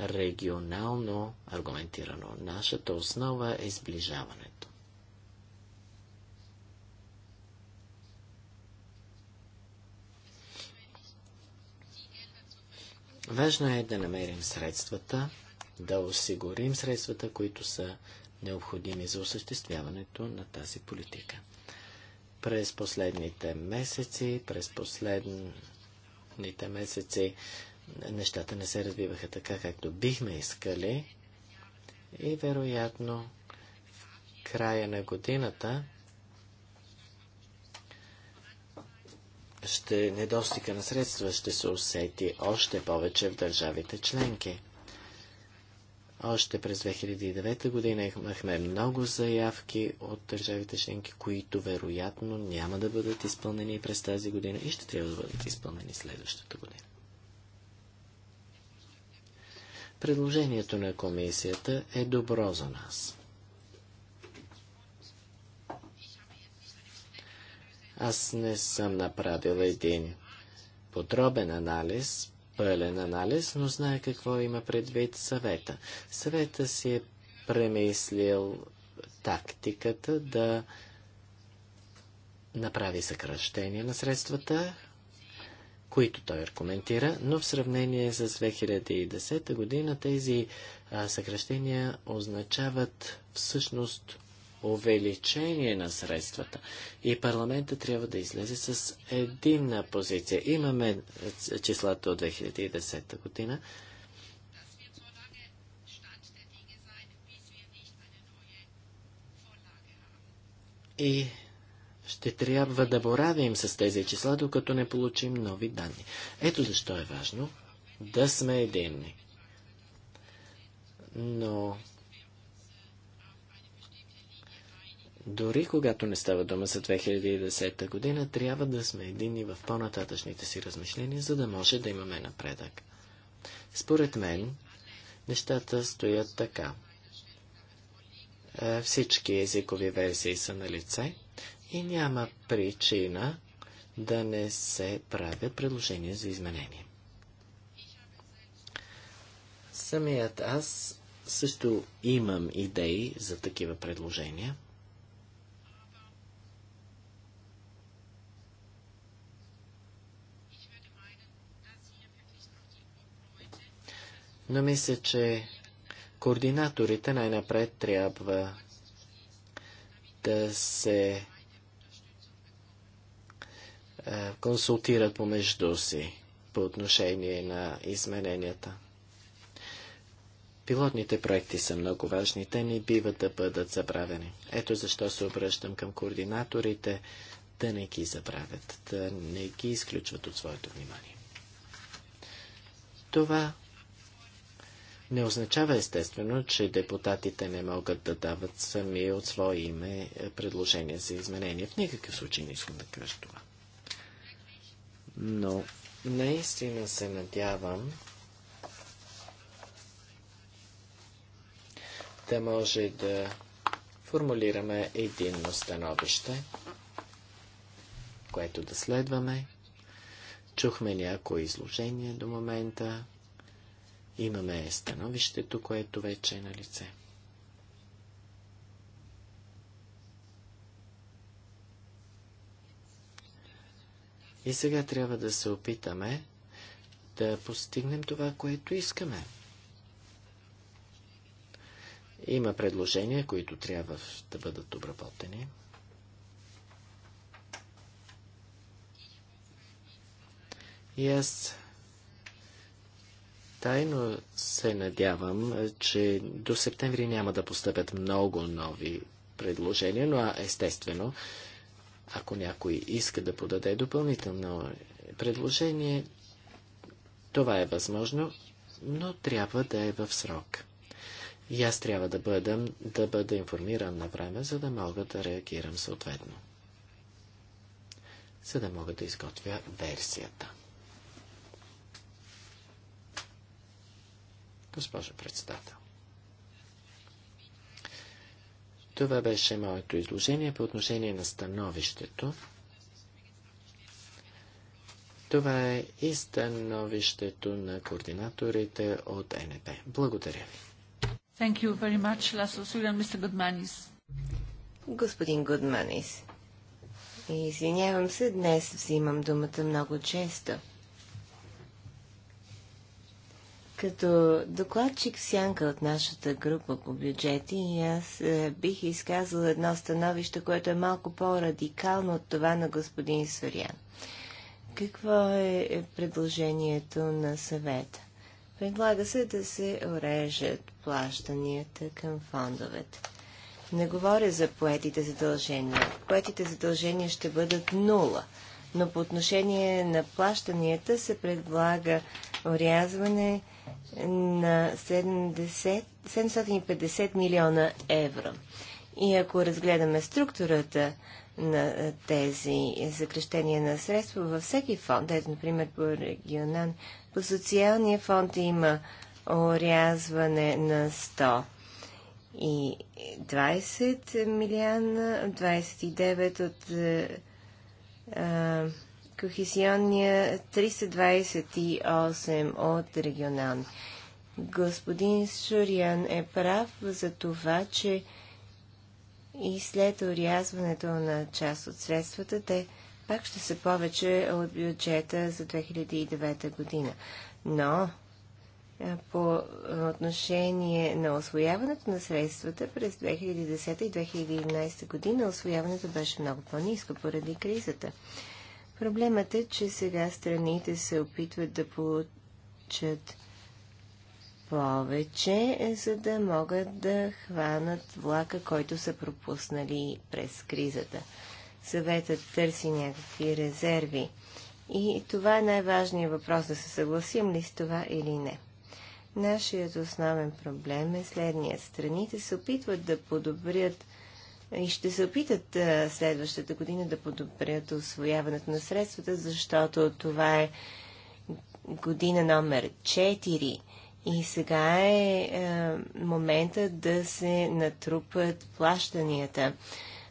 регионално аргументирано. Нашата основа е сближаването. Важно е да намерим средствата, да осигурим средствата, които са необходими за осъществяването на тази политика. През последните месеци, през последните месеци нещата не се развиваха така, както бихме искали и вероятно в края на годината ще недостига на средства ще се усети още повече в държавите членки. Още през 2009 година имахме много заявки от държавите членки, които вероятно няма да бъдат изпълнени през тази година и ще трябва да бъдат изпълнени следващата година. Предложението на комисията е добро за нас. Аз не съм направил един подробен анализ пълен анализ, но знае какво има предвид съвета. Съвета си е премислил тактиката да направи съкръщение на средствата, които той аргументира, но в сравнение с 2010 година тези съкръщения означават всъщност увеличение на средствата. И парламента трябва да излезе с единна позиция. Имаме числата от 2010 година. И ще трябва да боравим с тези числа, докато не получим нови данни. Ето защо е важно да сме единни. Но Дори когато не става дума за 2010 година, трябва да сме едини в по-нататъчните си размишления, за да може да имаме напредък. Според мен, нещата стоят така. Е, всички езикови версии са на лице и няма причина да не се правят предложения за изменение. Самият аз също имам идеи за такива предложения. Но мисля, че координаторите най-напред трябва да се консултират помежду си по отношение на измененията. Пилотните проекти са много важни, те не биват да бъдат забравени. Ето защо се обръщам към координаторите да не ги забравят, да не ги изключват от своето внимание. Това не означава естествено, че депутатите не могат да дават сами от свое име е, предложения за изменения. В никакъв случай не искам да кажа това. Но наистина се надявам да може да формулираме единно становище, което да следваме. Чухме някои изложения до момента. Имаме становището, което вече е на лице. И сега трябва да се опитаме да постигнем това, което искаме. Има предложения, които трябва да бъдат обработени. И аз Тайно се надявам, е, че до септември няма да постъпят много нови предложения, но естествено, ако някой иска да подаде допълнително предложение, това е възможно, но трябва да е в срок. И аз трябва да бъда, да бъда информиран на време, за да мога да реагирам съответно. За да мога да изготвя версията. Госпожо председател. Това беше моето изложение по отношение на становището. Това е и становището на координаторите от НП. Благодаря ви. Thank you very much, Sulian, Mr. Goodmanis. Господин Гудманис, извинявам се, днес взимам думата много често. Като докладчик Сянка от нашата група по бюджети, аз е, бих изказал едно становище, което е малко по-радикално от това на господин Сорян. Какво е, е предложението на съвета? Предлага се да се орежат плащанията към фондовете. Не говоря за поетите задължения. Поетите задължения ще бъдат нула но по отношение на плащанията се предлага орязване на 70, 750 милиона евро. И ако разгледаме структурата на тези съкрещения на средства във всеки фонд, ето, например, по регионал, по социалния фонд има орязване на 100 и 20 милиона, 29 от а, Кохесионния 328 от регионални. Господин Шуриан е прав за това, че и след орязването на част от средствата, те пак ще са повече от бюджета за 2009 година. Но по отношение на освояването на средствата през 2010 и 2011 година, освояването беше много по-низко поради кризата. Проблемът е, че сега страните се опитват да получат повече, е, за да могат да хванат влака, който са пропуснали през кризата. Съветът търси някакви резерви. И това е най-важният въпрос, да се съгласим ли с това или не. Нашият основен проблем е следният. Страните се опитват да подобрят и ще се опитат следващата година да подобрят освояването на средствата, защото това е година номер 4 и сега е, е момента да се натрупат плащанията.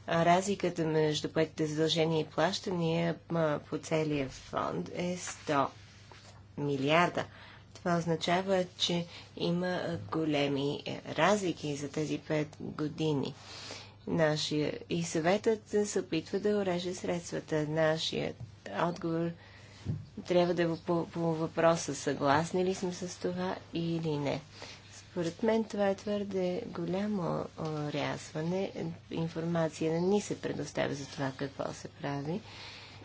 разликата между поетите задължения и плащания по целия фонд е 100 милиарда. Това означава, че има големи е, разлики за тези 5 години. Нашия и съветът се опитва да уреже средствата. Нашият отговор трябва да е по, по въпроса съгласни ли сме с това или не. Според мен това е твърде голямо рязване. Информация не ни се предоставя за това какво се прави.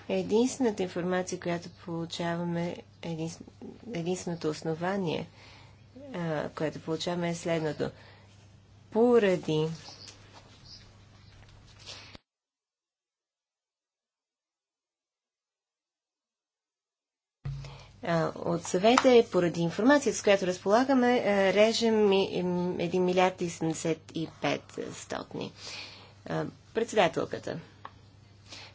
Единствената информация, която получаваме, единственото основание, което получаваме е следното. Поради от съвета е поради информацията, с която разполагаме, режем 1 милиард и 75 стотни. Председателката.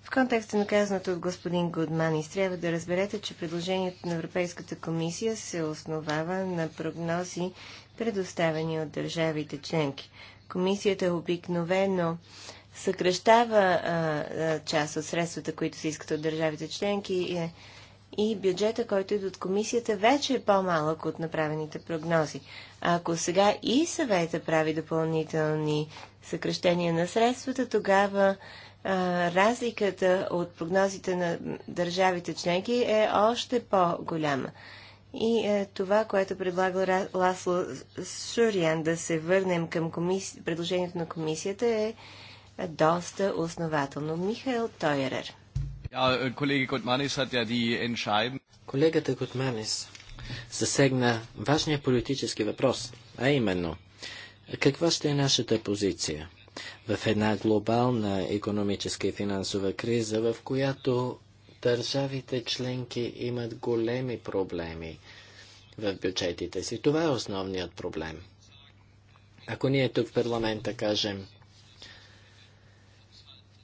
В контекста на казаното от господин Гудманис, трябва да разберете, че предложението на Европейската комисия се основава на прогнози, предоставени от държавите членки. Комисията обикновено съкръщава а, а, част от средствата, които се искат от държавите членки. Е, и бюджета, който идва от комисията, вече е по-малък от направените прогнози. А ако сега и съвета прави допълнителни съкръщения на средствата, тогава а, разликата от прогнозите на държавите членки е още по-голяма. И е, това, което предлага Ласло Шуриан да се върнем към комиси... предложението на комисията е, е доста основателно. Михаил Тойерер. Колегата Готманис засегна важния политически въпрос, а именно каква ще е нашата позиция в една глобална економическа и финансова криза, в която държавите членки имат големи проблеми в бюджетите си. Това е основният проблем. Ако ние тук в парламента кажем,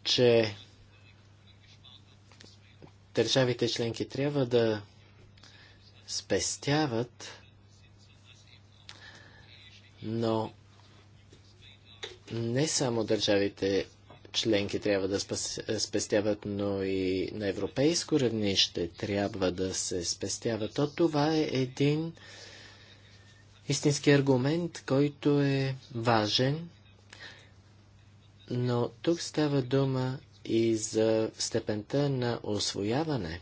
че държавите членки трябва да спестяват, но не само държавите членки трябва да спестяват, но и на европейско равнище трябва да се спестяват. То това е един истински аргумент, който е важен, но тук става дума и за степента на освояване.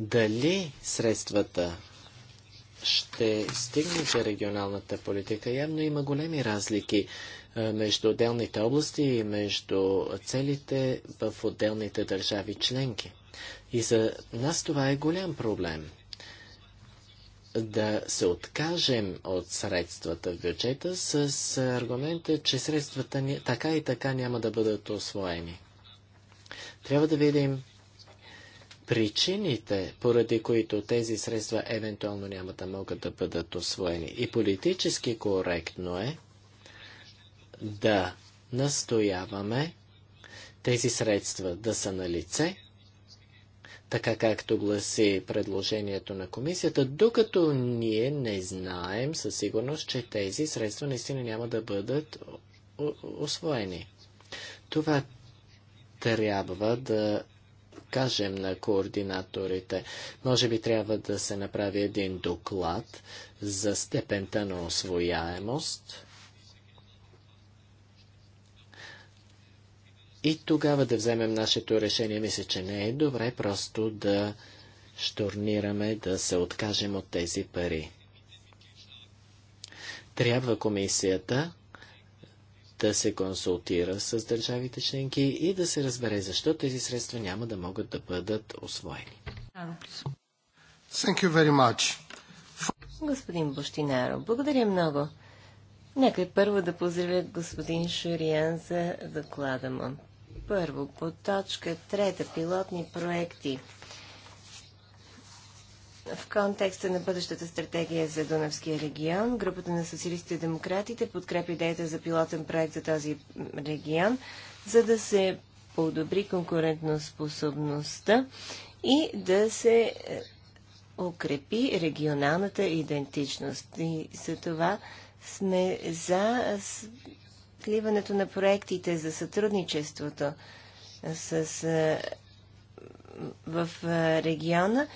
Дали средствата ще за регионалната политика. Явно има големи разлики е, между отделните области и между целите в отделните държави членки. И за нас това е голям проблем. Да се откажем от средствата в бюджета с аргумента, че средствата така и така няма да бъдат освоени. Трябва да видим причините, поради които тези средства евентуално няма да могат да бъдат освоени. И политически коректно е да настояваме тези средства да са на лице, така както гласи предложението на комисията, докато ние не знаем със сигурност, че тези средства наистина няма да бъдат освоени. Това трябва да кажем на координаторите. Може би трябва да се направи един доклад за степента на освояемост. И тогава да вземем нашето решение. Мисля, че не е добре просто да штурнираме, да се откажем от тези пари. Трябва комисията да се консултира с държавите членки и да се разбере защо тези средства няма да могат да бъдат освоени. Господин Бощинаро, благодаря много. Нека първо да поздравя господин Шуриан за доклада му. Първо, по точка трета, пилотни проекти – в контекста на бъдещата стратегия за Дунавския регион, групата на социалистите и демократите подкрепи идеята за пилотен проект за този регион, за да се подобри конкурентноспособността и да се е, укрепи регионалната идентичност. И за това сме за сливането на проектите за сътрудничеството с е, в региона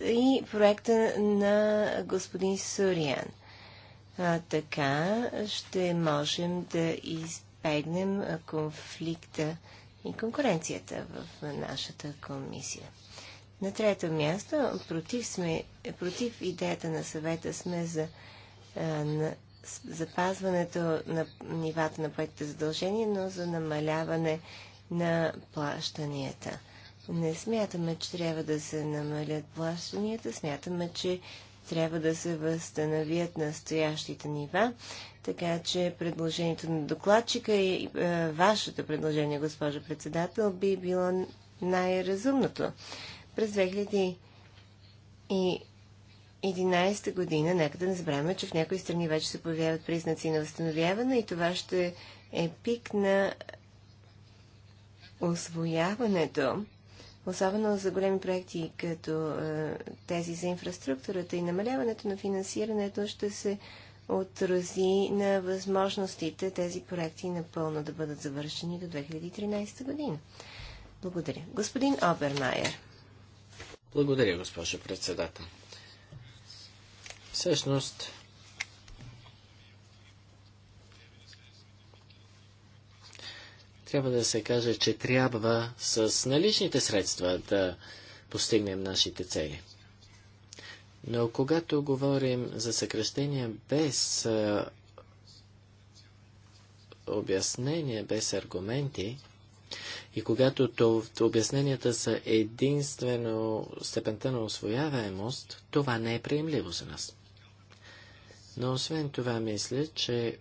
и проекта на господин Сориан. А, така ще можем да избегнем конфликта и конкуренцията в нашата комисия. На трето място, против, сме, против идеята на съвета сме за а, на, запазването на нивата на поетите задължения, но за намаляване на плащанията. Не смятаме, че трябва да се намалят плащанията, смятаме, че трябва да се възстановят настоящите нива. Така че предложението на докладчика и е, вашето предложение, госпожо председател, би било най-разумното. През 2011 година, нека да не забравяме, че в някои страни вече се появяват признаци на възстановяване и това ще е пик на освояването особено за големи проекти като е, тези за инфраструктурата и намаляването на финансирането ще се отрази на възможностите тези проекти напълно да бъдат завършени до 2013 година. Благодаря. Господин Обермайер. Благодаря, госпожо председател. Всъщност, трябва да се каже, че трябва с наличните средства да постигнем нашите цели. Но когато говорим за съкръщение без обяснение, без аргументи, и когато то, то обясненията са единствено степента на освояваемост, това не е приемливо за нас. Но освен това мисля, че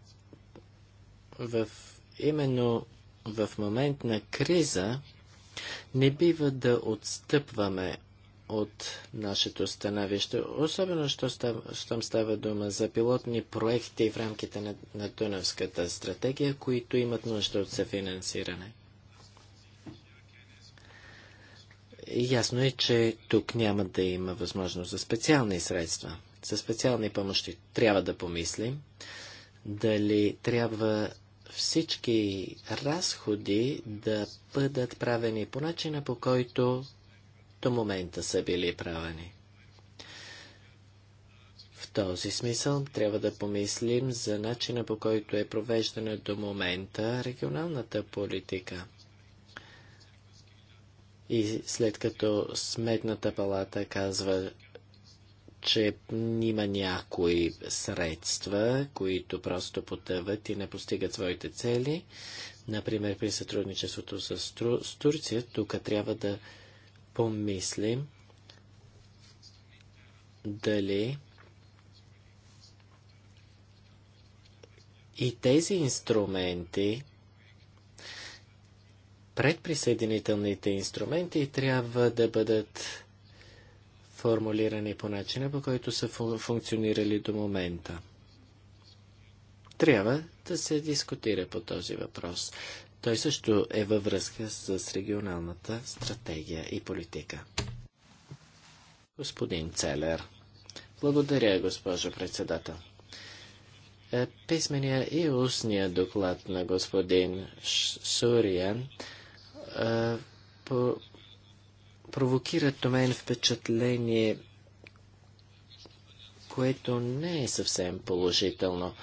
в именно в момент на криза не бива да отстъпваме от нашето становище, особено що става, щом става дума за пилотни проекти в рамките на, на Дунавската стратегия, които имат нужда от съфинансиране. Ясно е, че тук няма да има възможност за специални средства, за специални помощи. Трябва да помислим дали трябва всички разходи да бъдат правени по начина, по който до момента са били правени. В този смисъл трябва да помислим за начина, по който е провеждана до момента регионалната политика. И след като Сметната палата казва, че има някои средства, които просто потъват и не постигат своите цели. Например, при сътрудничеството с, Тру... с Турция, тук трябва да помислим дали и тези инструменти, предприсъединителните инструменти трябва да бъдат формулирани по начина, по който са функционирали до момента. Трябва да се дискутира по този въпрос. Той също е във връзка с регионалната стратегия и политика. Господин Целер. Благодаря, госпожо председател. Е, писмения и устния доклад на господин Суриан е, по провокират у мен впечатление, което не е съвсем положително.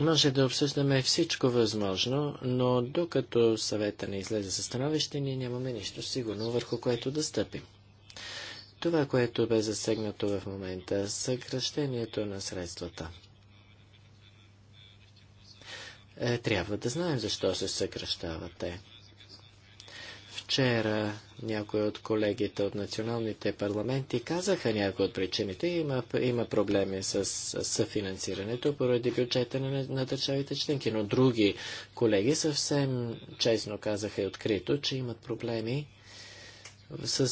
Може да обсъждаме всичко възможно, но докато съвета не излезе със становище, ние нямаме нищо сигурно, върху което да стъпим. Това, което бе засегнато в момента, е съкръщението на средствата. Е, трябва да знаем защо се съкръщават те. Вчера някои от колегите от националните парламенти казаха някои от причините. Има, има проблеми с, съфинансирането поради бюджета на, на държавите членки, но други колеги съвсем честно казаха и открито, че имат проблеми с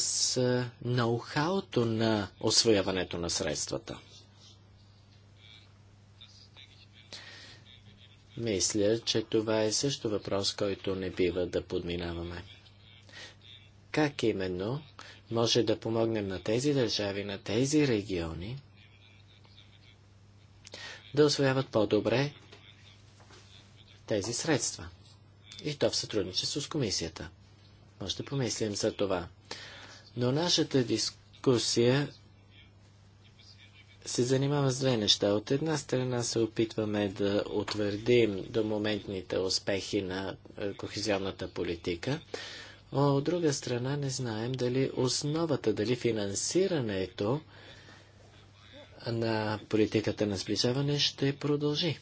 ноу-хауто на освояването на средствата. Мисля, че това е също въпрос, който не бива да подминаваме как именно може да помогнем на тези държави, на тези региони да освояват по-добре тези средства. И то в сътрудничество с комисията. Може да помислим за това. Но нашата дискусия се занимава с две неща. От една страна се опитваме да утвърдим до моментните успехи на е, кохезионната политика. От друга страна не знаем дали основата, дали финансирането на политиката на сближаване ще продължи.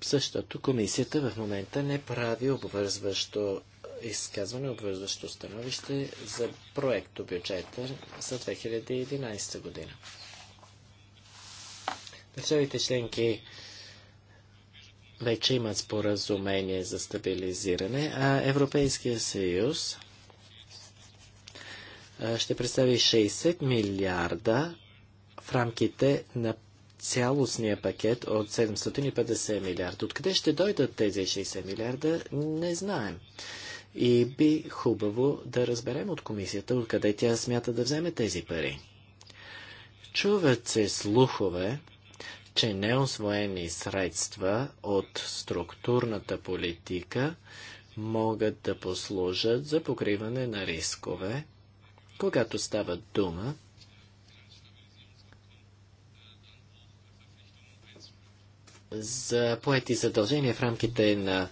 Същото комисията в момента не прави обвързващо изказване, обвързващо становище за проекто бюджета за 2011 година. Държавите членки вече имат споразумение за стабилизиране, а Европейския съюз ще представи 60 милиарда в рамките на цялостния пакет от 750 милиарда. Откъде ще дойдат тези 60 милиарда, не знаем. И би хубаво да разберем от комисията, откъде тя смята да вземе тези пари. Чуват се слухове, че неосвоени средства от структурната политика могат да послужат за покриване на рискове, когато става дума за поети задължения в рамките на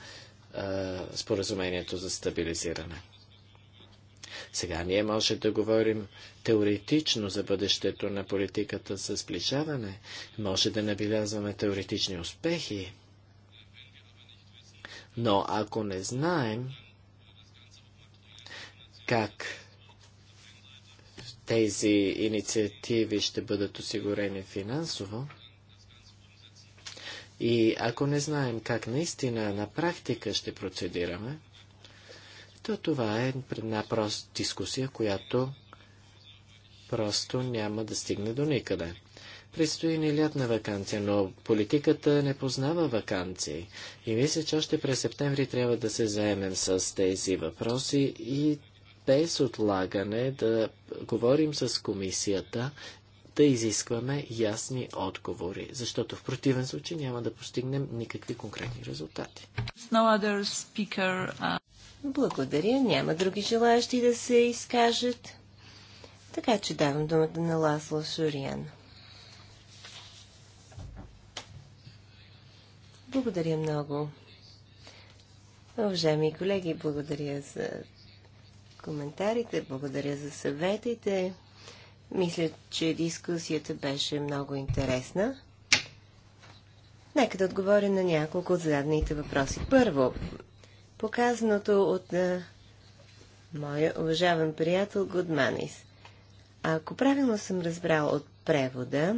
а, споразумението за стабилизиране. Сега ние може да говорим теоретично за бъдещето на политиката за сближаване, може да набелязваме теоретични успехи, но ако не знаем как тези инициативи ще бъдат осигурени финансово, и ако не знаем как наистина на практика ще процедираме, то това е една прост дискусия, която просто няма да стигне до никъде. Предстои ни лятна вакансия, но политиката не познава вакансии. И мисля, че още през септември трябва да се заемем с тези въпроси и без отлагане да говорим с комисията, да изискваме ясни отговори, защото в противен случай няма да постигнем никакви конкретни резултати. No speaker, uh... Благодаря. Няма други желаящи да се изкажат. Така че давам думата на Ласло Шориан. Благодаря много. Уважаеми колеги, благодаря за коментарите, благодаря за съветите. Мисля, че дискусията беше много интересна. Нека да отговоря на няколко от задните въпроси. Първо, показаното от а, е, моя уважаван приятел Гудманис. Ако правилно съм разбрал от превода,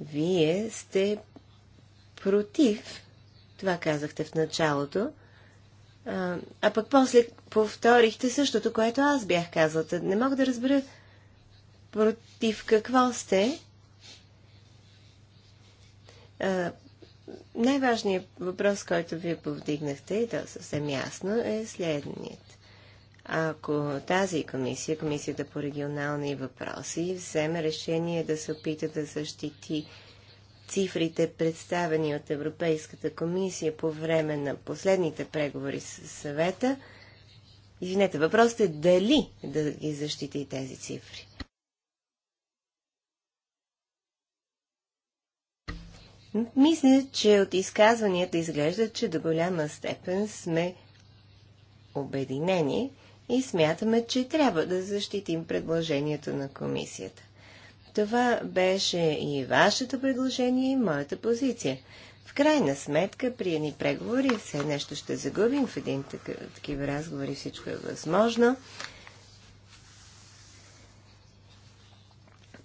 вие сте против, това казахте в началото, а, а пък после повторихте същото, което аз бях казал. Не мога да разбера против какво сте. А, най-важният въпрос, който вие повдигнахте, и то съвсем ясно, е следният. Ако тази комисия, комисията по регионални въпроси, вземе решение да се опита да защити цифрите, представени от Европейската комисия по време на последните преговори с съвета, извинете, въпросът е дали да ги защити тези цифри. Мисля, че от изказванията изглежда, че до голяма степен сме обединени и смятаме, че трябва да защитим предложението на комисията. Това беше и вашето предложение, и моята позиция. В крайна сметка, при едни преговори, все нещо ще загубим, в един такъв, такива разговори всичко е възможно.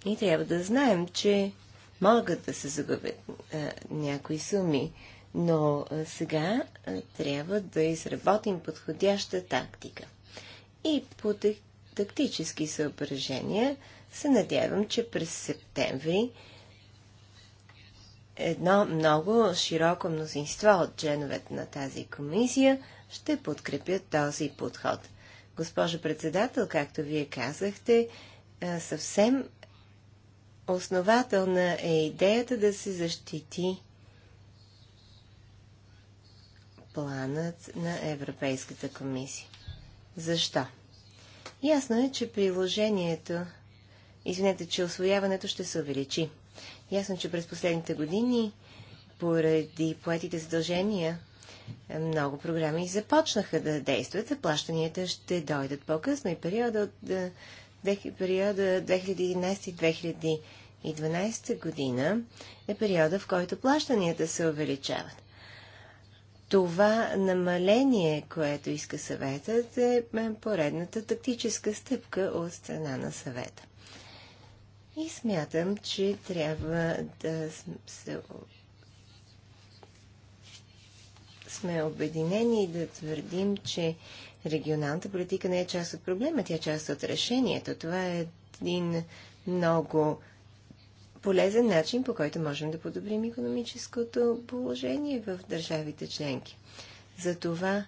И трябва да знаем, че могат да се загубят а, е, някои суми, но а, е, сега а, е, трябва да изработим подходяща тактика. И по тактически съображения се надявам, че през септември едно много широко мнозинство от членовете на тази комисия ще подкрепят този подход. Госпожо председател, както вие казахте, съвсем основателна е идеята да се защити планът на Европейската комисия. Защо? Ясно е, че приложението, извинете, че освояването ще се увеличи. Ясно, че през последните години, поради поетите задължения, много програми започнаха да действат, а плащанията ще дойдат по-късно и периода от периода 2011 2012 2012 година е периода, в който плащанията се увеличават. Това намаление, което иска съветът, е, е поредната тактическа стъпка от страна на съвета. И смятам, че трябва да се... сме обединени и да твърдим, че регионалната политика не е част от проблема, тя е част от решението. Това е един много полезен начин, по който можем да подобрим економическото положение в държавите членки. Затова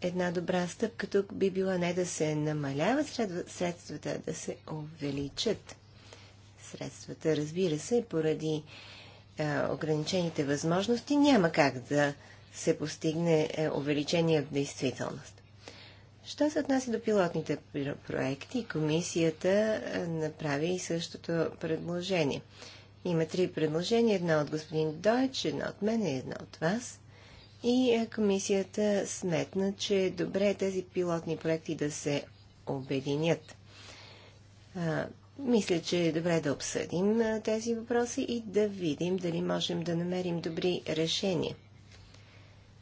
една добра стъпка тук би била не да се намаляват средствата, а да се увеличат средствата. Разбира се, поради е, ограничените възможности няма как да се постигне е, увеличение в действителност. Що се отнася до пилотните проекти, комисията направи и същото предложение. Има три предложения, едно от господин Дойч, едно от мен и едно от вас. И комисията сметна, че е добре тези пилотни проекти да се обединят. А, мисля, че е добре да обсъдим а, тези въпроси и да видим дали можем да намерим добри решения.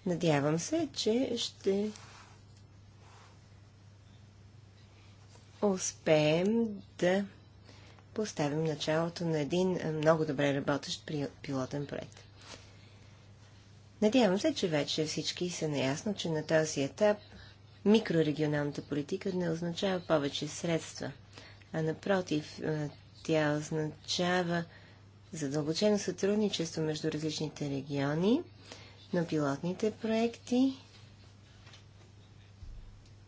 Надявам се, че ще успеем да поставим началото на един много добре работещ пилотен проект. Надявам се, че вече всички са наясно, че на този етап микрорегионалната политика не означава повече средства, а напротив, е, тя означава задълбочено сътрудничество между различните региони, на пилотните проекти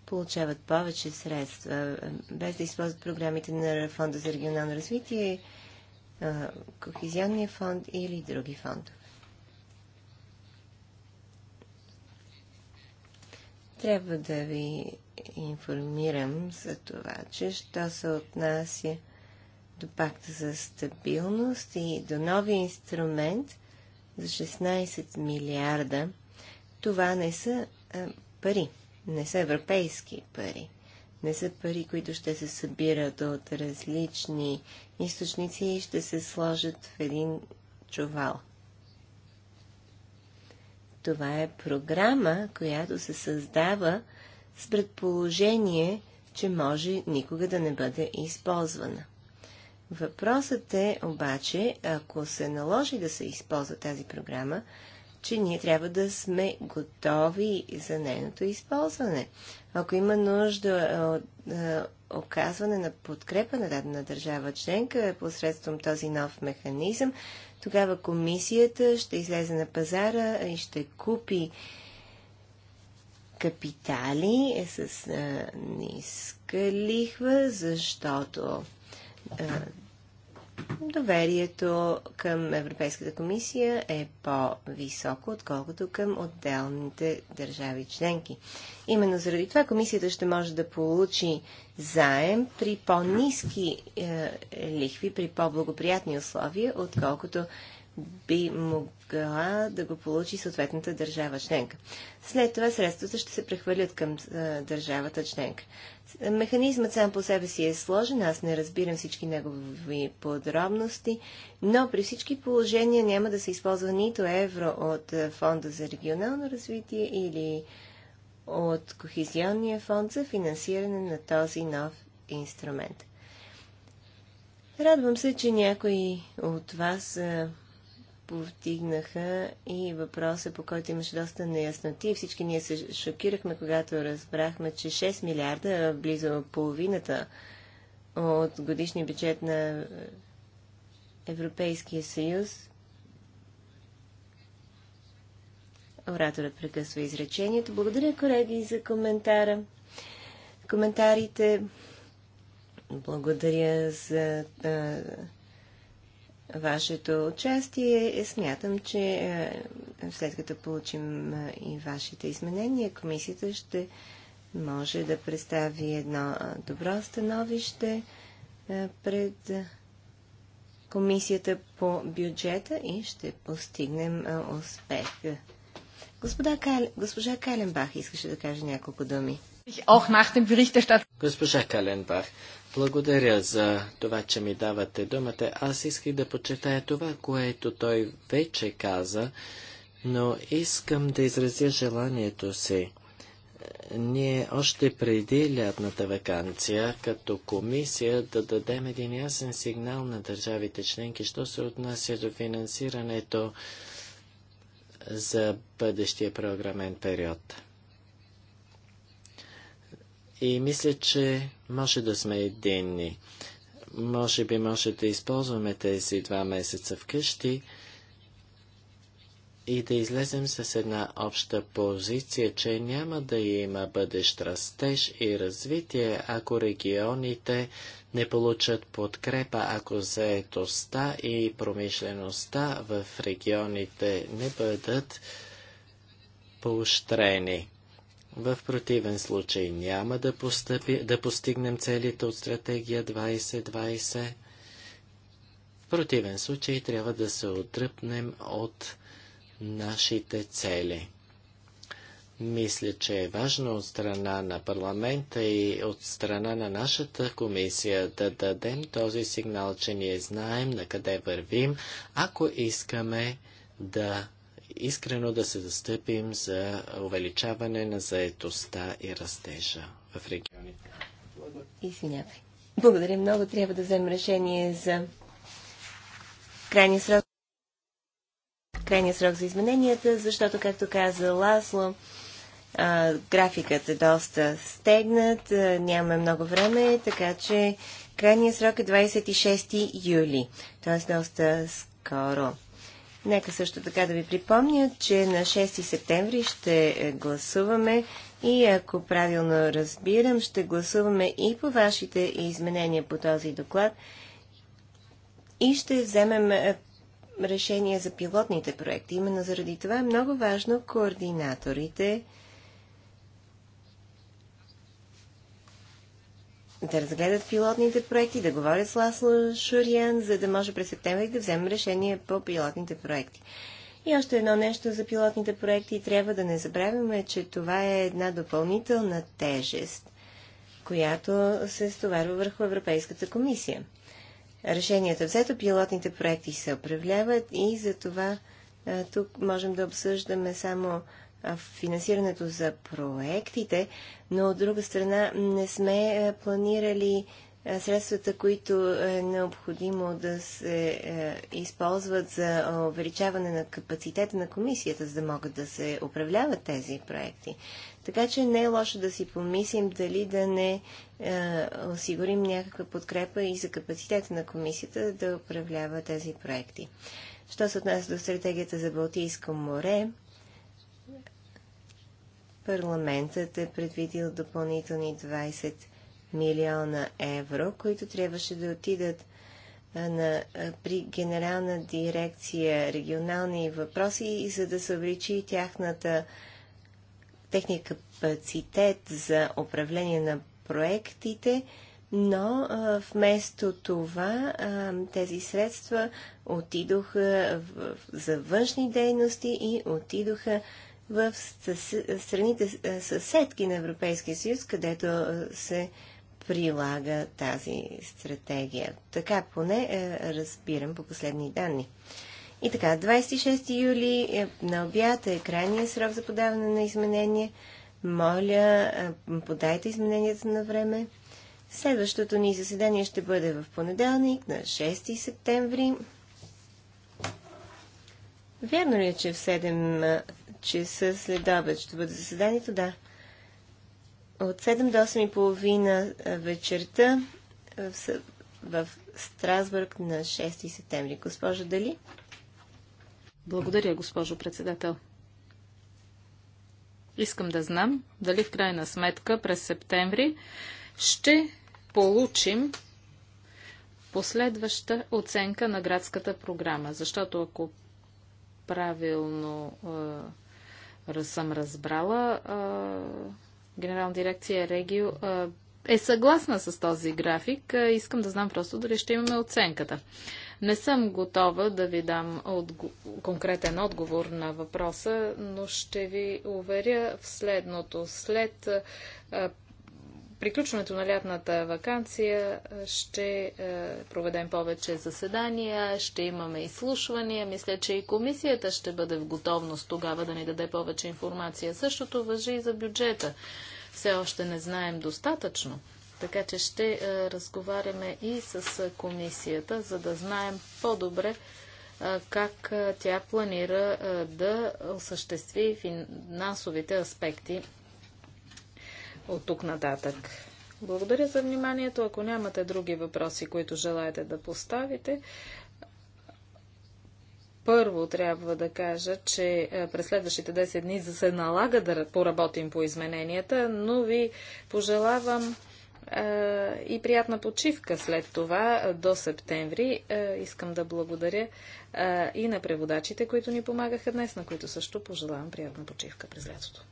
получават повече средства, без да използват програмите на Фонда за регионално развитие, Кохизионния фонд или други фондове. Трябва да ви информирам за това, че що се отнася до пакта за стабилност и до нови инструмент за 16 милиарда, това не са а, пари не са европейски пари. Не са пари, които ще се събират от различни източници и ще се сложат в един чувал. Това е програма, която се създава с предположение, че може никога да не бъде използвана. Въпросът е обаче, ако се наложи да се използва тази програма, че ние трябва да сме готови за нейното използване. Ако има нужда от е, оказване на подкрепа на дадена държава членка посредством този нов механизъм, тогава комисията ще излезе на пазара и ще купи капитали е, с е, ниска лихва, защото доверието към Европейската комисия е по-високо, отколкото към отделните държави членки. Именно заради това комисията ще може да получи заем при по-низки е, лихви, при по-благоприятни условия, отколкото би могла да го получи съответната държава членка. След това средствата ще се прехвърлят към държавата членка. Механизмът сам по себе си е сложен, аз не разбирам всички негови подробности, но при всички положения няма да се използва нито евро от Фонда за регионално развитие или от Кохизионния фонд за финансиране на този нов инструмент. Радвам се, че някои от вас повдигнаха и въпроса, по който имаше доста неясноти. Всички ние се шокирахме, когато разбрахме, че 6 милиарда, близо половината от годишния бюджет на Европейския съюз. Ораторът прекъсва изречението. Благодаря, колеги, за коментара. Коментарите. Благодаря за вашето участие. Смятам, че е, след като получим е, и вашите изменения, комисията ще може да представи едно е, добро становище пред комисията по бюджета и ще постигнем успех. Господа Кал... Госпожа Каленбах искаше да каже няколко думи. Госпожа Каленбах, благодаря за това, че ми давате думата. Аз исках да почетая това, което той вече каза, но искам да изразя желанието си. Ние още преди лятната вакансия, като комисия, да дадем един ясен сигнал на държавите членки, що се отнася до финансирането за бъдещия програмен период. И мисля, че може да сме единни. Може би може да използваме тези два месеца вкъщи и да излезем с една обща позиция, че няма да има бъдещ растеж и развитие, ако регионите не получат подкрепа, ако заетостта и промишлеността в регионите не бъдат поощрени. В противен случай няма да, постъпи, да постигнем целите от стратегия 2020. В противен случай трябва да се отръпнем от нашите цели. Мисля, че е важно от страна на парламента и от страна на нашата комисия да дадем този сигнал, че ние знаем на къде вървим, ако искаме да искрено да се застъпим за увеличаване на заетостта и растежа в регионите. Извинявай. Благодаря много. Трябва да вземем решение за крайния срок, крайния срок за измененията, защото, както каза Ласло, графикът е доста стегнат, нямаме много време, така че крайният срок е 26 юли, т.е. доста скоро. Нека също така да ви припомня, че на 6 септември ще е, гласуваме и ако правилно разбирам, ще гласуваме и по вашите изменения по този доклад и ще вземем е, решение за пилотните проекти. Именно заради това е много важно координаторите да разгледат пилотните проекти, да говорят с Ласло Шуриан, за да може през септември да вземем решение по пилотните проекти. И още едно нещо за пилотните проекти. Трябва да не забравяме, че това е една допълнителна тежест, която се стоварва върху Европейската комисия. Решенията взето, пилотните проекти се управляват и за това тук можем да обсъждаме само финансирането за проектите, но от друга страна не сме планирали средствата, които е необходимо да се е, използват за увеличаване на капацитета на комисията, за да могат да се управляват тези проекти. Така че не е лошо да си помислим дали да не е, осигурим някаква подкрепа и за капацитета на комисията да управлява тези проекти. Що се отнася до стратегията за Балтийско море, парламентът е предвидил допълнителни 20 милиона евро, които трябваше да отидат на, при Генерална дирекция регионални въпроси и за да се увеличи тяхната техния капацитет за управление на проектите, но вместо това тези средства отидоха за външни дейности и отидоха в страните е, съседки на Европейския съюз, където е, се прилага тази стратегия. Така поне е, разбирам по последни данни. И така, 26 юли на обяд е крайния срок за подаване на изменения. Моля, подайте измененията на време. Следващото ни заседание ще бъде в понеделник, на 6 септември. Вярно ли е, че в 7 часа след обед. Ще бъде заседанието, да. От 7 до 8 и половина вечерта в, в Страсбург на 6 септември. Госпожо Дали? Благодаря, госпожо председател. Искам да знам дали в крайна сметка през септември ще получим последваща оценка на градската програма. Защото ако правилно е, съм разбрала, генерална дирекция Регио е съгласна с този график. Искам да знам просто дали ще имаме оценката. Не съм готова да ви дам отго... конкретен отговор на въпроса, но ще ви уверя в следното. След приключването на лятната вакансия ще проведем повече заседания, ще имаме изслушвания. Мисля, че и комисията ще бъде в готовност тогава да ни даде повече информация. Същото въжи и за бюджета. Все още не знаем достатъчно. Така че ще разговаряме и с комисията, за да знаем по-добре как тя планира да осъществи финансовите аспекти от тук нататък. Благодаря за вниманието. Ако нямате други въпроси, които желаете да поставите, първо трябва да кажа, че е, през следващите 10 дни се налага да поработим по измененията, но ви пожелавам е, и приятна почивка след това е, до септември. искам да благодаря и на преводачите, които ни помагаха днес, на които също пожелавам приятна почивка през лятото.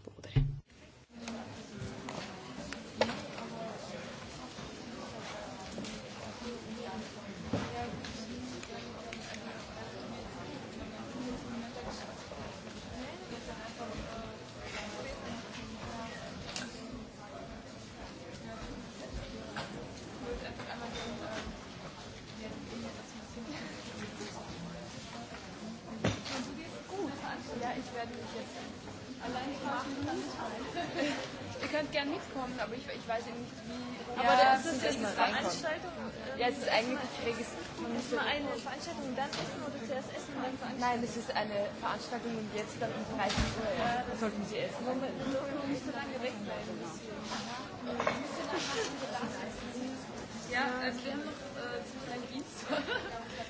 Veranstaltung und jetzt dann um 13 Uhr. da Sollten Sie essen? Wollen wir nicht so lange wegbleiben?